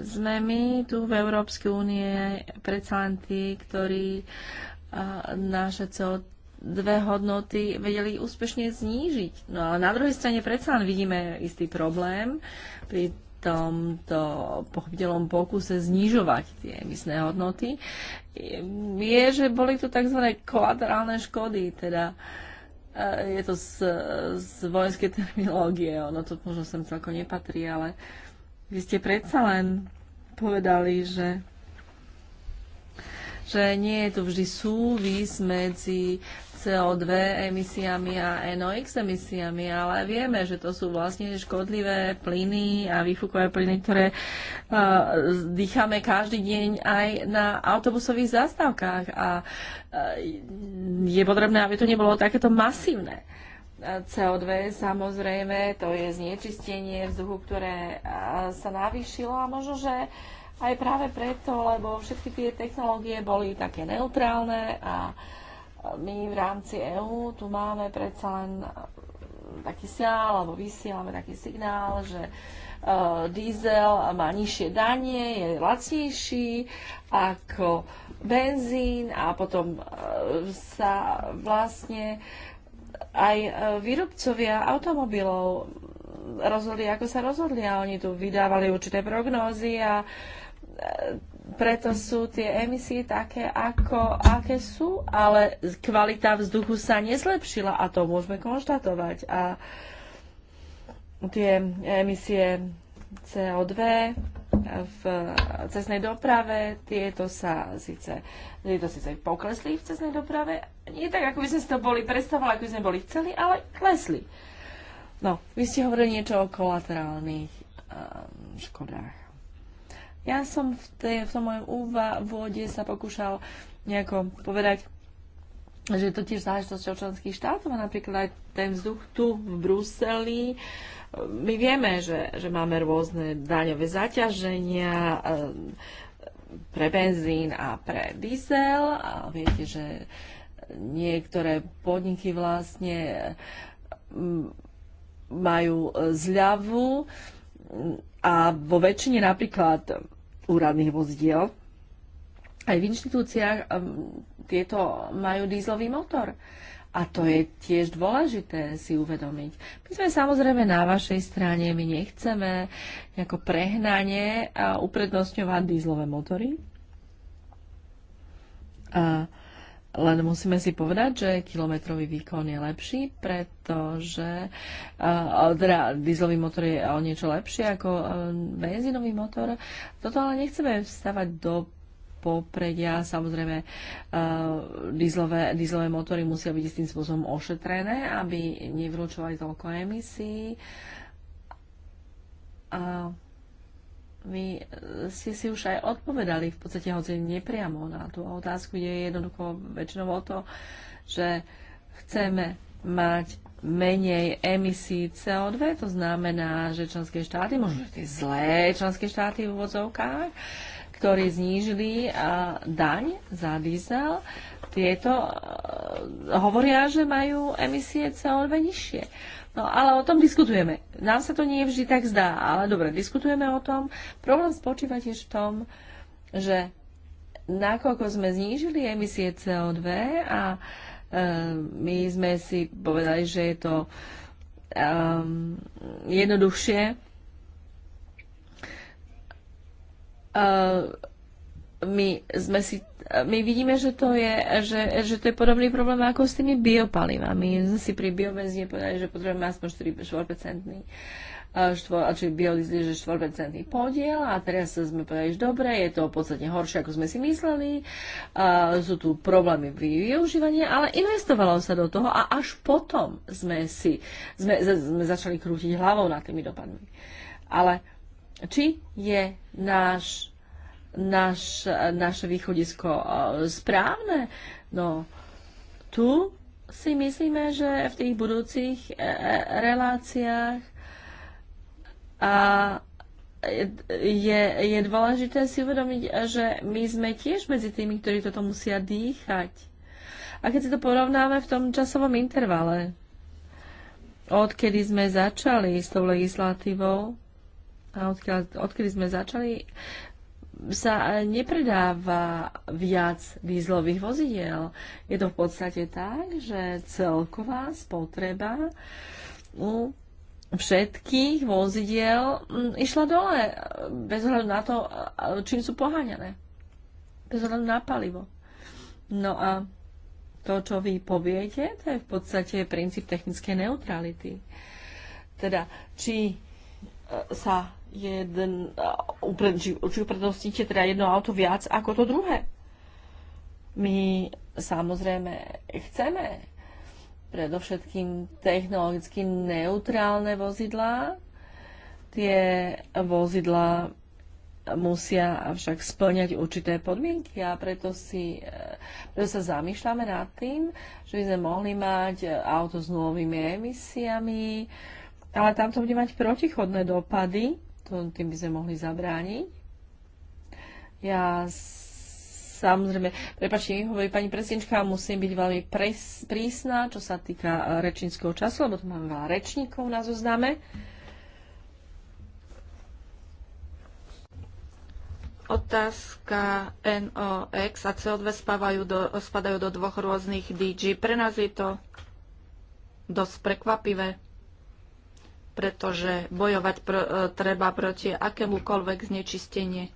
sme my tu v Európskej únie predsa len tí, ktorí naše CO2 hodnoty vedeli úspešne znížiť. No a na druhej strane predsa len vidíme istý problém pri tomto pochopiteľom pokuse znižovať tie emisné hodnoty, je, že boli tu tzv. kolaterálne škody, teda uh, je to z, z vojenskej terminológie, ono to možno sem celkom nepatrí, ale vy ste predsa len povedali, že že nie je tu vždy súvis medzi CO2 emisiami a NOx emisiami, ale vieme, že to sú vlastne škodlivé plyny a výfukové plyny, ktoré uh, dýchame každý deň aj na autobusových zastávkách a uh, je potrebné, aby to nebolo takéto masívne. CO2 samozrejme, to je znečistenie vzduchu, ktoré sa navýšilo a možno, že aj práve preto, lebo všetky tie technológie boli také neutrálne a uh, my v rámci EÚ tu máme predsa len e, taký signál, alebo vysielame taký signál, že uh, diesel má nižšie danie, je lacnejší ako benzín a potom uh, sa vlastne aj výrobcovia automobilov rozhodli, ako sa rozhodli a oni tu vydávali určité prognózy a uh, preto sú tie emisie také, ako, aké sú, ale kvalita vzduchu sa nezlepšila a to môžeme konštatovať. A tie emisie CO2 v cestnej doprave, tieto sa síce, tieto síce poklesli v cestnej doprave, nie tak, ako by sme si to boli predstavovali, ako by sme boli chceli, ale klesli. No, vy ste hovorili niečo o kolaterálnych um, škodách. Ja som v, tej, v tom mojom úvode sa pokúšal nejako povedať, že to tiež záležitosť členských štátov a napríklad aj ten vzduch tu v Bruseli. My vieme, že, že máme rôzne daňové zaťaženia eh, pre benzín a pre diesel a viete, že niektoré podniky vlastne mm, majú eh, zľavu mm, a vo väčšine napríklad úradných vozdiel. Aj v inštitúciách um, tieto majú dízlový motor. A to je tiež dôležité si uvedomiť. My sme samozrejme na vašej strane, my nechceme nejako prehnanie a uh, uprednostňovať dízlové motory. A len musíme si povedať, že kilometrový výkon je lepší, pretože uh, teda dieselový motor je o niečo lepší ako uh, benzínový motor. Toto ale nechceme vstávať do popredia. Samozrejme, uh, dízlové, dízlové motory musia byť istým spôsobom ošetrené, aby nevrúčovali toľko emisí. A uh, vy eh, ste si už aj odpovedali v podstate hoci nepriamo na tú otázku, je jednoducho väčšinou o to, že chceme mať menej emisí CO2, to znamená, že členské štáty, možno tie zlé členské štáty v úvodzovkách, ktorí znížili eh, daň za diesel, tieto eh, hovoria, že majú emisie CO2 nižšie. No ale o tom diskutujeme. Nám sa to nie vždy tak zdá, ale dobre, diskutujeme o tom. Problém spočíva tiež v tom, že nakoľko sme znížili emisie CO2 a e, my sme si povedali, že je to um, jednoduchšie. Uh, my sme si my vidíme, že to je, že, že to je podobný problém ako s tými biopalivami. My si pri biobenzíne povedali, že potrebujeme aspoň 4-percentný e, či biodizli, že 4 podiel a teraz sme povedali, že dobre, je to v podstate horšie, ako sme si mysleli, a e, sú tu problémy v využívaní, ale investovalo sa do toho a až potom sme si, sme, sme začali krútiť hlavou nad tými dopadmi. Ale či je náš naš, naše východisko e, správne? No, tu si myslíme, že v tých budúcich e, e, reláciách a je, je dôležité si uvedomiť, že my sme tiež medzi tými, ktorí toto musia dýchať. A keď si to porovnáme v tom časovom intervale, odkedy sme začali s tou legislatívou, a odkedy sme začali, sa nepredáva viac dízlových vozidiel. Je to v podstate tak, že celková spotreba u všetkých vozidiel mm, išla dole, bez ohľadu na to, čím sú poháňané. Bez ohľadu na palivo. No a to, čo vy poviete, to je v podstate princíp technickej neutrality. Teda, či e, sa jeden, či, uprednostníte teda jedno auto viac ako to druhé. My samozrejme chceme predovšetkým technologicky neutrálne vozidlá. Tie vozidlá musia avšak splňať určité podmienky a preto, si, e, preto sa zamýšľame nad tým, že by sme mohli mať e, auto s nulovými emisiami, ale tam to bude mať protichodné dopady to, tým by sme mohli zabrániť. Ja samozrejme, prepačte, hovorí pani presnička, musím byť veľmi pres, prísna, čo sa týka e, rečníckého času, lebo tu máme veľa rečníkov na zozname. Otázka NOx a CO2 spávajú do, spadajú do dvoch rôznych DG. Pre nás je to dosť prekvapivé pretože bojovať pr- e, treba proti akémukoľvek znečistenie.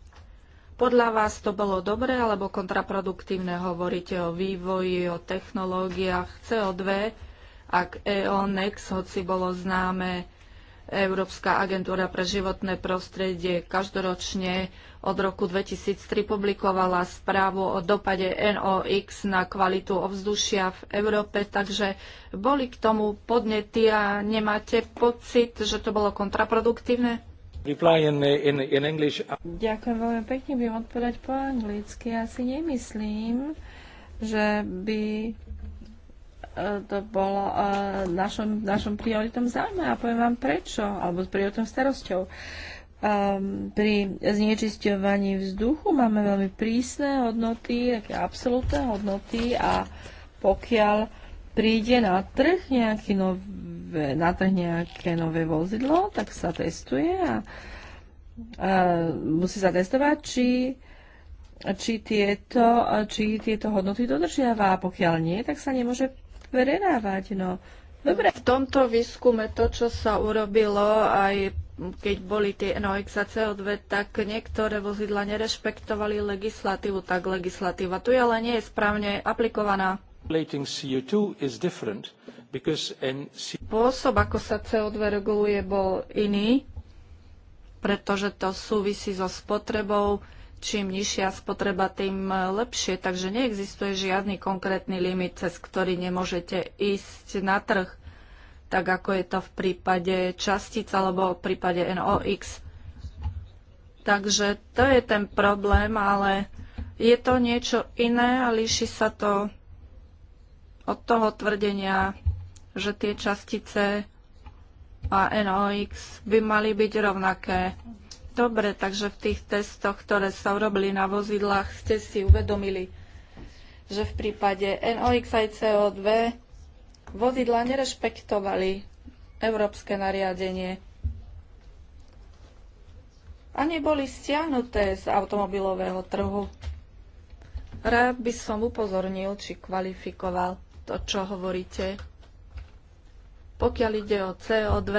Podľa vás to bolo dobre alebo kontraproduktívne? Hovoríte o vývoji, o technológiách CO2, ak EONEX, hoci bolo známe Európska agentúra pre životné prostredie každoročne od roku 2003 publikovala správu o dopade NOx na kvalitu ovzdušia v Európe, takže boli k tomu podnety a nemáte pocit, že to bolo kontraproduktívne? In, in, in Ďakujem veľmi pekne, budem odpovedať po anglicky. Ja si nemyslím, že by to bolo e, našom, našom prioritom zájme a poviem vám prečo, alebo s prioritom starosťou. Um, pri znečisťovaní vzduchu máme veľmi prísne hodnoty, také absolútne hodnoty a pokiaľ príde na trh, nejaký nové, na trh nejaké nové vozidlo, tak sa testuje a, a musí sa testovať, či či tieto, či tieto hodnoty dodržiava a pokiaľ nie, tak sa nemôže prerávať. No. Dobre. V tomto výskume to, čo sa urobilo, aj keď boli tie NOx a CO2, tak niektoré vozidla nerešpektovali legislatívu, tak legislatíva tu je, ale nie je správne aplikovaná. Pôsob, ako sa CO2 reguluje, bol iný, pretože to súvisí so spotrebou čím nižšia spotreba, tým lepšie. Takže neexistuje žiadny konkrétny limit, cez ktorý nemôžete ísť na trh, tak ako je to v prípade častíc alebo v prípade NOx. Takže to je ten problém, ale je to niečo iné a líši sa to od toho tvrdenia, že tie častice a NOx by mali byť rovnaké. Dobre, takže v tých testoch, ktoré sa urobili na vozidlách, ste si uvedomili, že v prípade NOx aj CO2 vozidla nerešpektovali európske nariadenie a neboli stiahnuté z automobilového trhu. Rád by som upozornil, či kvalifikoval to, čo hovoríte. Pokiaľ ide o CO2,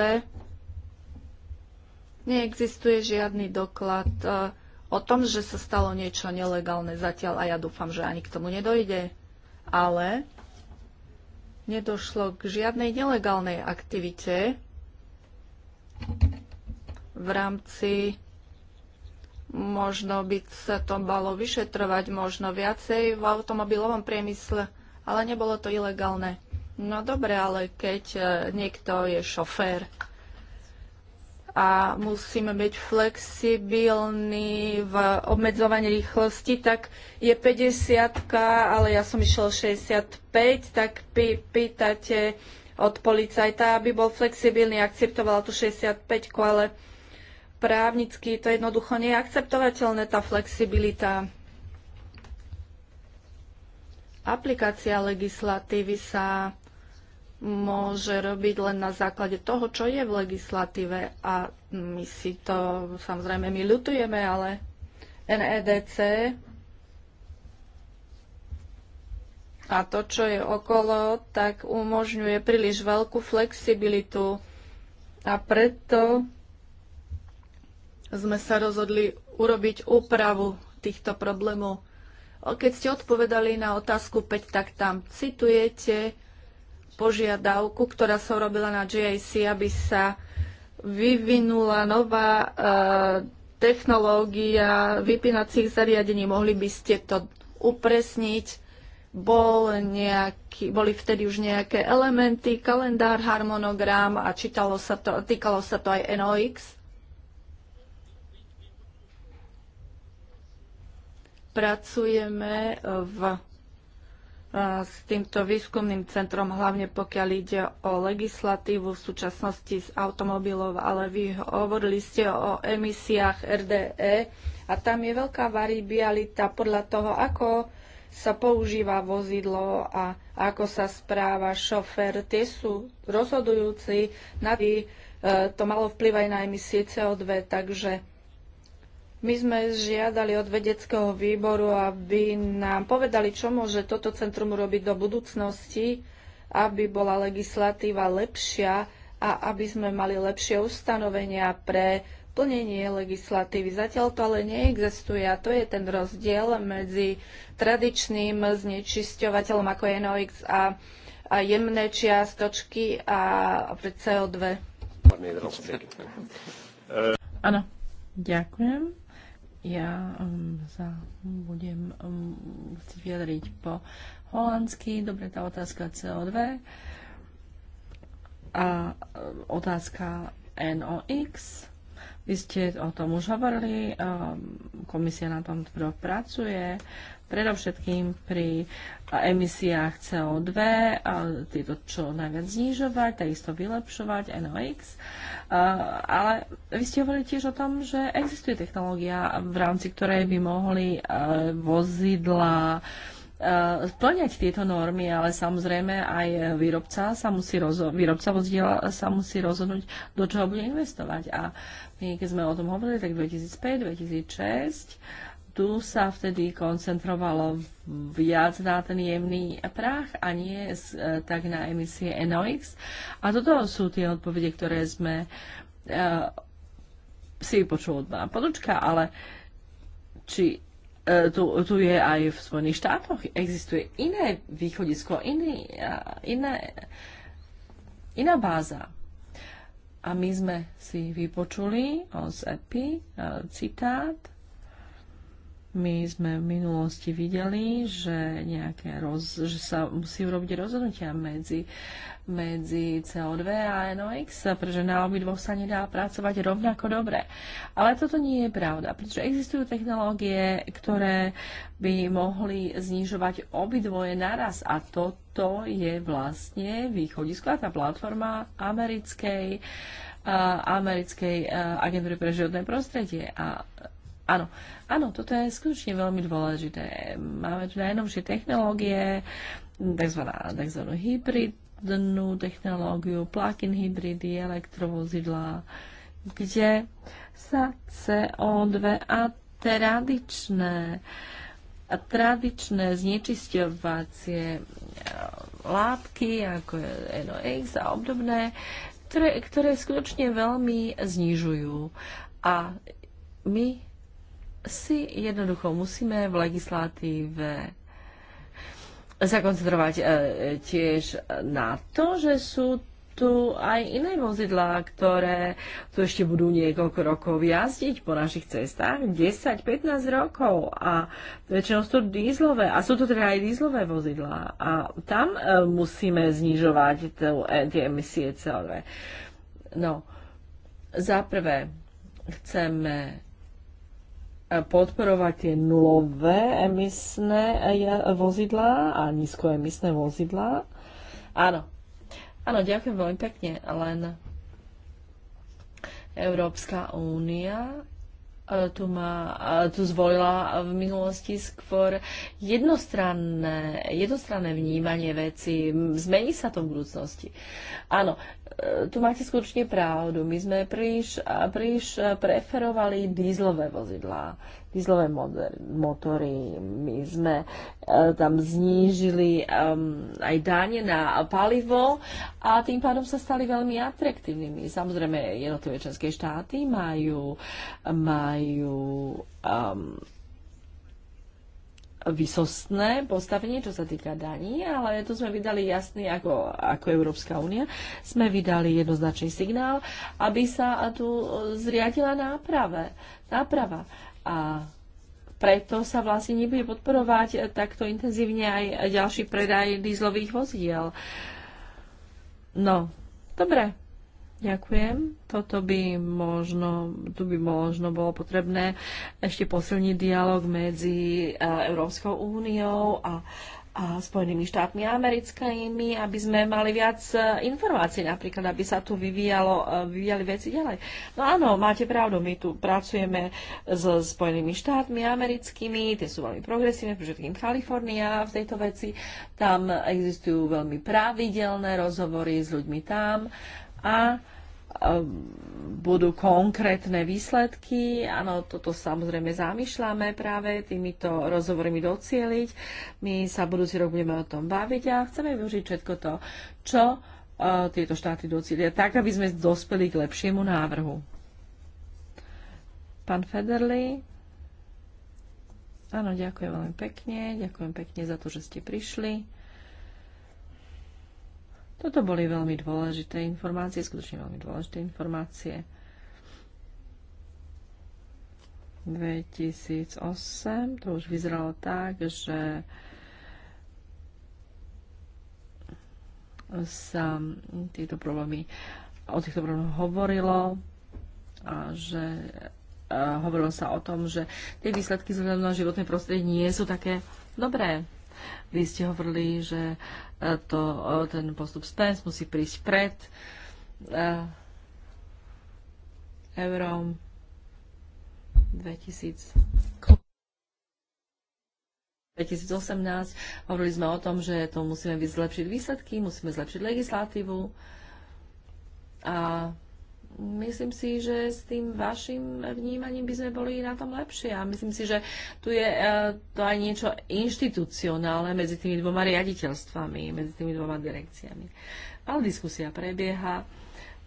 Neexistuje žiadny doklad e, o tom, že sa stalo niečo nelegálne zatiaľ a ja dúfam, že ani k tomu nedojde. Ale nedošlo k žiadnej nelegálnej aktivite v rámci možno by sa to malo vyšetrovať možno viacej v automobilovom priemysle, ale nebolo to ilegálne. No dobre, ale keď e, niekto je šofér a musíme byť flexibilní v obmedzovaní rýchlosti, tak je 50, ale ja som išiel 65, tak pý, pýtate od policajta, aby bol flexibilný, akceptoval tu 65, ale právnicky to jednoducho nie je akceptovateľné, tá flexibilita. Aplikácia legislatívy sa môže robiť len na základe toho, čo je v legislatíve. A my si to samozrejme my ľutujeme, ale NEDC a to, čo je okolo, tak umožňuje príliš veľkú flexibilitu. A preto sme sa rozhodli urobiť úpravu týchto problémov. Keď ste odpovedali na otázku 5, tak tam citujete požiadavku, ktorá sa urobila na GIC, aby sa vyvinula nová eh, technológia vypínacích zariadení. Mohli by ste to upresniť? Bol nejaký, boli vtedy už nejaké elementy, kalendár, harmonogram a čítalo sa to, týkalo sa to aj NOX? Pracujeme v s týmto výskumným centrom, hlavne pokiaľ ide o legislatívu v súčasnosti z automobilov, ale vy hovorili ste o emisiách RDE a tam je veľká variabilita podľa toho, ako sa používa vozidlo a ako sa správa šofér. Tie sú rozhodujúci, na e, to malo vplyv aj na emisie CO2, takže my sme žiadali od vedeckého výboru, aby nám povedali, čo môže toto centrum robiť do budúcnosti, aby bola legislatíva lepšia a aby sme mali lepšie ustanovenia pre plnenie legislatívy. Zatiaľ to ale neexistuje a to je ten rozdiel medzi tradičným znečisťovateľom ako je NOx a, a jemné čiastočky a, a pre CO2. Áno, ďakujem. Ja um, sa budem um, chcieť vyjadriť po holandsky. Dobre, tá otázka CO2 a um, otázka NOx. Vy ste o tom už hovorili, um, komisia na tom pracuje, predovšetkým pri emisiách CO2, tieto čo najviac znižovať, takisto vylepšovať NOx. Ale vy ste hovorili tiež o tom, že existuje technológia, v rámci ktorej by mohli vozidla Eh, splňať tieto normy, ale samozrejme aj výrobca sa musí, rozho- výrobca vozdiela sa musí rozhodnúť, do čoho bude investovať. A my, keď sme o tom hovorili, tak 2005-2006, tu sa vtedy koncentrovalo viac na ten jemný prach a nie eh, tak na emisie NOx. A toto sú tie odpovede, ktoré sme uh, si počuli od pána Podučka, ale či E, tu, tu je aj v Spojených štátoch. Existuje iné východisko, iný, iné, iná báza. A my sme si vypočuli o EPI e, citát. My sme v minulosti videli, že, nejaké roz, že sa musí urobiť rozhodnutia medzi medzi CO2 a NOx, pretože na obidvoch sa nedá pracovať rovnako dobre. Ale toto nie je pravda, pretože existujú technológie, ktoré by mohli znižovať obidvoje naraz a toto je vlastne východisko a tá platforma americkej, uh, americkej uh, agentúry pre životné prostredie. A Áno, áno, toto je skutočne veľmi dôležité. Máme tu najnovšie technológie, tzv. hybrid, modernú technológiu, plug-in hybridy, elektrovozidlá, kde sa CO2 a tradičné a tradičné znečisťovacie e, látky, ako je NOx a obdobné, ktoré, ktoré skutočne veľmi znižujú. A my si jednoducho musíme v legislatíve zakoncentrovať e, tiež na to, že sú tu aj iné vozidlá, ktoré tu ešte budú niekoľko rokov jazdiť po našich cestách, 10-15 rokov a väčšinou sú to dízlové a sú to teda aj dízlové vozidlá a tam e, musíme znižovať e, tie emisie CO2. No, za prvé chceme podporovať tie nulové emisné eh, vozidlá a nízkoemisné vozidlá. Áno. Áno, ďakujem veľmi pekne, len Európska únia tu, ma, tu zvolila v minulosti skôr jednostranné, jednostranné vnímanie veci. Zmení sa to v budúcnosti. Áno, e, tu máte skutočne pravdu. My sme príliš, preferovali dýzlové vozidlá dieselové motory. My sme e, tam znížili aj dáne na palivo a tým pádom sa stali veľmi atraktívnymi. Samozrejme, jednotlivé členské štáty majú, majú um, vysostné postavenie, čo sa týka daní, ale to sme vydali jasný ako, ako Európska únia. Sme vydali jednoznačný signál, aby sa tu zriadila náprave, náprava. A preto sa vlastne nebude podporovať takto intenzívne aj ďalší predaj dízlových vozidiel. No, dobre, ďakujem. Toto by možno, tu by možno bolo potrebné ešte posilniť dialog medzi e, Európskou úniou a a Spojenými štátmi americkými, aby sme mali viac e, informácií, napríklad, aby sa tu vyvíjalo, e, vyvíjali veci ďalej. No áno, máte pravdu, my tu pracujeme so Spojenými štátmi americkými, tie sú veľmi progresívne, všetkým Kalifornia v tejto veci. Tam existujú veľmi pravidelné rozhovory s ľuďmi tam a Ehm, budú konkrétne výsledky. Áno, toto samozrejme zamýšľame práve týmito rozhovormi docieliť. My sa budúci rok budeme o tom baviť a chceme využiť všetko to, čo e, tieto štáty docielia, tak, aby sme dospeli k lepšiemu návrhu. Pán Federli. Áno, ďakujem veľmi pekne. Ďakujem pekne za to, že ste prišli. Toto boli veľmi dôležité informácie, skutočne veľmi dôležité informácie. 2008 to už vyzeralo tak, že sa tieto problémy, o týchto problémoch hovorilo a že a hovorilo sa o tom, že tie výsledky z na životné prostredie nie sú také dobré. Vy ste hovorili, že e, to, e, ten postup spens musí prísť pred uh, eurom 2000. 2018. Hovorili sme o tom, že to musíme zlepšiť výsledky, musíme zlepšiť legislatívu a myslím si, že s tým vašim vnímaním by sme boli na tom lepšie. A myslím si, že tu je e, to aj niečo inštitucionálne medzi tými dvoma riaditeľstvami, medzi tými dvoma direkciami. Ale diskusia prebieha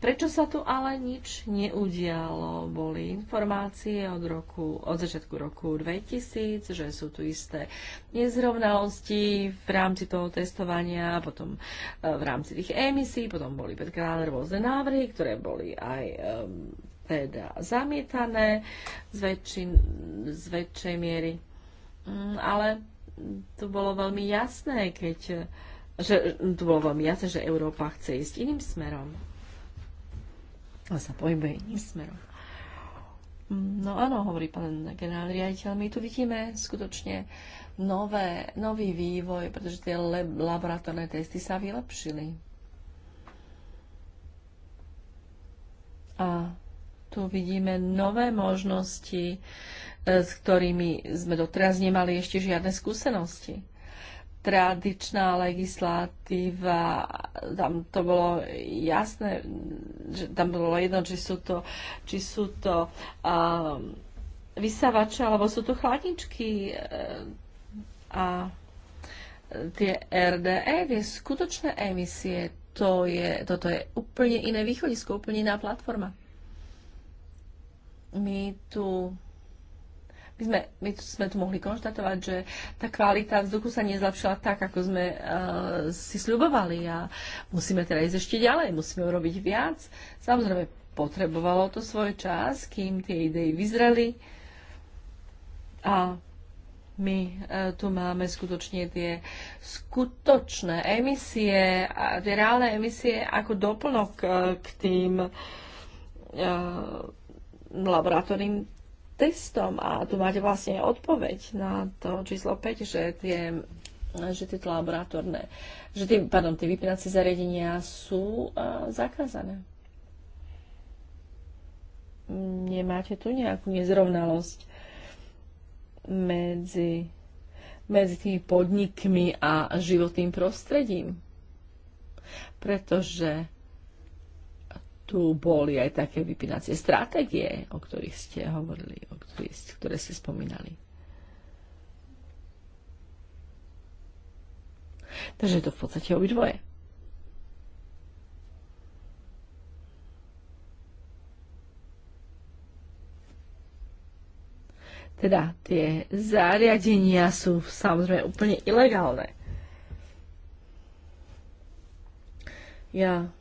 Prečo sa tu ale nič neudialo? Boli informácie od, roku, od začiatku roku 2000, že sú tu isté nezrovnalosti v rámci toho testovania, potom e, v rámci tých emisí, potom boli predkladané rôzne návrhy, ktoré boli aj um, teda zamietané z, väčšin, z väčšej miery. Um, ale to bolo veľmi jasné, keď že tu bolo veľmi jasné, že Európa chce ísť iným smerom sa pohybuje iným smerom. No áno, hovorí pán generál riaditeľ, my tu vidíme skutočne nové, nový vývoj, pretože tie laboratórne testy sa vylepšili. A tu vidíme nové možnosti, e, s ktorými sme doteraz nemali ešte žiadne skúsenosti tradičná legislatíva, tam to bolo jasné, že tam bolo jedno, či sú to, či sú to um, vysavače alebo sú to chladničky a tie RDE, tie skutočné emisie, to je, toto je úplne iné východisko, úplne iná platforma. My tu my sme, my sme tu mohli konštatovať, že tá kvalita vzduchu sa nezlepšila tak, ako sme uh, si sľubovali a musíme teda ísť ešte ďalej, musíme urobiť viac. Samozrejme, potrebovalo to svoj čas, kým tie idei vyzreli a my uh, tu máme skutočne tie skutočné emisie, a tie reálne emisie ako doplnok uh, k tým uh, laboratórnym testom a tu máte vlastne odpoveď na to číslo 5, že tie, že tieto laboratórne, že tie, pardon, tie vypínacie zariadenia sú uh, zakázané. Nemáte tu nejakú nezrovnalosť medzi, medzi tými podnikmi a životným prostredím? Pretože tu boli aj také vypínacie stratégie, o ktorých ste hovorili, o ktorých, ktoré ste spomínali. Takže je to v podstate obidvoje. Teda tie zariadenia sú samozrejme úplne ilegálne. Ja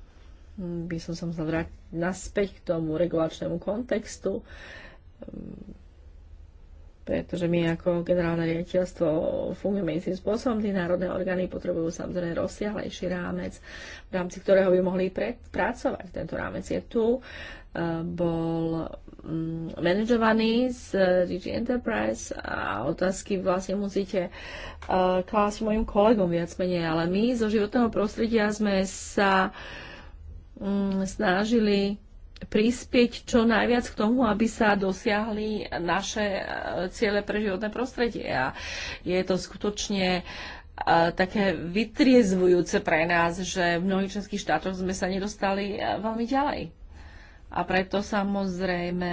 by som sa musela vrátiť naspäť k tomu regulačnému kontextu, pretože my ako generálne riaditeľstvo fungujeme istým spôsobom. Tí národné orgány potrebujú samozrejme rozsiahlejší rámec, v rámci ktorého by mohli pracovať. Tento rámec je tu, e, bol mm, manažovaný z e, DG Enterprise a otázky vlastne musíte e, klásť mojim kolegom viac menej, ale my zo životného prostredia sme sa uh, Mm, snažili prispieť čo najviac k tomu, aby sa dosiahli naše e, ciele pre životné prostredie. A je to skutočne e, také vytriezvujúce pre nás, že v mnohých členských štátoch sme sa nedostali e, veľmi ďalej. A preto samozrejme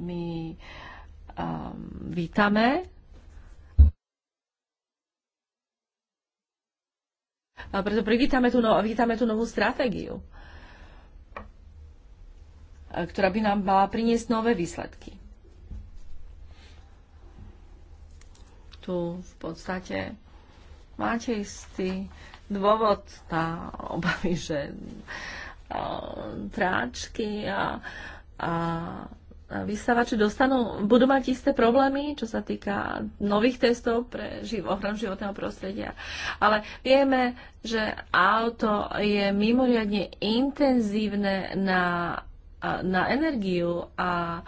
my um, vítame a preto privítame tú, no, vítame tú novú stratégiu. E, ktorá by nám mala priniesť nové výsledky. Tu v podstate máte istý dôvod na obavy, že tráčky e, a, a vystávači dostanú, budú mať isté problémy, čo sa týka nových testov pre živ, ochranu životného prostredia. Ale vieme, že auto je mimoriadne intenzívne na na energiu a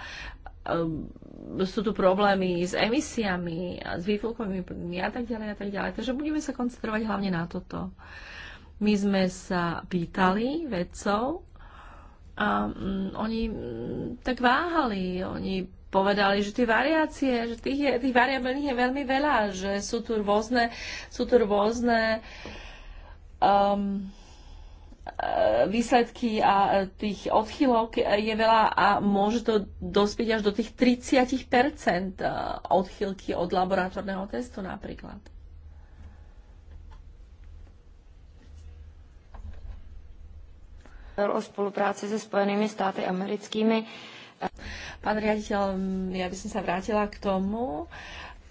e, sú tu problémy s emisiami, a s výfukovými plynmi a tak ďalej a tak ďalej. Takže budeme sa koncentrovať hlavne na toto. My sme sa pýtali vedcov a mm, oni mm, tak váhali, oni povedali, že tie variácie, že tých, je, tých variabilných je veľmi veľa, že sú tu rôzne, sú tu rôzne um, E, výsledky a e, tých odchylok je veľa a môže to dospieť až do tých 30 e, odchylky od laboratórneho testu napríklad. o spolupráci se Spojenými státy americkými. Pán riaditeľ, ja by som sa vrátila k tomu,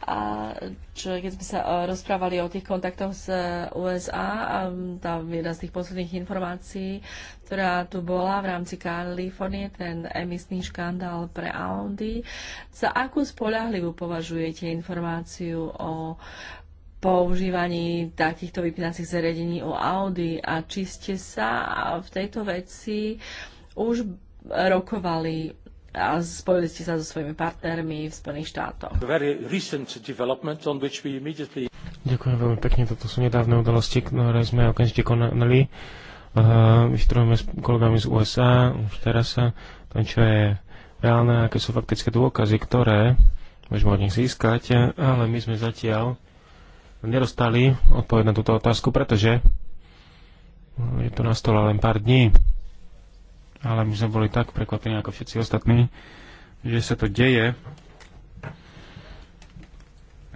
a čo, keď sme sa eh, rozprávali o tých kontaktoch z eh, USA, a um, tam jedna z tých posledných informácií, ktorá tu bola v rámci Kalifornie, ten emisný škandál pre Audi, za akú spolahlivú považujete informáciu o používaní takýchto vypínacích zariadení u Audi a či ste sa v tejto veci už rokovali a spojili ste sa so svojimi partnermi v Spojených štátoch. Ďakujem veľmi pekne, toto sú nedávne udalosti, ktoré sme okamžite konali. vyštrujeme s kolegami z USA, už teraz sa, to, čo je reálne, aké sú faktické dôkazy, ktoré môžeme od nich získať, ale my sme zatiaľ nedostali odpoveď na túto otázku, pretože je to na stole len pár dní ale my sme boli tak prekvapení ako všetci ostatní, že sa to deje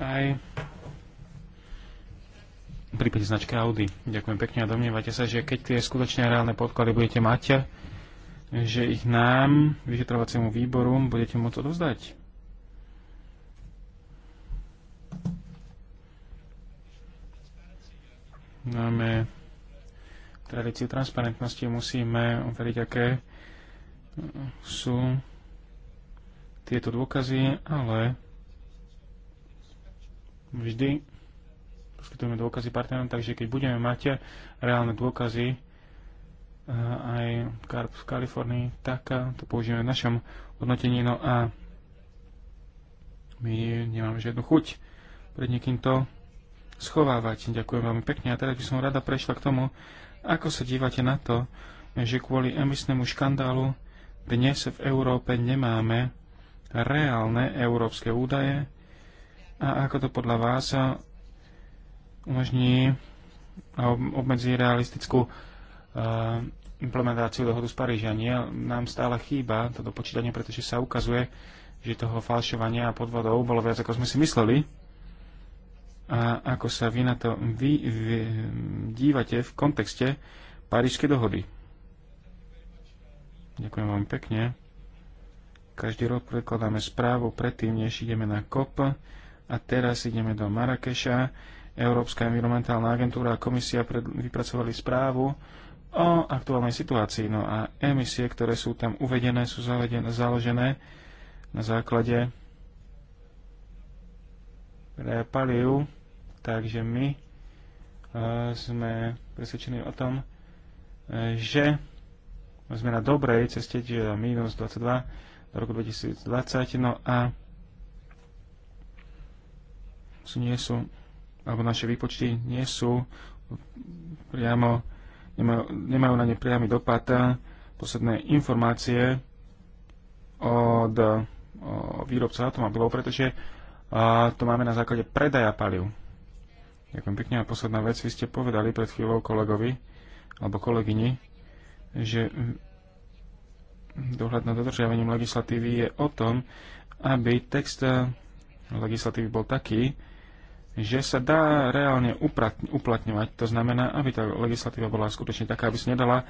aj pri prípade Audi. Ďakujem pekne a domnievate sa, že keď tie skutočne reálne podklady budete mať, že ich nám, vyšetrovaciemu výboru, budete môcť odovzdať. Máme tradíciu transparentnosti musíme overiť, aké sú tieto dôkazy, ale vždy poskytujeme dôkazy partnerom, takže keď budeme mať reálne dôkazy eh, aj v Kalifornii, tak eh, to použijeme v našom hodnotení. No a my nemáme žiadnu chuť pred niekým to schovávať. Ďakujem veľmi pekne. A teraz by som rada prešla k tomu, ako sa dívate na to, že kvôli emisnému škandálu dnes v Európe nemáme reálne európske údaje a ako to podľa vás umožní a obmedzí realistickú e, implementáciu dohodu z Paríža. Nie, nám stále chýba toto počítanie, pretože sa ukazuje, že toho falšovania a podvodov bolo viac, ako sme si mysleli a ako sa vy na to vy, vy dívate v kontexte Parížskej dohody. Ďakujem vám pekne. Každý rok prekladáme správu predtým, než ideme na COP a teraz ideme do Marrakeša. Európska environmentálna agentúra a komisia pred, vypracovali správu o aktuálnej situácii. No a emisie, ktoré sú tam uvedené, sú založené, založené na základe palív Takže my e, sme presvedčení o tom, e, že sme na dobrej ceste, čiže minus 22 do roku 2020, no a sú, nie sú, alebo naše výpočty nie sú priamo, nemajú, nemajú na ne priamy dopad. Posledné informácie od o výrobca automobilov, pretože a, to máme na základe predaja paliv. Ďakujem pekne. A posledná vec, vy ste povedali pred chvíľou kolegovi alebo kolegyni, že dohľad nad dodržiavaním legislatívy je o tom, aby text legislatívy bol taký, že sa dá reálne uplatňovať. To znamená, aby tá legislatíva bola skutočne taká, aby sa nedala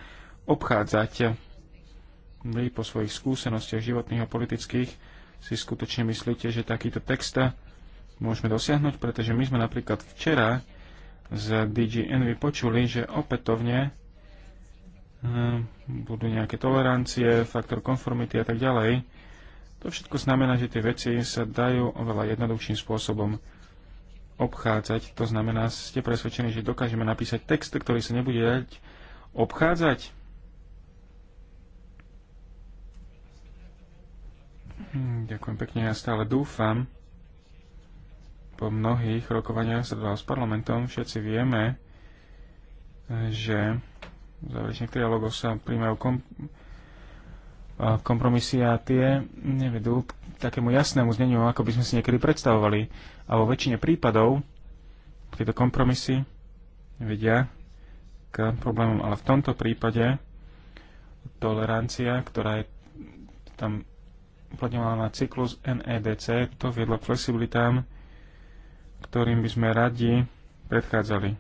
obchádzať. Vy po svojich skúsenostiach životných a politických si skutočne myslíte, že takýto text môžeme dosiahnuť, pretože my sme napríklad včera z DG Envy počuli, že opätovne hm, budú nejaké tolerancie, faktor konformity a tak ďalej. To všetko znamená, že tie veci sa dajú oveľa jednoduchším spôsobom obchádzať. To znamená, ste presvedčení, že dokážeme napísať text, ktorý sa nebude dať obchádzať? Hm, ďakujem pekne, ja stále dúfam, po mnohých rokovaniach s parlamentom všetci vieme, že v záverečných trialogoch sa príjmajú kom- kompromisy a tie nevedú k takému jasnému zneniu, ako by sme si niekedy predstavovali. A vo väčšine prípadov tieto kompromisy vedia k problémom, ale v tomto prípade tolerancia, ktorá je tam uplatňovaná na cyklus NEDC, to viedlo k flexibilitám ktorým by sme radi predchádzali.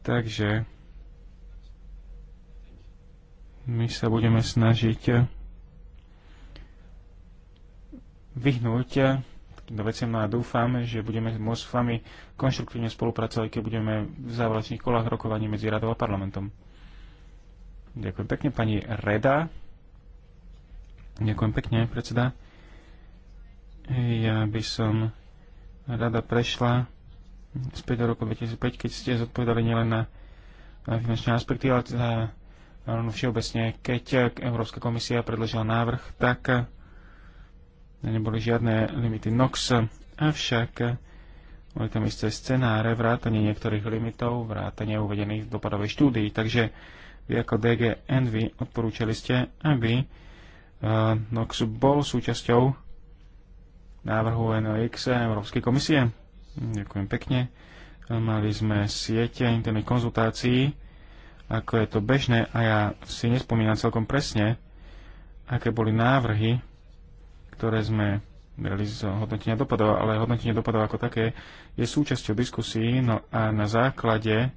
Takže my sa budeme snažiť vyhnúť do veciam a dúfam, že budeme môcť s vami konštruktívne spolupracovať, keď budeme v záverečných kolách rokovaní medzi radou a parlamentom. Ďakujem pekne, pani Reda. Ďakujem pekne, predseda. Ja by som rada prešla späť do roku 2005, keď ste zodpovedali nielen na, na finančné aspekty, ale za, všeobecne, keď eh, Európska komisia predložila návrh, tak eh, neboli žiadne limity NOx, eh, avšak boli tam isté scenáre, vrátanie niektorých limitov, vrátanie uvedených v dopadovej štúdii, takže vy ako DG Envy odporúčali ste, aby NOx bol súčasťou návrhu NOX Európskej komisie. Ďakujem pekne. Mali sme siete interných konzultácií, ako je to bežné a ja si nespomínam celkom presne, aké boli návrhy, ktoré sme brali z hodnotenia dopadov, ale hodnotenie dopadov ako také je súčasťou diskusí no a na základe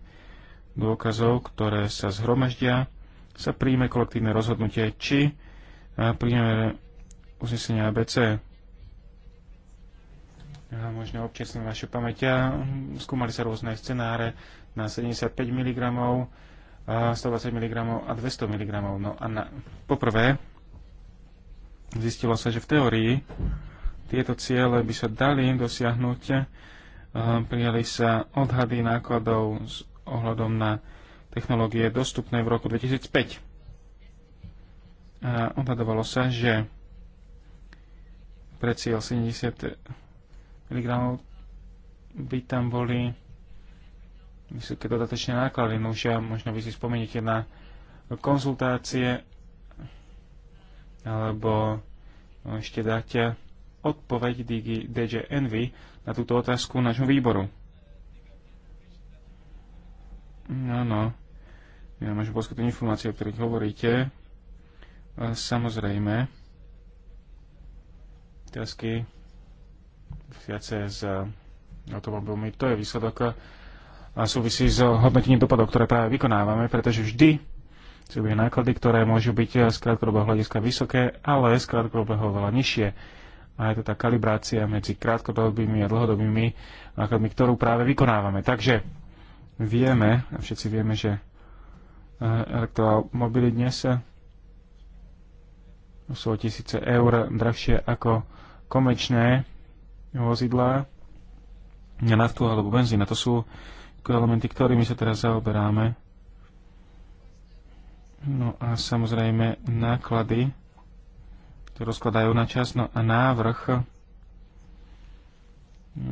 dôkazov, ktoré sa zhromaždia, sa príjme kolektívne rozhodnutie, či príjme uznesenia ABC možno na vašu pamäť. Hm, skúmali sa rôzne scenáre na 75 mg, 120 mg a 200 mg. No a na, poprvé zistilo sa, že v teórii tieto ciele by sa dali dosiahnuť. Prijali sa odhady nákladov s ohľadom na technológie dostupné v roku 2005. A odhadovalo sa, že pre cieľ 70 miligramov by tam boli vysoké dodatočné náklady. No už ja, možno vy si spomeniete na konzultácie alebo ešte dáte odpoveď DJ Envy na túto otázku nášho výboru. No, no. Ja môžem poskytnúť informácie, o ktorých hovoríte. Samozrejme. Otázky viacej s eh, automobilmi. To je výsledok eh, a súvisí s eh, hodnotením dopadov, ktoré práve vykonávame, pretože vždy sú náklady, ktoré môžu byť z krátkodobého hľadiska vysoké, ale z krátkodobého veľa nižšie. A je to tá kalibrácia medzi krátkodobými a dlhodobými nákladmi, ktorú práve vykonávame. Takže vieme, a všetci vieme, že elektromobily dnes sú o tisíce eur drahšie ako komečné vozidlá na naftu alebo benzína. to sú elementy, ktorými sa teraz zaoberáme. No a samozrejme náklady, to rozkladajú na čas, no a návrh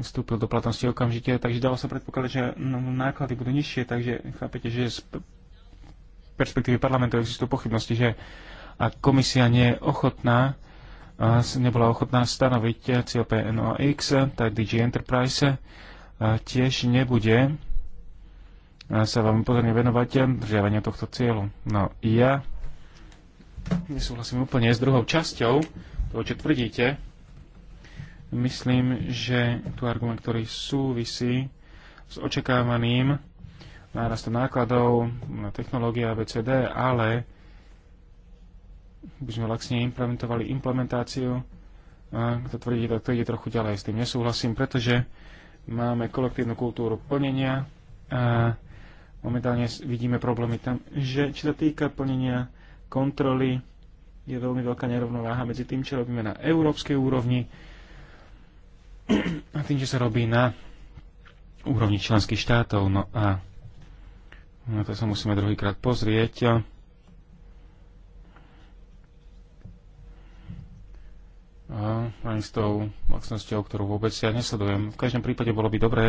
vstúpil do platnosti okamžite, takže dalo sa predpokladať, že no, náklady budú nižšie, takže chápete, že z perspektívy parlamentu existujú pochybnosti, že a komisia nie je ochotná nebola ochotná stanoviť COPNOX, tak DG Enterprise tiež nebude sa vám pozorne venovať držiavania tohto cieľu. No ja nesúhlasím úplne s druhou časťou toho, čo tvrdíte. Myslím, že tu argument, ktorý súvisí s očakávaným nárastom nákladov na technológie ABCD, ale by sme laxne implementovali implementáciu. Kto tvrdí, tak to ide trochu ďalej. S tým nesúhlasím, pretože máme kolektívnu kultúru plnenia a momentálne vidíme problémy tam, že čo sa týka plnenia kontroly, je veľmi veľká nerovnováha medzi tým, čo robíme na európskej úrovni a tým, čo sa robí na úrovni členských štátov. No a na to sa musíme druhýkrát pozrieť. ani s tou mocnosťou, ktorú vôbec ja nesledujem. V každom prípade bolo by dobré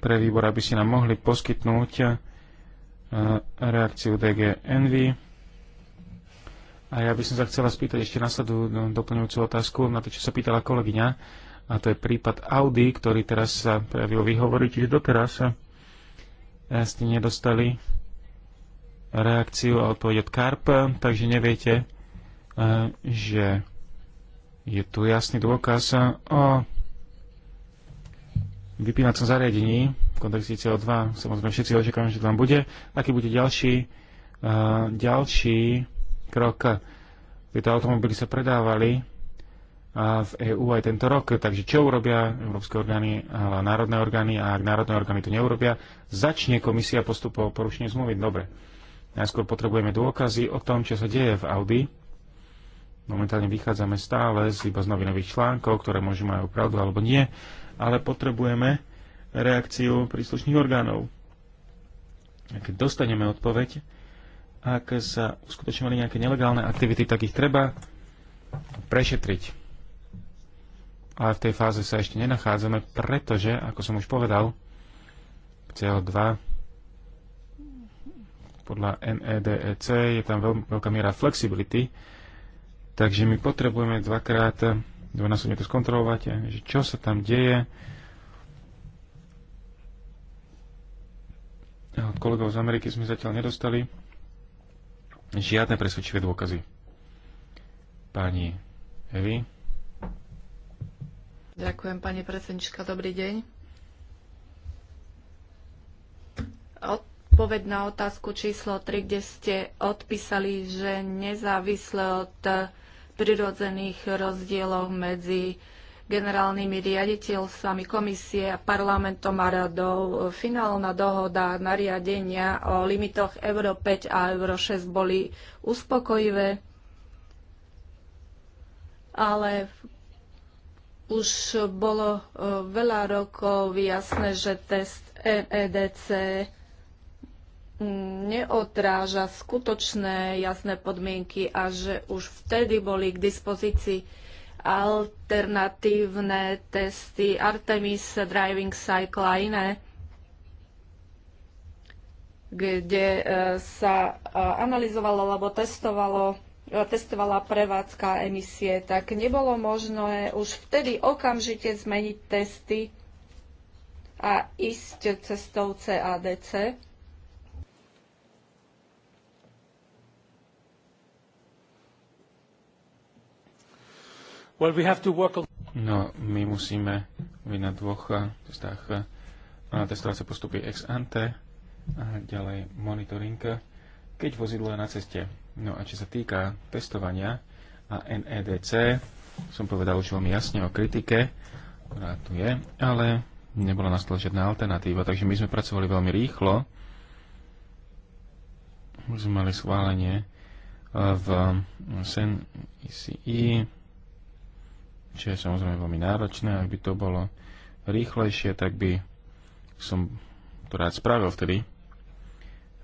pre výbor, aby si nám mohli poskytnúť eh, reakciu DG Envy. A ja by som sa chcela spýtať ešte nasledujúcu doplňujúcu otázku na to, čo sa pýtala kolegyňa. A to je prípad Audi, ktorý teraz sa prejavil vyhovoriť, že doteraz ste eh, nedostali reakciu a odpoveď od CARP, takže neviete, eh, že je tu jasný dôkaz o vypínacom zariadení v kontexte CO2. Samozrejme, všetci očakávame, že tam bude. Aký bude ďalší, uh, ďalší krok? Tieto automobily sa predávali a v EÚ aj tento rok. Takže čo urobia európske orgány a národné orgány a ak národné orgány to neurobia, začne komisia postupov porušenie zmluvy. Dobre. Najskôr potrebujeme dôkazy o tom, čo sa deje v Audi. Momentálne vychádzame stále z iba z novinových článkov, ktoré môžu majú pravdu alebo nie, ale potrebujeme reakciu príslušných orgánov. A keď dostaneme odpoveď, ak sa uskutočňovali nejaké nelegálne aktivity, tak ich treba prešetriť. Ale v tej fáze sa ešte nenachádzame, pretože, ako som už povedal, CO2 podľa NEDEC je tam veľká miera flexibility, Takže my potrebujeme dvakrát, dvojnásobne to skontrolovať, že čo sa tam deje. Od kolegov z Ameriky sme zatiaľ nedostali žiadne presvedčivé dôkazy. Pani Evi. Ďakujem, pani predsednička. Dobrý deň. Odpoveď na otázku číslo 3, kde ste odpísali, že nezávisle od prirodzených rozdieloch medzi generálnymi riaditeľstvami komisie a parlamentom a radou. Finálna dohoda nariadenia o limitoch Euro 5 a Euro 6 boli uspokojivé, ale už bolo e, veľa rokov jasné, že test EDC e neodráža skutočné jasné podmienky a že už vtedy boli k dispozícii alternatívne testy Artemis, Driving Cycle a iné, kde e, sa e, analyzovalo alebo testovalo, e, testovala prevádzka emisie, tak nebolo možné už vtedy okamžite zmeniť testy a ísť cestou CADC No, my musíme byť na dvoch eh, cestách no, testovacie postupy ex ante a ďalej monitoring, keď vozidlo je na ceste. No a čo sa týka testovania a NEDC, som povedal už veľmi jasne o kritike, ktorá tu je, ale nebola na stole žiadna alternatíva, takže my sme pracovali veľmi rýchlo. Už sme mali schválenie eh, v SEN ICI, čo je samozrejme veľmi náročné. Ak by to bolo rýchlejšie, tak by som to rád spravil vtedy.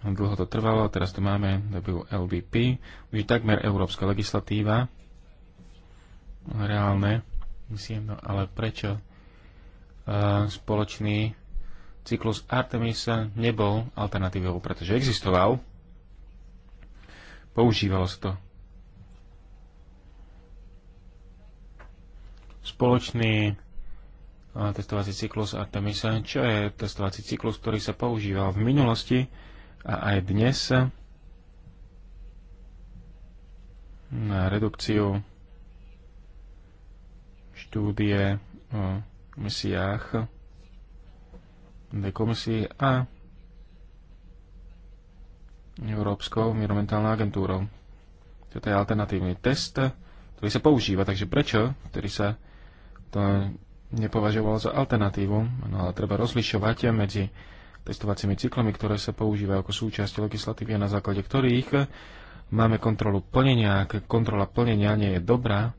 Dlho to trvalo, teraz tu máme WLBP, už je takmer európska legislatíva, reálne, myslím, no ale prečo e, spoločný cyklus Artemisa nebol alternatívou, pretože existoval, používalo sa to spoločný testovací cyklus Artemis, čo je testovací cyklus, ktorý sa používal v minulosti a aj dnes na redukciu štúdie o misiách dekomisie a Európskou environmentálnou agentúrou. Toto je alternatívny test, ktorý sa používa, takže prečo, ktorý sa to nepovažovalo za alternatívu, no ale treba rozlišovať medzi testovacími cyklami, ktoré sa používajú ako súčasť legislatívy a na základe ktorých máme kontrolu plnenia. Ak kontrola plnenia nie je dobrá,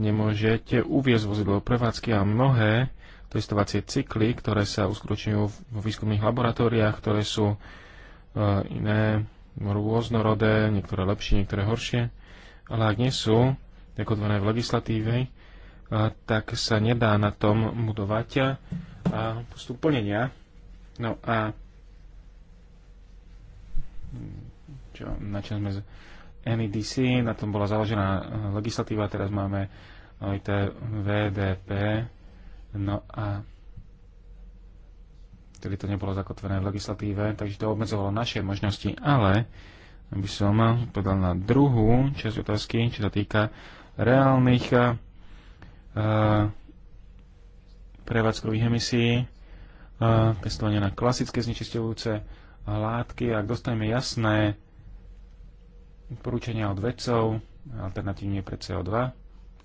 nemôžete uviezť vozidlo prevádzky a mnohé testovacie cykly, ktoré sa uskutočňujú vo výskumných laboratóriách, ktoré sú e, iné, rôznorodé, niektoré lepšie, niektoré horšie, ale ak nie sú zakotvené v legislatíve, tak sa nedá na tom budovať a postup plnenia. No a čo, na čo sme z NEDC, na tom bola založená legislatíva, teraz máme IT VDP, no a tedy to nebolo zakotvené v legislatíve, takže to obmedzovalo naše možnosti, ale by som povedal na druhú časť otázky, čo sa týka reálnych prevádzkových emisí, pestovania na klasické znečisťujúce látky. Ak dostaneme jasné porúčania od vedcov, alternatívne pre CO2,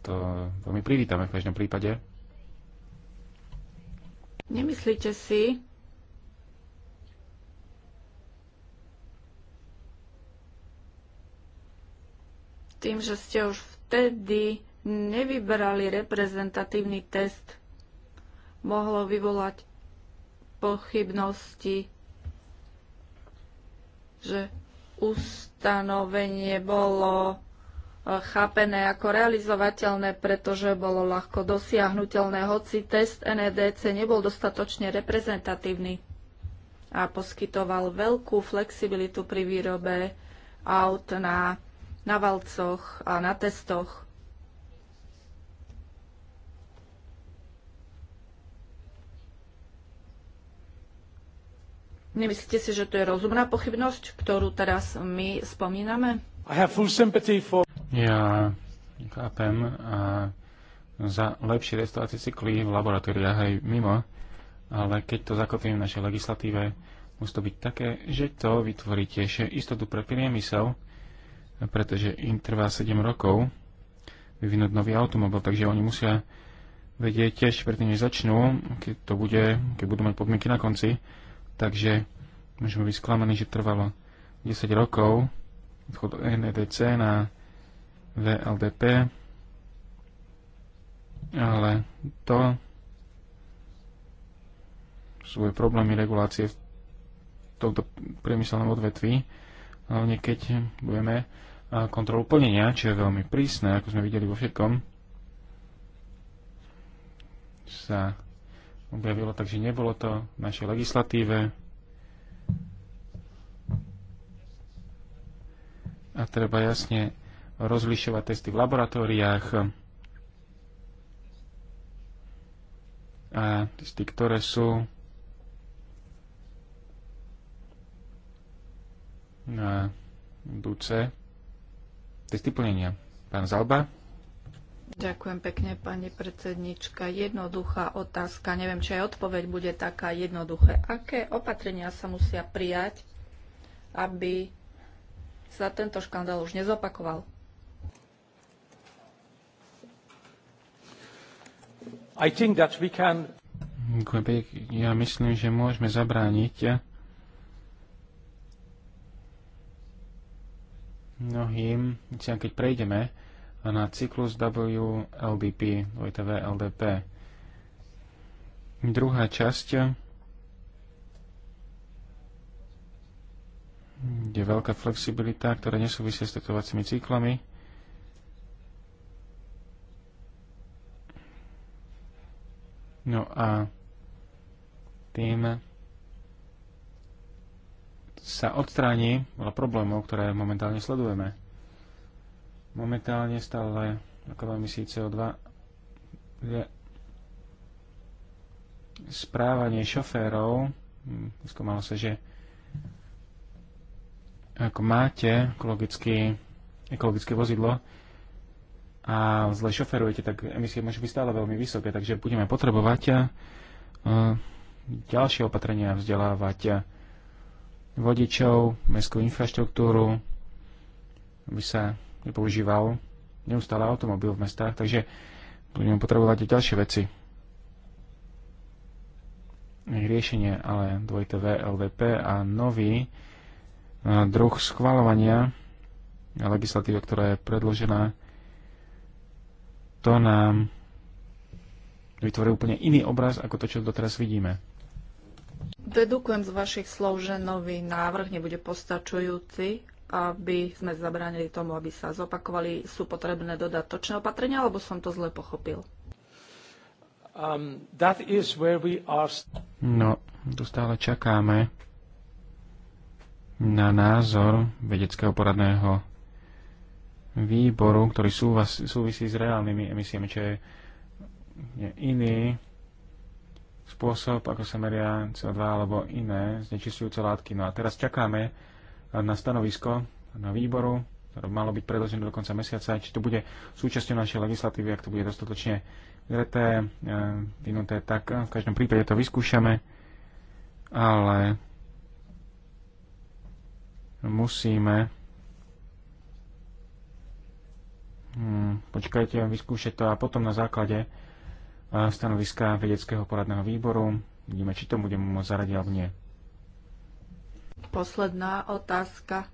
to veľmi privítame v každom prípade. Nemyslíte si, tým, že ste už vtedy nevyberali reprezentatívny test, mohlo vyvolať pochybnosti, že ustanovenie bolo eh, chápené ako realizovateľné, pretože bolo ľahko dosiahnutelné, hoci test NEDC nebol dostatočne reprezentatívny a poskytoval veľkú flexibilitu pri výrobe aut na, na valcoch a na testoch. Nemyslíte si, že to je rozumná pochybnosť, ktorú teraz my spomíname? For... Ja chápem a za lepšie testovacie cykly v laboratóriách aj mimo, ale keď to zakotvím v našej legislatíve, musí to byť také, že to vytvorí tiež istotu pre priemysel, pretože im trvá 7 rokov vyvinúť nový automobil, takže oni musia vedieť tiež, predtým než začnú, keď to bude, keď budú mať podmienky na konci, Takže môžeme byť sklamaní, že trvalo 10 rokov odchod NEDC na VLDP, ale to svoje problémy regulácie v tomto priemyselnom odvetví, hlavne keď budeme kontrolu plnenia, čo je veľmi prísne, ako sme videli vo všetkom, sa objavilo, takže nebolo to v našej legislatíve. A treba jasne rozlišovať testy v laboratóriách a testy, ktoré sú na duce testy plnenia. Pán Zalba. Ďakujem pekne, pani predsednička. Jednoduchá otázka, neviem, či aj odpoveď bude taká jednoduché. Aké opatrenia sa musia prijať, aby sa tento škandál už nezopakoval? I think that we can... Ja myslím, že môžeme zabrániť mnohým, keď prejdeme na cyklus WLBP, VTV LDP. Druhá časť, kde je veľká flexibilita, ktorá nesúvisia s tetovacími cyklami. No a tým sa odstráni veľa problémov, ktoré momentálne sledujeme momentálne stále ako veľmi CO2 je správanie šoférov, hm, skúmalo sa, že ako máte ekologické, ekologické vozidlo a zle šoferujete, tak emisie môžu byť stále veľmi vysoké, takže budeme potrebovať eh, ďalšie opatrenia vzdelávať eh, vodičov, mestskú infraštruktúru, aby sa Nepoužíval neustále automobil v mestách, takže budeme potrebovať aj ďalšie veci. Riešenie ale dvojité VLVP a nový druh schvalovania legislatíva, ktorá je predložená, to nám vytvorí úplne iný obraz ako to, čo doteraz vidíme. Dedukujem z vašich slov, že nový návrh nebude postačujúci aby sme zabránili tomu, aby sa zopakovali, sú potrebné dodatočné opatrenia, alebo som to zle pochopil? Um, that is where we are... No, tu stále čakáme na názor vedeckého poradného výboru, ktorý súvas, súvisí s reálnymi emisiami, čo je iný spôsob, ako sa meria CO2 alebo iné znečistujúce látky. No a teraz čakáme na stanovisko na výboru, ktoré malo byť predložené do konca mesiaca, či to bude súčasťou našej legislatívy, ak to bude dostatočne zreté, eh, vynuté, tak eh, v každom prípade to vyskúšame, ale musíme Hmm, počkajte, vyskúšať to a potom na základe eh, stanoviska vedeckého poradného výboru vidíme, či to budeme môcť zaradiť alebo nie. Posledná otázka.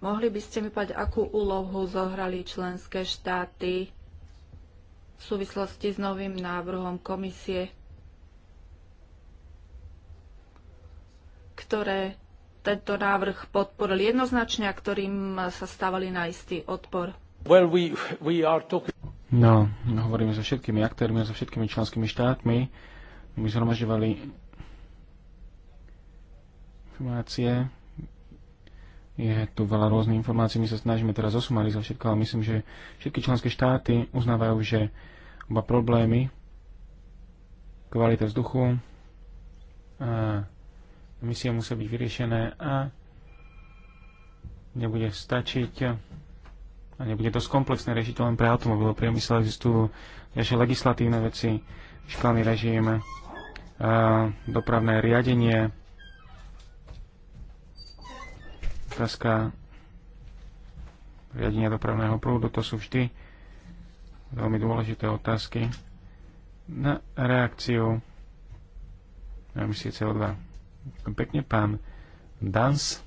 Mohli by ste mi povedať, akú úlohu zohrali členské štáty v súvislosti s novým návrhom komisie, ktoré tento návrh podporili jednoznačne a ktorým sa stávali na istý odpor? Well, we, we are talking... No, hovoríme so všetkými aktérmi, so všetkými členskými štátmi. My zhromažďovali informácie. Je tu veľa rôznych informácií, my sa snažíme teraz osumarizovať všetko, ale myslím, že všetky členské štáty uznávajú, že oba problémy, kvalita vzduchu a misie musia byť vyriešené a nebude stačiť a nebude dosť komplexné riešiť to len pre automobilov. Priemysel existujú ďalšie legislatívne veci, školný režim, dopravné riadenie, otázka riadenia dopravného prúdu, to sú vždy veľmi dôležité otázky na reakciu na emisie CO2. Pekne pán Dans.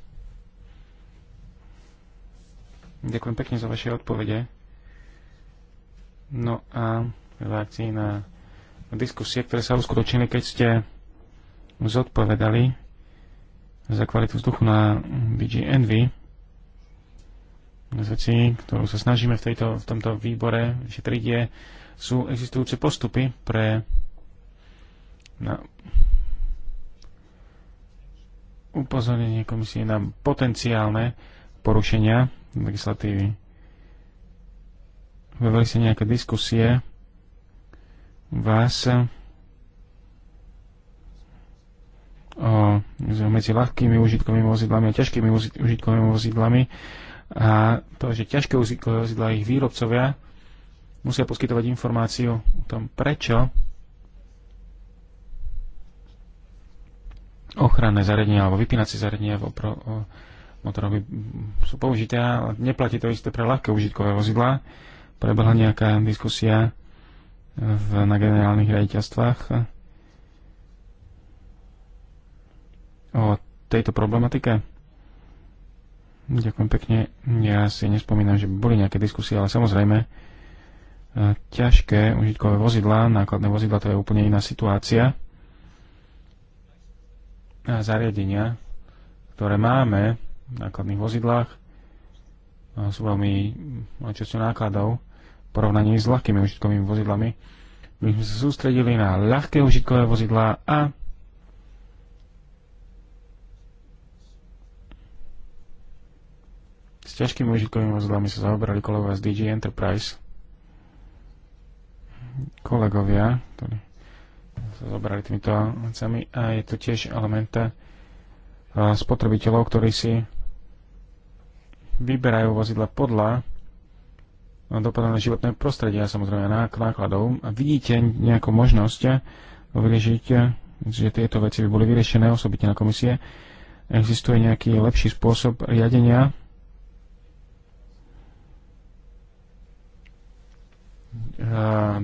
Ďakujem pekne za vaše odpovede. No a reakcii na diskusie, ktoré sa uskutočnili, keď ste zodpovedali za kvalitu vzduchu na BG Envy, z ktorú sa snažíme v, tejto, v tomto výbore šetriť, je, sú existujúce postupy pre na upozornenie komisie na potenciálne porušenia legislatívy. Vyvali sa nejaké diskusie vás medzi ľahkými užitkovými vozidlami a ťažkými užitkovými vozidlami a to, že ťažké užitkové vozidla ich výrobcovia musia poskytovať informáciu o tom, prečo ochranné zariadenia alebo vypínacie zariadenia v motorovi sú použité Ale neplatí to isté pre ľahké užitkové vozidlá. Prebehla nejaká diskusia v, na generálnych raditeľstvách. o tejto problematike? Ďakujem pekne. Ja si nespomínam, že boli nejaké diskusie, ale samozrejme e, ťažké užitkové vozidlá, nákladné vozidla to je úplne iná situácia. A zariadenia, ktoré máme v nákladných vozidlách, e, sú veľmi časťou nákladov v porovnaní s ľahkými užitkovými vozidlami. My sme sa sústredili na ľahké užitkové vozidlá a S ťažkými užitkovými vozidlami sa zaoberali kolegovia z DG Enterprise. Kolegovia, ktorí sa zaoberali týmito vecami a je to tiež element eh, spotrebiteľov, ktorí si vyberajú vozidla podľa dopadu na životné prostredie a samozrejme nákladov. A vidíte nejakú možnosť eh, vyriešiť, eh, že tieto veci by boli vyriešené osobitne na komisie. Existuje nejaký lepší spôsob riadenia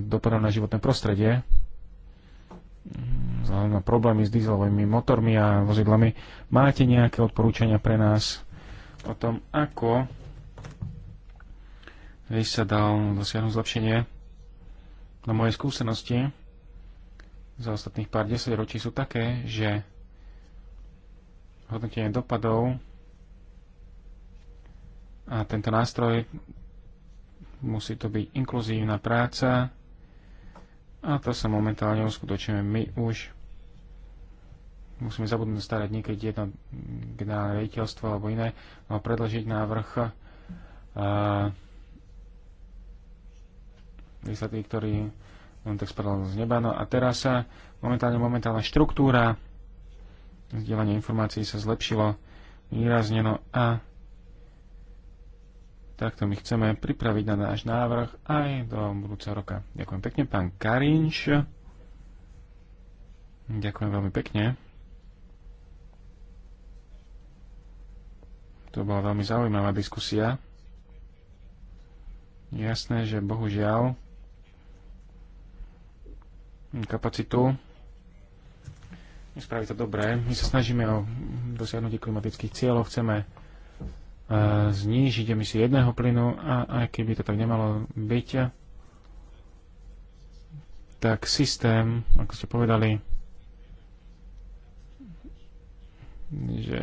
dopadov na životné prostredie, vzhľadom na problémy s dieselovými motormi a vozidlami, máte nejaké odporúčania pre nás o tom, ako by sa dal dosiahnuť zlepšenie? Na moje skúsenosti za ostatných pár desaťročí sú také, že hodnotenie dopadov a tento nástroj musí to byť inkluzívna práca a to sa momentálne uskutočujeme My už musíme zabudnúť starať niekedy jedno generálne rejiteľstvo alebo iné, ale predložiť návrh výsledky, ktorý on tak spadol z neba. No a teraz sa momentálne momentálna štruktúra vzdielanie informácií sa zlepšilo výrazne, no a takto my chceme pripraviť na náš návrh aj do budúceho roka. Ďakujem pekne, pán Karinč. Ďakujem veľmi pekne. To bola veľmi zaujímavá diskusia. Jasné, že bohužiaľ kapacitu spraví to dobré. My sa snažíme o dosiahnutie klimatických cieľov, chceme znížiť emisie jedného plynu a aj keby to tak nemalo byť, tak systém, ako ste povedali, že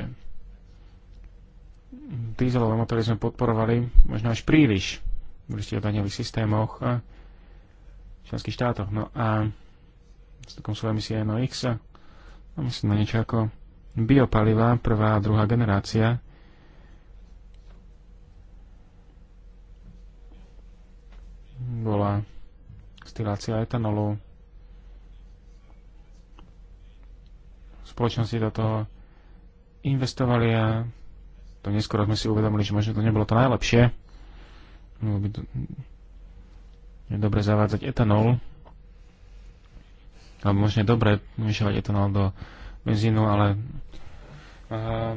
dízelové motory sme podporovali možno až príliš. Boli ste o daňových systémoch a v členských štátoch. No a v takom sú emisie NOx. A myslím na niečo ako biopaliva prvá a druhá generácia bola stylácia etanolu. Spoločnosti do toho investovali a to neskôr sme si uvedomili, že možno to nebolo to najlepšie. Bolo by to, je dobre zavádzať etanol, alebo možno je dobre myšľať etanol do benzínu, ale uh,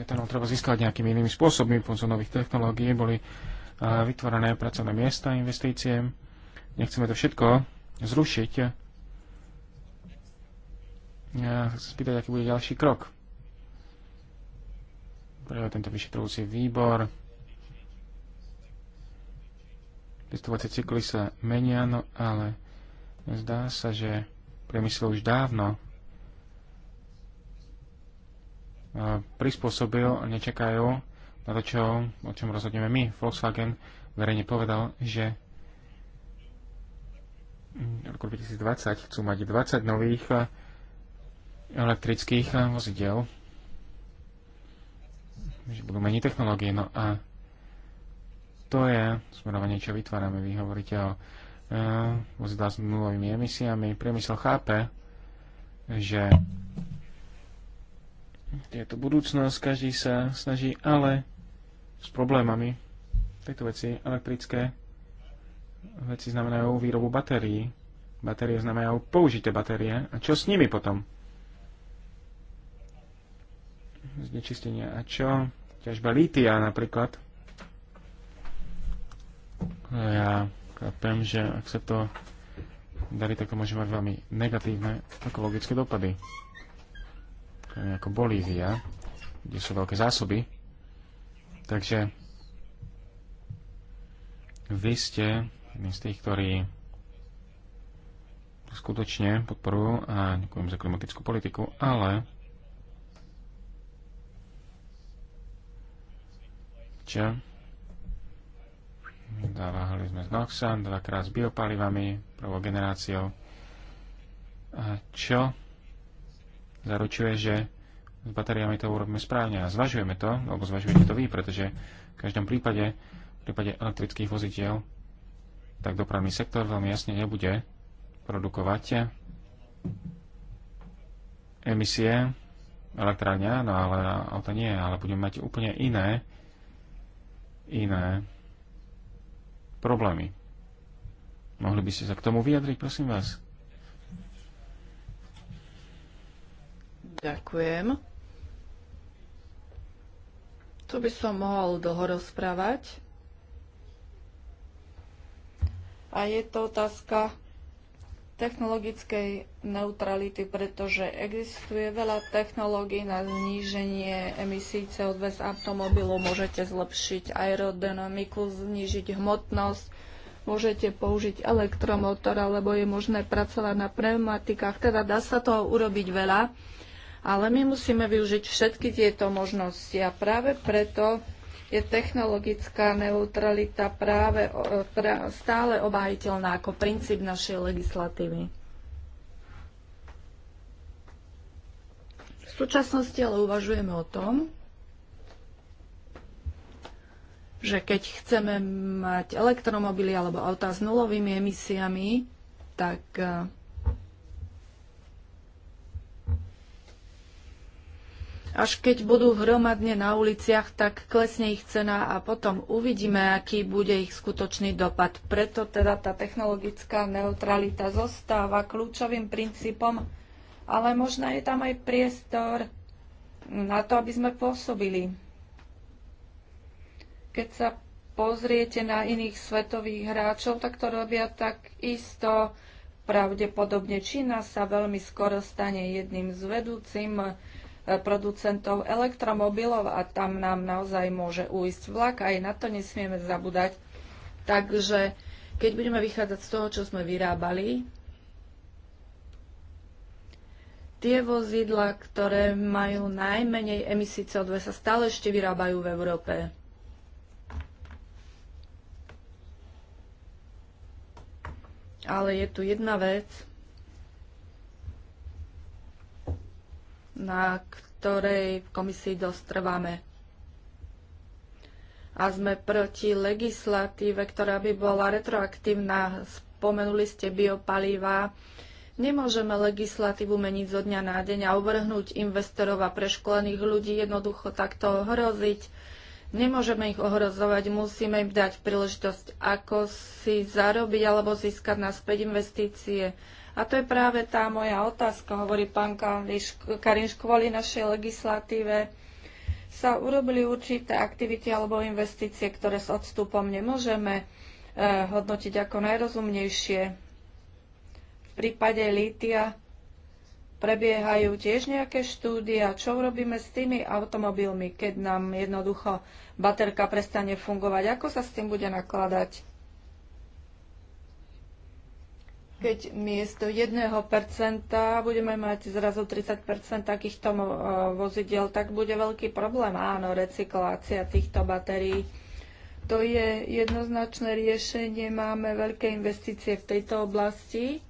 etanol treba získať nejakými inými spôsobmi, pomocou nových technológií boli vytvorené pracovné miesta, investície. Nechceme to všetko zrušiť. Ja chcem spýtať, aký bude ďalší krok. Prvé tento vyšetrujúci výbor. Testovacie cykly sa menia, no ale zdá sa, že priemysel už dávno prispôsobil, nečakajú na to, čo, o čom rozhodneme my. Volkswagen verejne povedal, že v roku 2020 chcú mať 20 nových eh, elektrických eh, vozidel, že budú meniť technológie. No a to je smerovanie, čo vytvárame. Vy hovoríte o eh, vozidlách s nulovými emisiami. Priemysel chápe, že je to budúcnosť, každý sa snaží, ale s problémami tejto veci. Elektrické veci znamenajú výrobu batérií. Batérie znamenajú použité batérie. A čo s nimi potom? Znečistenie. A čo? Ťažba lítia napríklad. No ja chápem, že ak sa to darí, tak to môže mať veľmi negatívne ekologické dopady. Ako Bolívia, kde sú veľké zásoby Takže vy ste jedným z tých, ktorí skutočne podporujú a ďakujem za klimatickú politiku, ale čo? Dávali sme z Noxa, dvakrát s biopalivami, prvou generáciou. A čo zaručuje, že s batériami to urobíme správne a zvažujeme to, alebo zvažujete to vy, pretože v každom prípade, v prípade elektrických vozidiel, tak dopravný sektor veľmi jasne nebude produkovať emisie elektrárne, no ale to nie, ale budeme mať úplne iné iné problémy. Mohli by ste sa k tomu vyjadriť, prosím vás? Ďakujem. Tu by som mohol dlho rozprávať. A je to otázka technologickej neutrality, pretože existuje veľa technológií na zníženie emisí CO2 z automobilu. Môžete zlepšiť aerodynamiku, znížiť hmotnosť, môžete použiť elektromotor, alebo je možné pracovať na pneumatikách. Teda dá sa toho urobiť veľa. Ale my musíme využiť všetky tieto možnosti a práve preto je technologická neutralita práve stále obhajiteľná ako princíp našej legislatívy. V súčasnosti ale uvažujeme o tom, že keď chceme mať elektromobily alebo autá s nulovými emisiami, tak eh, Až keď budú hromadne na uliciach, tak klesne ich cena a potom uvidíme, aký bude ich skutočný dopad. Preto teda tá technologická neutralita zostáva kľúčovým princípom, ale možno je tam aj priestor na to, aby sme pôsobili. Keď sa pozriete na iných svetových hráčov, tak to robia tak isto. Pravdepodobne Čína sa veľmi skoro stane jedným z vedúcim producentov elektromobilov a tam nám naozaj môže uísť vlak, aj na to nesmieme zabúdať. Takže keď budeme vychádzať z toho, čo sme vyrábali, tie vozidla, ktoré majú najmenej emisí CO2, sa stále ešte vyrábajú v Európe. Ale je tu jedna vec, na ktorej v komisii dostrváme. A sme proti legislatíve, ktorá by bola retroaktívna. Spomenuli ste biopalíva. Nemôžeme legislatívu meniť zo dňa na deň a uvrhnúť investorov a preškolených ľudí jednoducho takto ohroziť. Nemôžeme ich ohrozovať, musíme im dať príležitosť, ako si zarobiť alebo získať naspäť investície. A to je práve tá moja otázka, hovorí pán Karinš, kvôli našej legislatíve sa urobili určité aktivity alebo investície, ktoré s odstupom nemôžeme e, hodnotiť ako najrozumnejšie. V prípade lítia prebiehajú tiež nejaké štúdie a čo urobíme s tými automobilmi, keď nám jednoducho baterka prestane fungovať, ako sa s tým bude nakladať. keď miesto 1% budeme mať zrazu 30% takýchto e, vozidiel, tak bude veľký problém. Áno, recyklácia týchto batérií. To je jednoznačné riešenie. Máme veľké investície v tejto oblasti.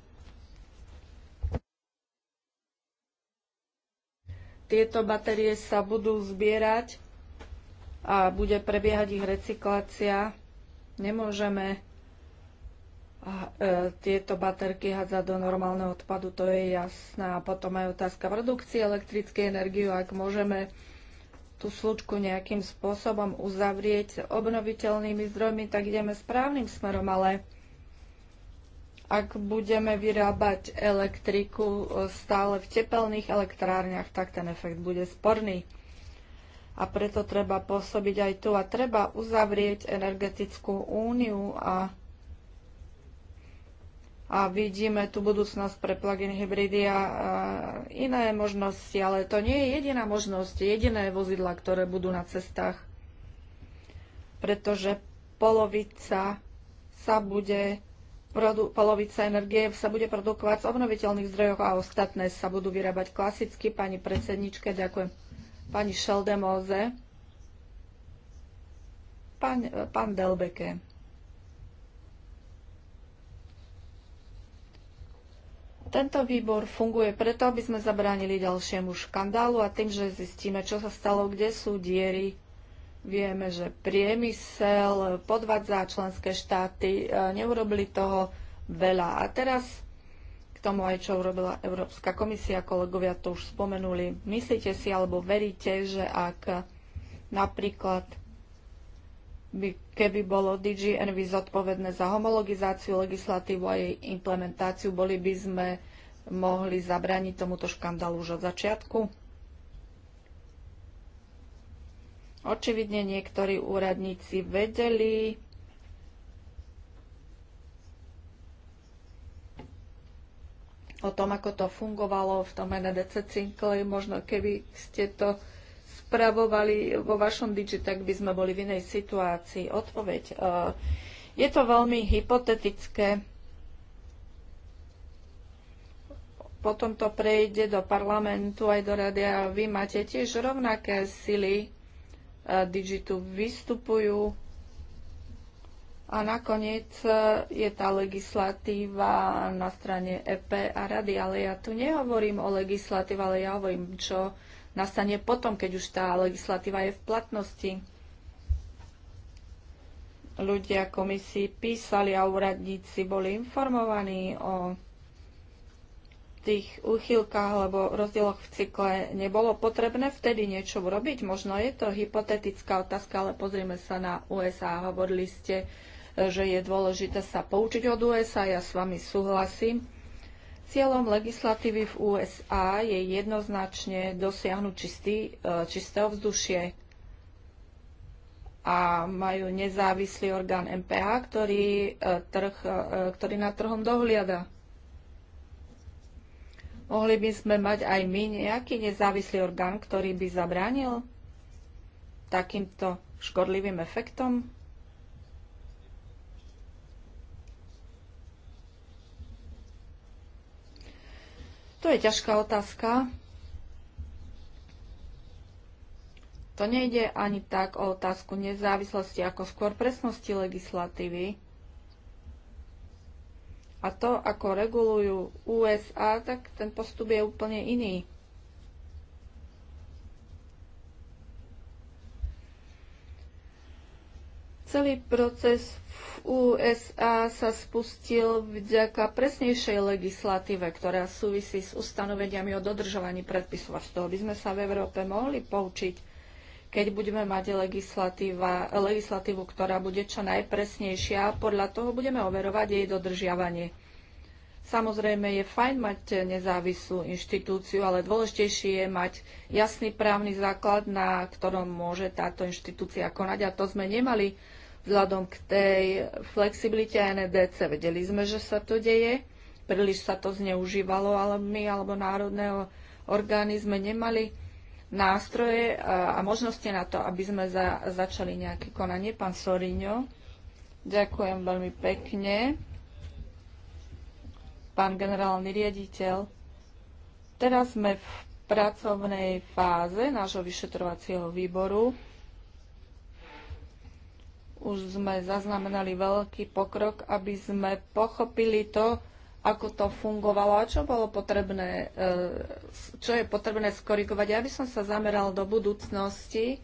Tieto batérie sa budú zbierať a bude prebiehať ich recyklácia. Nemôžeme E, tieto baterky hádza do normálneho odpadu, to je jasné. A potom aj otázka v redukcii elektrickej energie, ak môžeme tú slučku nejakým spôsobom uzavrieť obnoviteľnými zdrojmi, tak ideme správnym smerom, ale ak budeme vyrábať elektriku e, stále v tepelných elektrárniach, tak ten efekt bude sporný. A preto treba pôsobiť aj tu a treba uzavrieť energetickú úniu a a vidíme tu budúcnosť pre plug-in hybridy a, iné možnosti, ale to nie je jediná možnosť, jediné vozidla, ktoré budú na cestách, pretože polovica sa bude polovica energie sa bude produkovať z obnoviteľných zdrojov a ostatné sa budú vyrábať klasicky. Pani predsedničke, ďakujem. Pani Šeldemóze, pán, pán Delbeke. Tento výbor funguje preto, aby sme zabránili ďalšiemu škandálu a tým, že zistíme, čo sa stalo, kde sú diery. Vieme, že priemysel podvádza členské štáty, e, neurobili toho veľa. A teraz k tomu aj, čo urobila Európska komisia, kolegovia to už spomenuli. Myslíte si alebo veríte, že ak napríklad by, keby bolo DG Envy zodpovedné za homologizáciu, legislatívu a jej implementáciu, boli by sme mohli zabrániť tomuto škandalu už od začiatku? Očividne niektorí úradníci vedeli, o tom, ako to fungovalo v tom NDC cinkle, možno keby ste to spravovali vo vašom digi, tak by sme boli v inej situácii. Odpoveď. E, je to veľmi hypotetické. Potom to prejde do parlamentu aj do rady a vy máte tiež rovnaké sily. E, Digitu vystupujú a nakoniec e, je tá legislatíva na strane EP a rady, ale ja tu nehovorím o legislatíve, ale ja hovorím, čo nastane potom, keď už tá legislatíva je v platnosti. Ľudia komisii písali a úradníci boli informovaní o tých úchylkách alebo rozdieloch v cykle. Nebolo potrebné vtedy niečo urobiť? Možno je to hypotetická otázka, ale pozrieme sa na USA. Hovorili ste, že je dôležité sa poučiť od USA. Ja s vami súhlasím Cieľom legislatívy v USA je jednoznačne dosiahnuť čistý, e, čisté ovzdušie a majú nezávislý orgán MPH, ktorý, e, trh, e, ktorý nad trhom dohliada. Mohli by sme mať aj my nejaký nezávislý orgán, ktorý by zabránil takýmto škodlivým efektom? To je ťažká otázka. To nejde ani tak o otázku nezávislosti, ako skôr presnosti legislatívy. A to, ako regulujú USA, tak ten postup je úplne iný. Celý proces v USA sa spustil vďaka presnejšej legislatíve, ktorá súvisí s ustanoveniami o dodržovaní predpisov. A z toho by sme sa v Európe mohli poučiť, keď budeme mať legislatívu, ktorá bude čo najpresnejšia a podľa toho budeme overovať jej dodržiavanie. Samozrejme je fajn mať nezávislú inštitúciu, ale dôležitejšie je mať jasný právny základ, na ktorom môže táto inštitúcia konať a to sme nemali Vzhľadom k tej flexibilite NDC e vedeli sme, že sa to deje, príliš sa to zneužívalo, ale my alebo národné orgány sme nemali nástroje a, a možnosti na to, aby sme za, začali nejaké konanie. Pán Soriňo, ďakujem veľmi pekne. Pán generálny riaditeľ, teraz sme v pracovnej fáze nášho vyšetrovacieho výboru už sme zaznamenali veľký pokrok, aby sme pochopili to, ako to fungovalo a čo bolo potrebné, e, čo je potrebné skorigovať. Ja by som sa zameral do budúcnosti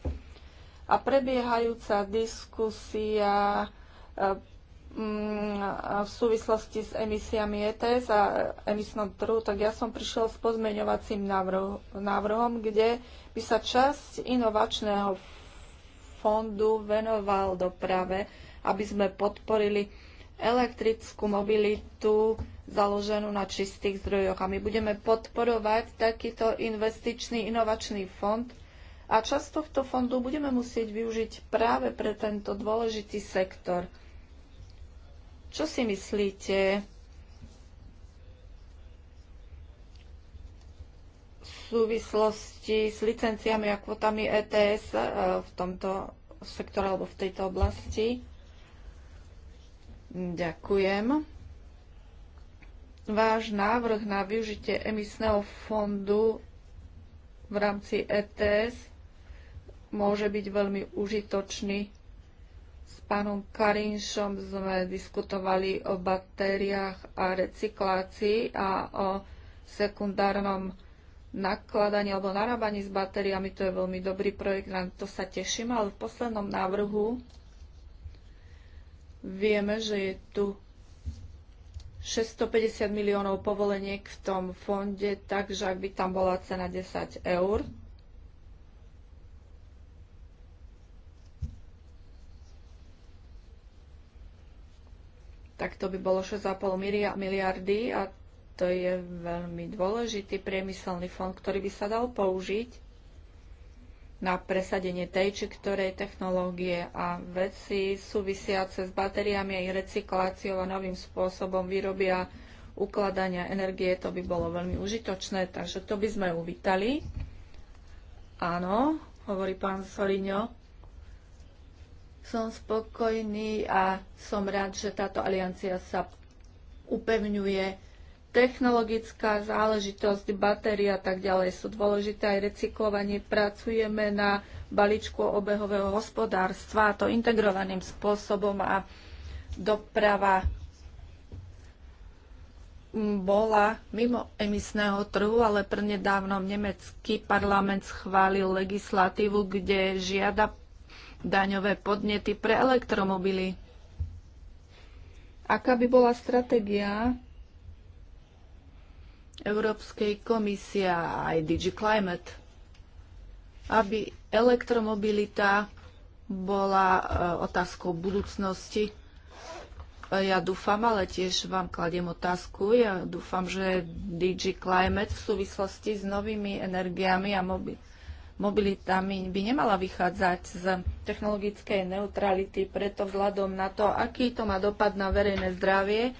a prebiehajúca diskusia e, mm, v súvislosti s emisiami ETS a emisnom trhu, tak ja som prišiel s pozmeňovacím návrhom, kde by sa časť inovačného fondu venoval doprave, aby sme podporili elektrickú mobilitu založenú na čistých zdrojoch. A my budeme podporovať takýto investičný inovačný fond. A čas tohto fondu budeme musieť využiť práve pre tento dôležitý sektor. Čo si myslíte? súvislosti s licenciami a kvotami ETS e, v tomto sektore alebo v tejto oblasti? Ďakujem. Váš návrh na využitie emisného fondu v rámci ETS môže byť veľmi užitočný. S pánom Karinšom sme diskutovali o batériách a recyklácii a o sekundárnom Nakladanie alebo narábanie s batériami. To je veľmi dobrý projekt, na to sa teším, ale v poslednom návrhu vieme, že je tu 650 miliónov povoleniek v tom fonde, takže ak by tam bola cena 10 eur, tak to by bolo 6,5 miliardy a to je veľmi dôležitý priemyselný fond, ktorý by sa dal použiť na presadenie tej či ktorej technológie a veci súvisiace s batériami a ich recykláciou a novým spôsobom vyrobia ukladania energie. To by bolo veľmi užitočné, takže to by sme uvítali. Áno, hovorí pán Soriňo. Som spokojný a som rád, že táto aliancia sa upevňuje technologická záležitosť, batéria a tak ďalej sú dôležité aj recyklovanie. Pracujeme na balíčku obehového hospodárstva a to integrovaným spôsobom a doprava bola mimo emisného trhu, ale prednedávnom nemecký parlament schválil legislatívu, kde žiada daňové podnety pre elektromobily. Aká by bola stratégia Európskej komisie a aj DG Climate, aby elektromobilita bola eh, otázkou budúcnosti. Eh, ja dúfam, ale tiež vám kladiem otázku. Ja dúfam, že DG Climate v súvislosti s novými energiami a mobi- mobilitami by nemala vychádzať z technologickej neutrality, preto vzhľadom na to, aký to má dopad na verejné zdravie,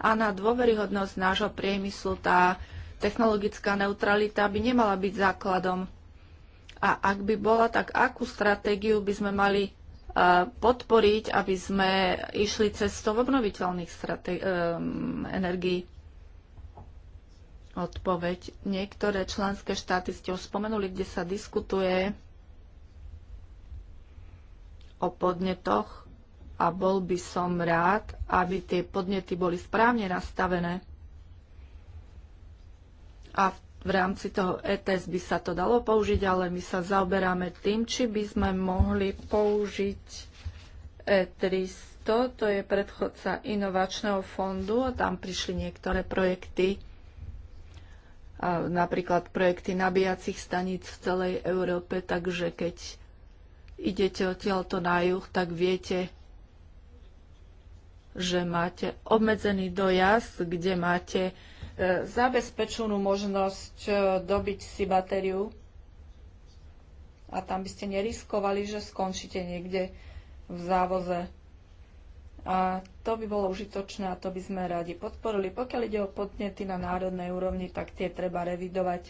a na dôveryhodnosť nášho priemyslu. Tá technologická neutralita by nemala byť základom. A ak by bola, tak akú stratégiu by sme mali e, podporiť, aby sme išli cestou obnoviteľných strate- um, energií? Odpoveď. Niektoré členské štáty ste už spomenuli, kde sa diskutuje o podnetoch a bol by som rád, aby tie podnety boli správne nastavené. A v rámci toho ETS by sa to dalo použiť, ale my sa zaoberáme tým, či by sme mohli použiť E300, to je predchodca inovačného fondu a tam prišli niektoré projekty, napríklad projekty nabíjacích staníc v celej Európe, takže keď idete odtiaľto na juh, tak viete, že máte obmedzený dojazd, kde máte e, zabezpečenú možnosť e, dobiť si batériu a tam by ste neriskovali, že skončíte niekde v závoze. A to by bolo užitočné a to by sme radi podporili. Pokiaľ ide o podnety na národnej úrovni, tak tie treba revidovať,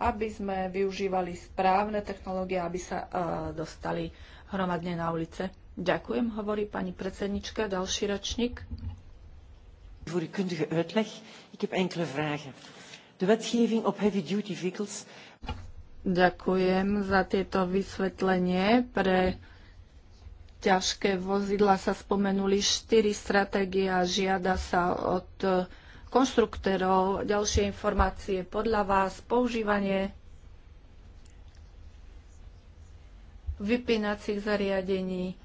aby sme využívali správne technológie, aby sa uh, dostali hromadne na ulice. Ďakujem, hovorí pani predsednička. Ďalší ročník. Voor kundige uitleg. Ik heb enkele vragen. De wetgeving op heavy duty vehicles. Ďakujem za tieto vysvetlenie. Pre ťažké vozidla sa spomenuli štyri stratégie a žiada sa od konštruktérov ďalšie informácie podľa vás, používanie vypínacích zariadení,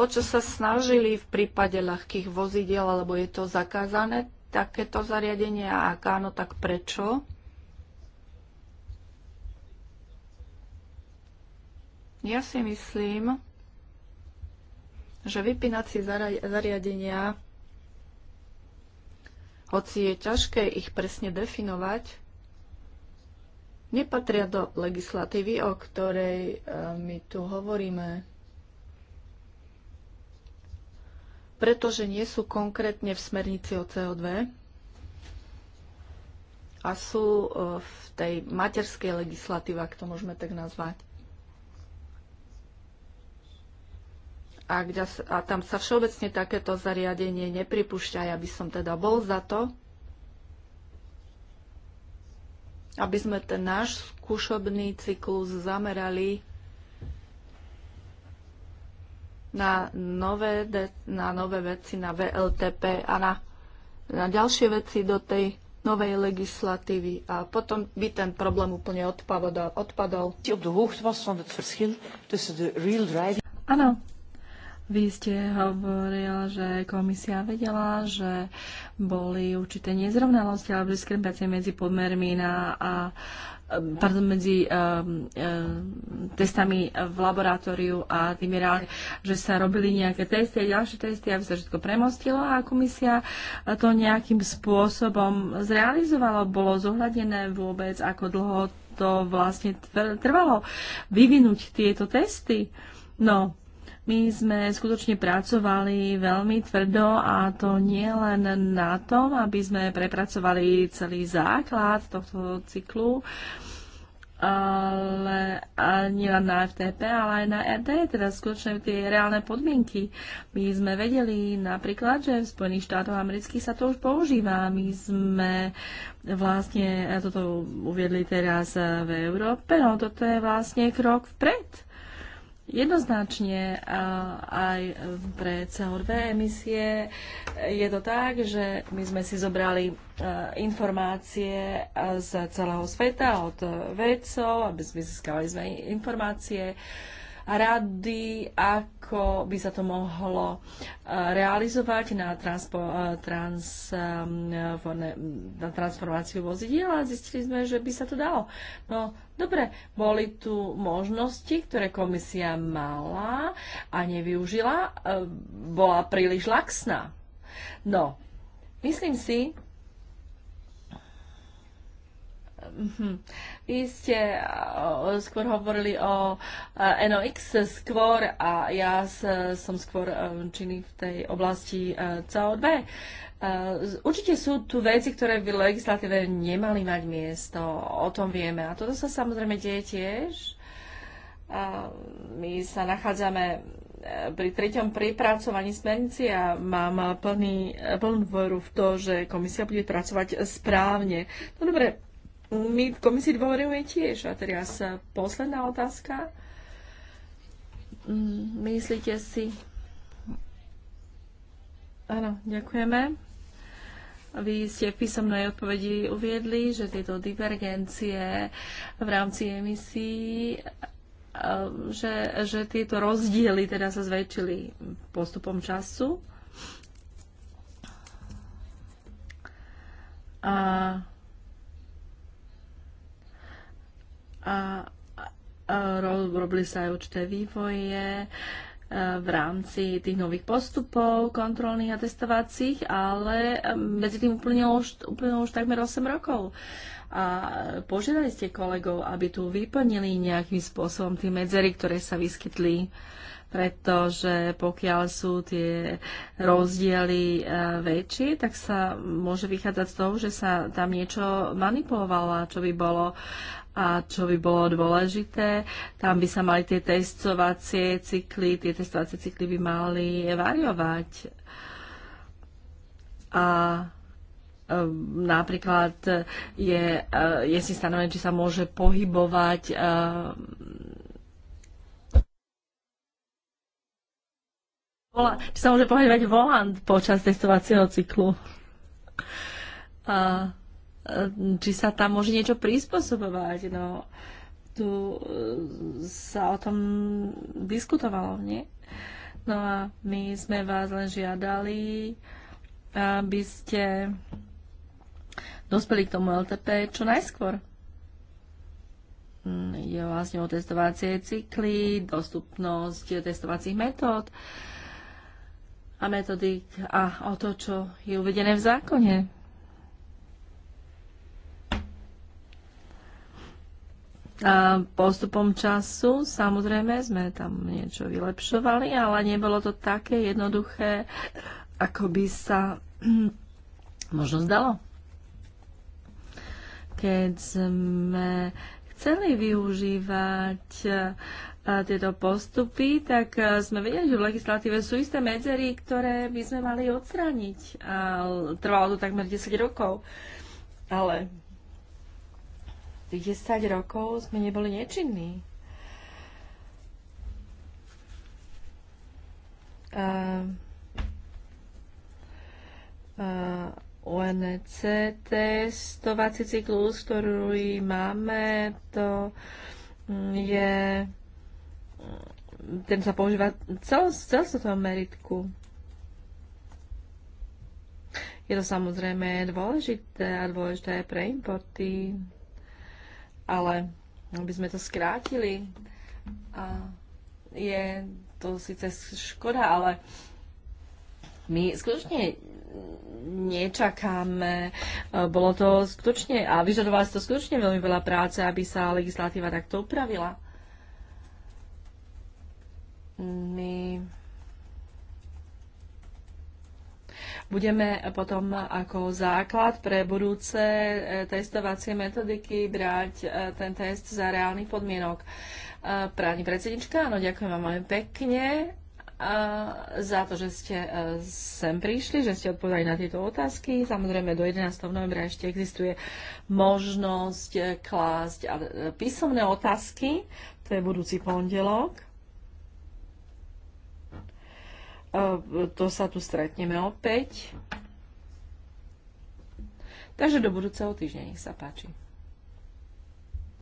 o čo sa snažili v prípade ľahkých vozidiel, alebo je to zakázané takéto zariadenie a ak áno, tak prečo? Ja si myslím, že vypínacie zariadenia, hoci je ťažké ich presne definovať, nepatria do legislatívy, o ktorej e, my tu hovoríme. pretože nie sú konkrétne v smernici o CO2 a sú e, v tej materskej legislatíve, ak to môžeme tak nazvať. A, kde, a tam sa všeobecne takéto zariadenie nepripúšťa. aby som teda bol za to, aby sme ten náš skúšobný cyklus zamerali na nové, de- na nové veci, na VLTP a na, na ďalšie veci do tej novej legislatívy a potom by ten problém úplne odpadol. odpadol. Áno, vy ste hovoril, že komisia vedela, že boli určité nezrovnalosti alebo diskrepancie medzi podmermi na a pardon, medzi um, um, testami v laboratóriu a tými reálne, že sa robili nejaké testy a ďalšie testy, aby sa všetko premostilo a komisia to nejakým spôsobom zrealizovala. Bolo zohľadené vôbec, ako dlho to vlastne trvalo vyvinúť tieto testy. No, my sme skutočne pracovali veľmi tvrdo a to nie len na tom, aby sme prepracovali celý základ tohto cyklu, ale nie len na FTP, ale aj na RD, teda skutočne tie reálne podmienky. My sme vedeli napríklad, že v Spojených štátoch amerických sa to už používa. My sme vlastne, toto uviedli teraz v Európe, no toto je vlastne krok vpred Jednoznačne aj pre CO2 emisie je to tak, že my sme si zobrali informácie z celého sveta od vedcov, aby sme získali informácie rady, ako by sa to mohlo eh, realizovať na, transpo, eh, trans, na transformáciu vozidiel a zistili sme, že by sa to dalo. No, dobre, boli tu možnosti, ktoré komisia mala a nevyužila, eh, bola príliš laxná. No, myslím si, Mhm. Vy ste eh, skôr hovorili o eh, NOx skôr a ja som skôr eh, činný v tej oblasti CO2. Určite sú tu veci, ktoré v legislatíve nemali mať miesto, o tom vieme. A toto sa samozrejme deje tiež. My sa nachádzame pri treťom prepracovaní smernici a mám plný, plnú dôveru v to, že komisia bude pracovať správne. No dobre, my v komisii dôverujeme tiež. A teraz eh, posledná otázka. Mm, myslíte si... Áno, ďakujeme. Vy ste v písomnej odpovedi uviedli, že tieto divergencie v rámci emisí eh, že, že tieto rozdiely teda sa zväčšili postupom času. A a, a robili sa aj určité vývoje e, v rámci tých nových postupov kontrolných a testovacích, ale e, medzi tým uplynulo už, uplynulo už takmer 8 rokov. A požiadali ste kolegov, aby tu vyplnili nejakým spôsobom tie medzery, ktoré sa vyskytli pretože pokiaľ sú tie rozdiely e, väčšie, tak sa môže vychádzať z toho, že sa tam niečo manipulovalo, čo by bolo a čo by bolo dôležité, tam by sa mali tie testovacie cykly, tie testovacie cykly by mali variovať. A ehm, napríklad je, eh, je si stanovené, či sa môže pohybovať ehm, či sa môže pohybovať volant počas testovacieho cyklu. A, E, či sa tam môže niečo prispôsobovať. No, tu e, sa o tom diskutovalo, nie? No a my sme vás len žiadali, aby ste dospeli k tomu LTP čo najskôr. Mm, je vlastne o testovacie cykly, dostupnosť testovacích metód a metodik a o to, čo je uvedené v zákone Postupom času samozrejme sme tam niečo vylepšovali, ale nebolo to také jednoduché, ako by sa možno zdalo. Keď sme chceli využívať e, tieto postupy, tak e, sme vedeli, že v legislatíve sú isté medzery, ktoré by sme mali odstrániť. A trvalo to takmer 10 rokov. Ale 10 rokov sme neboli nečinní. Uh, uh, ONC testovací cyklus, ktorý máme, to je ten sa používa cel, toho meritku. Je to samozrejme dôležité a dôležité aj pre importy ale by sme to skrátili. A je to síce škoda, ale my skutočne nečakáme. Bolo to skutočne, a vyžadovalo si to skutočne veľmi veľa práce, aby sa legislatíva takto upravila. My budeme potom ako základ pre budúce e, testovacie metodiky brať e, ten test za reálnych podmienok. E, Práni predsednička, áno, ďakujem vám veľmi pekne za to, že ste sem prišli, že ste odpovedali na tieto otázky. Samozrejme, do 11. novembra ešte existuje možnosť klásť písomné otázky, to je budúci pondelok to sa tu stretneme opäť. Takže do budúceho týždňa, nech sa páči.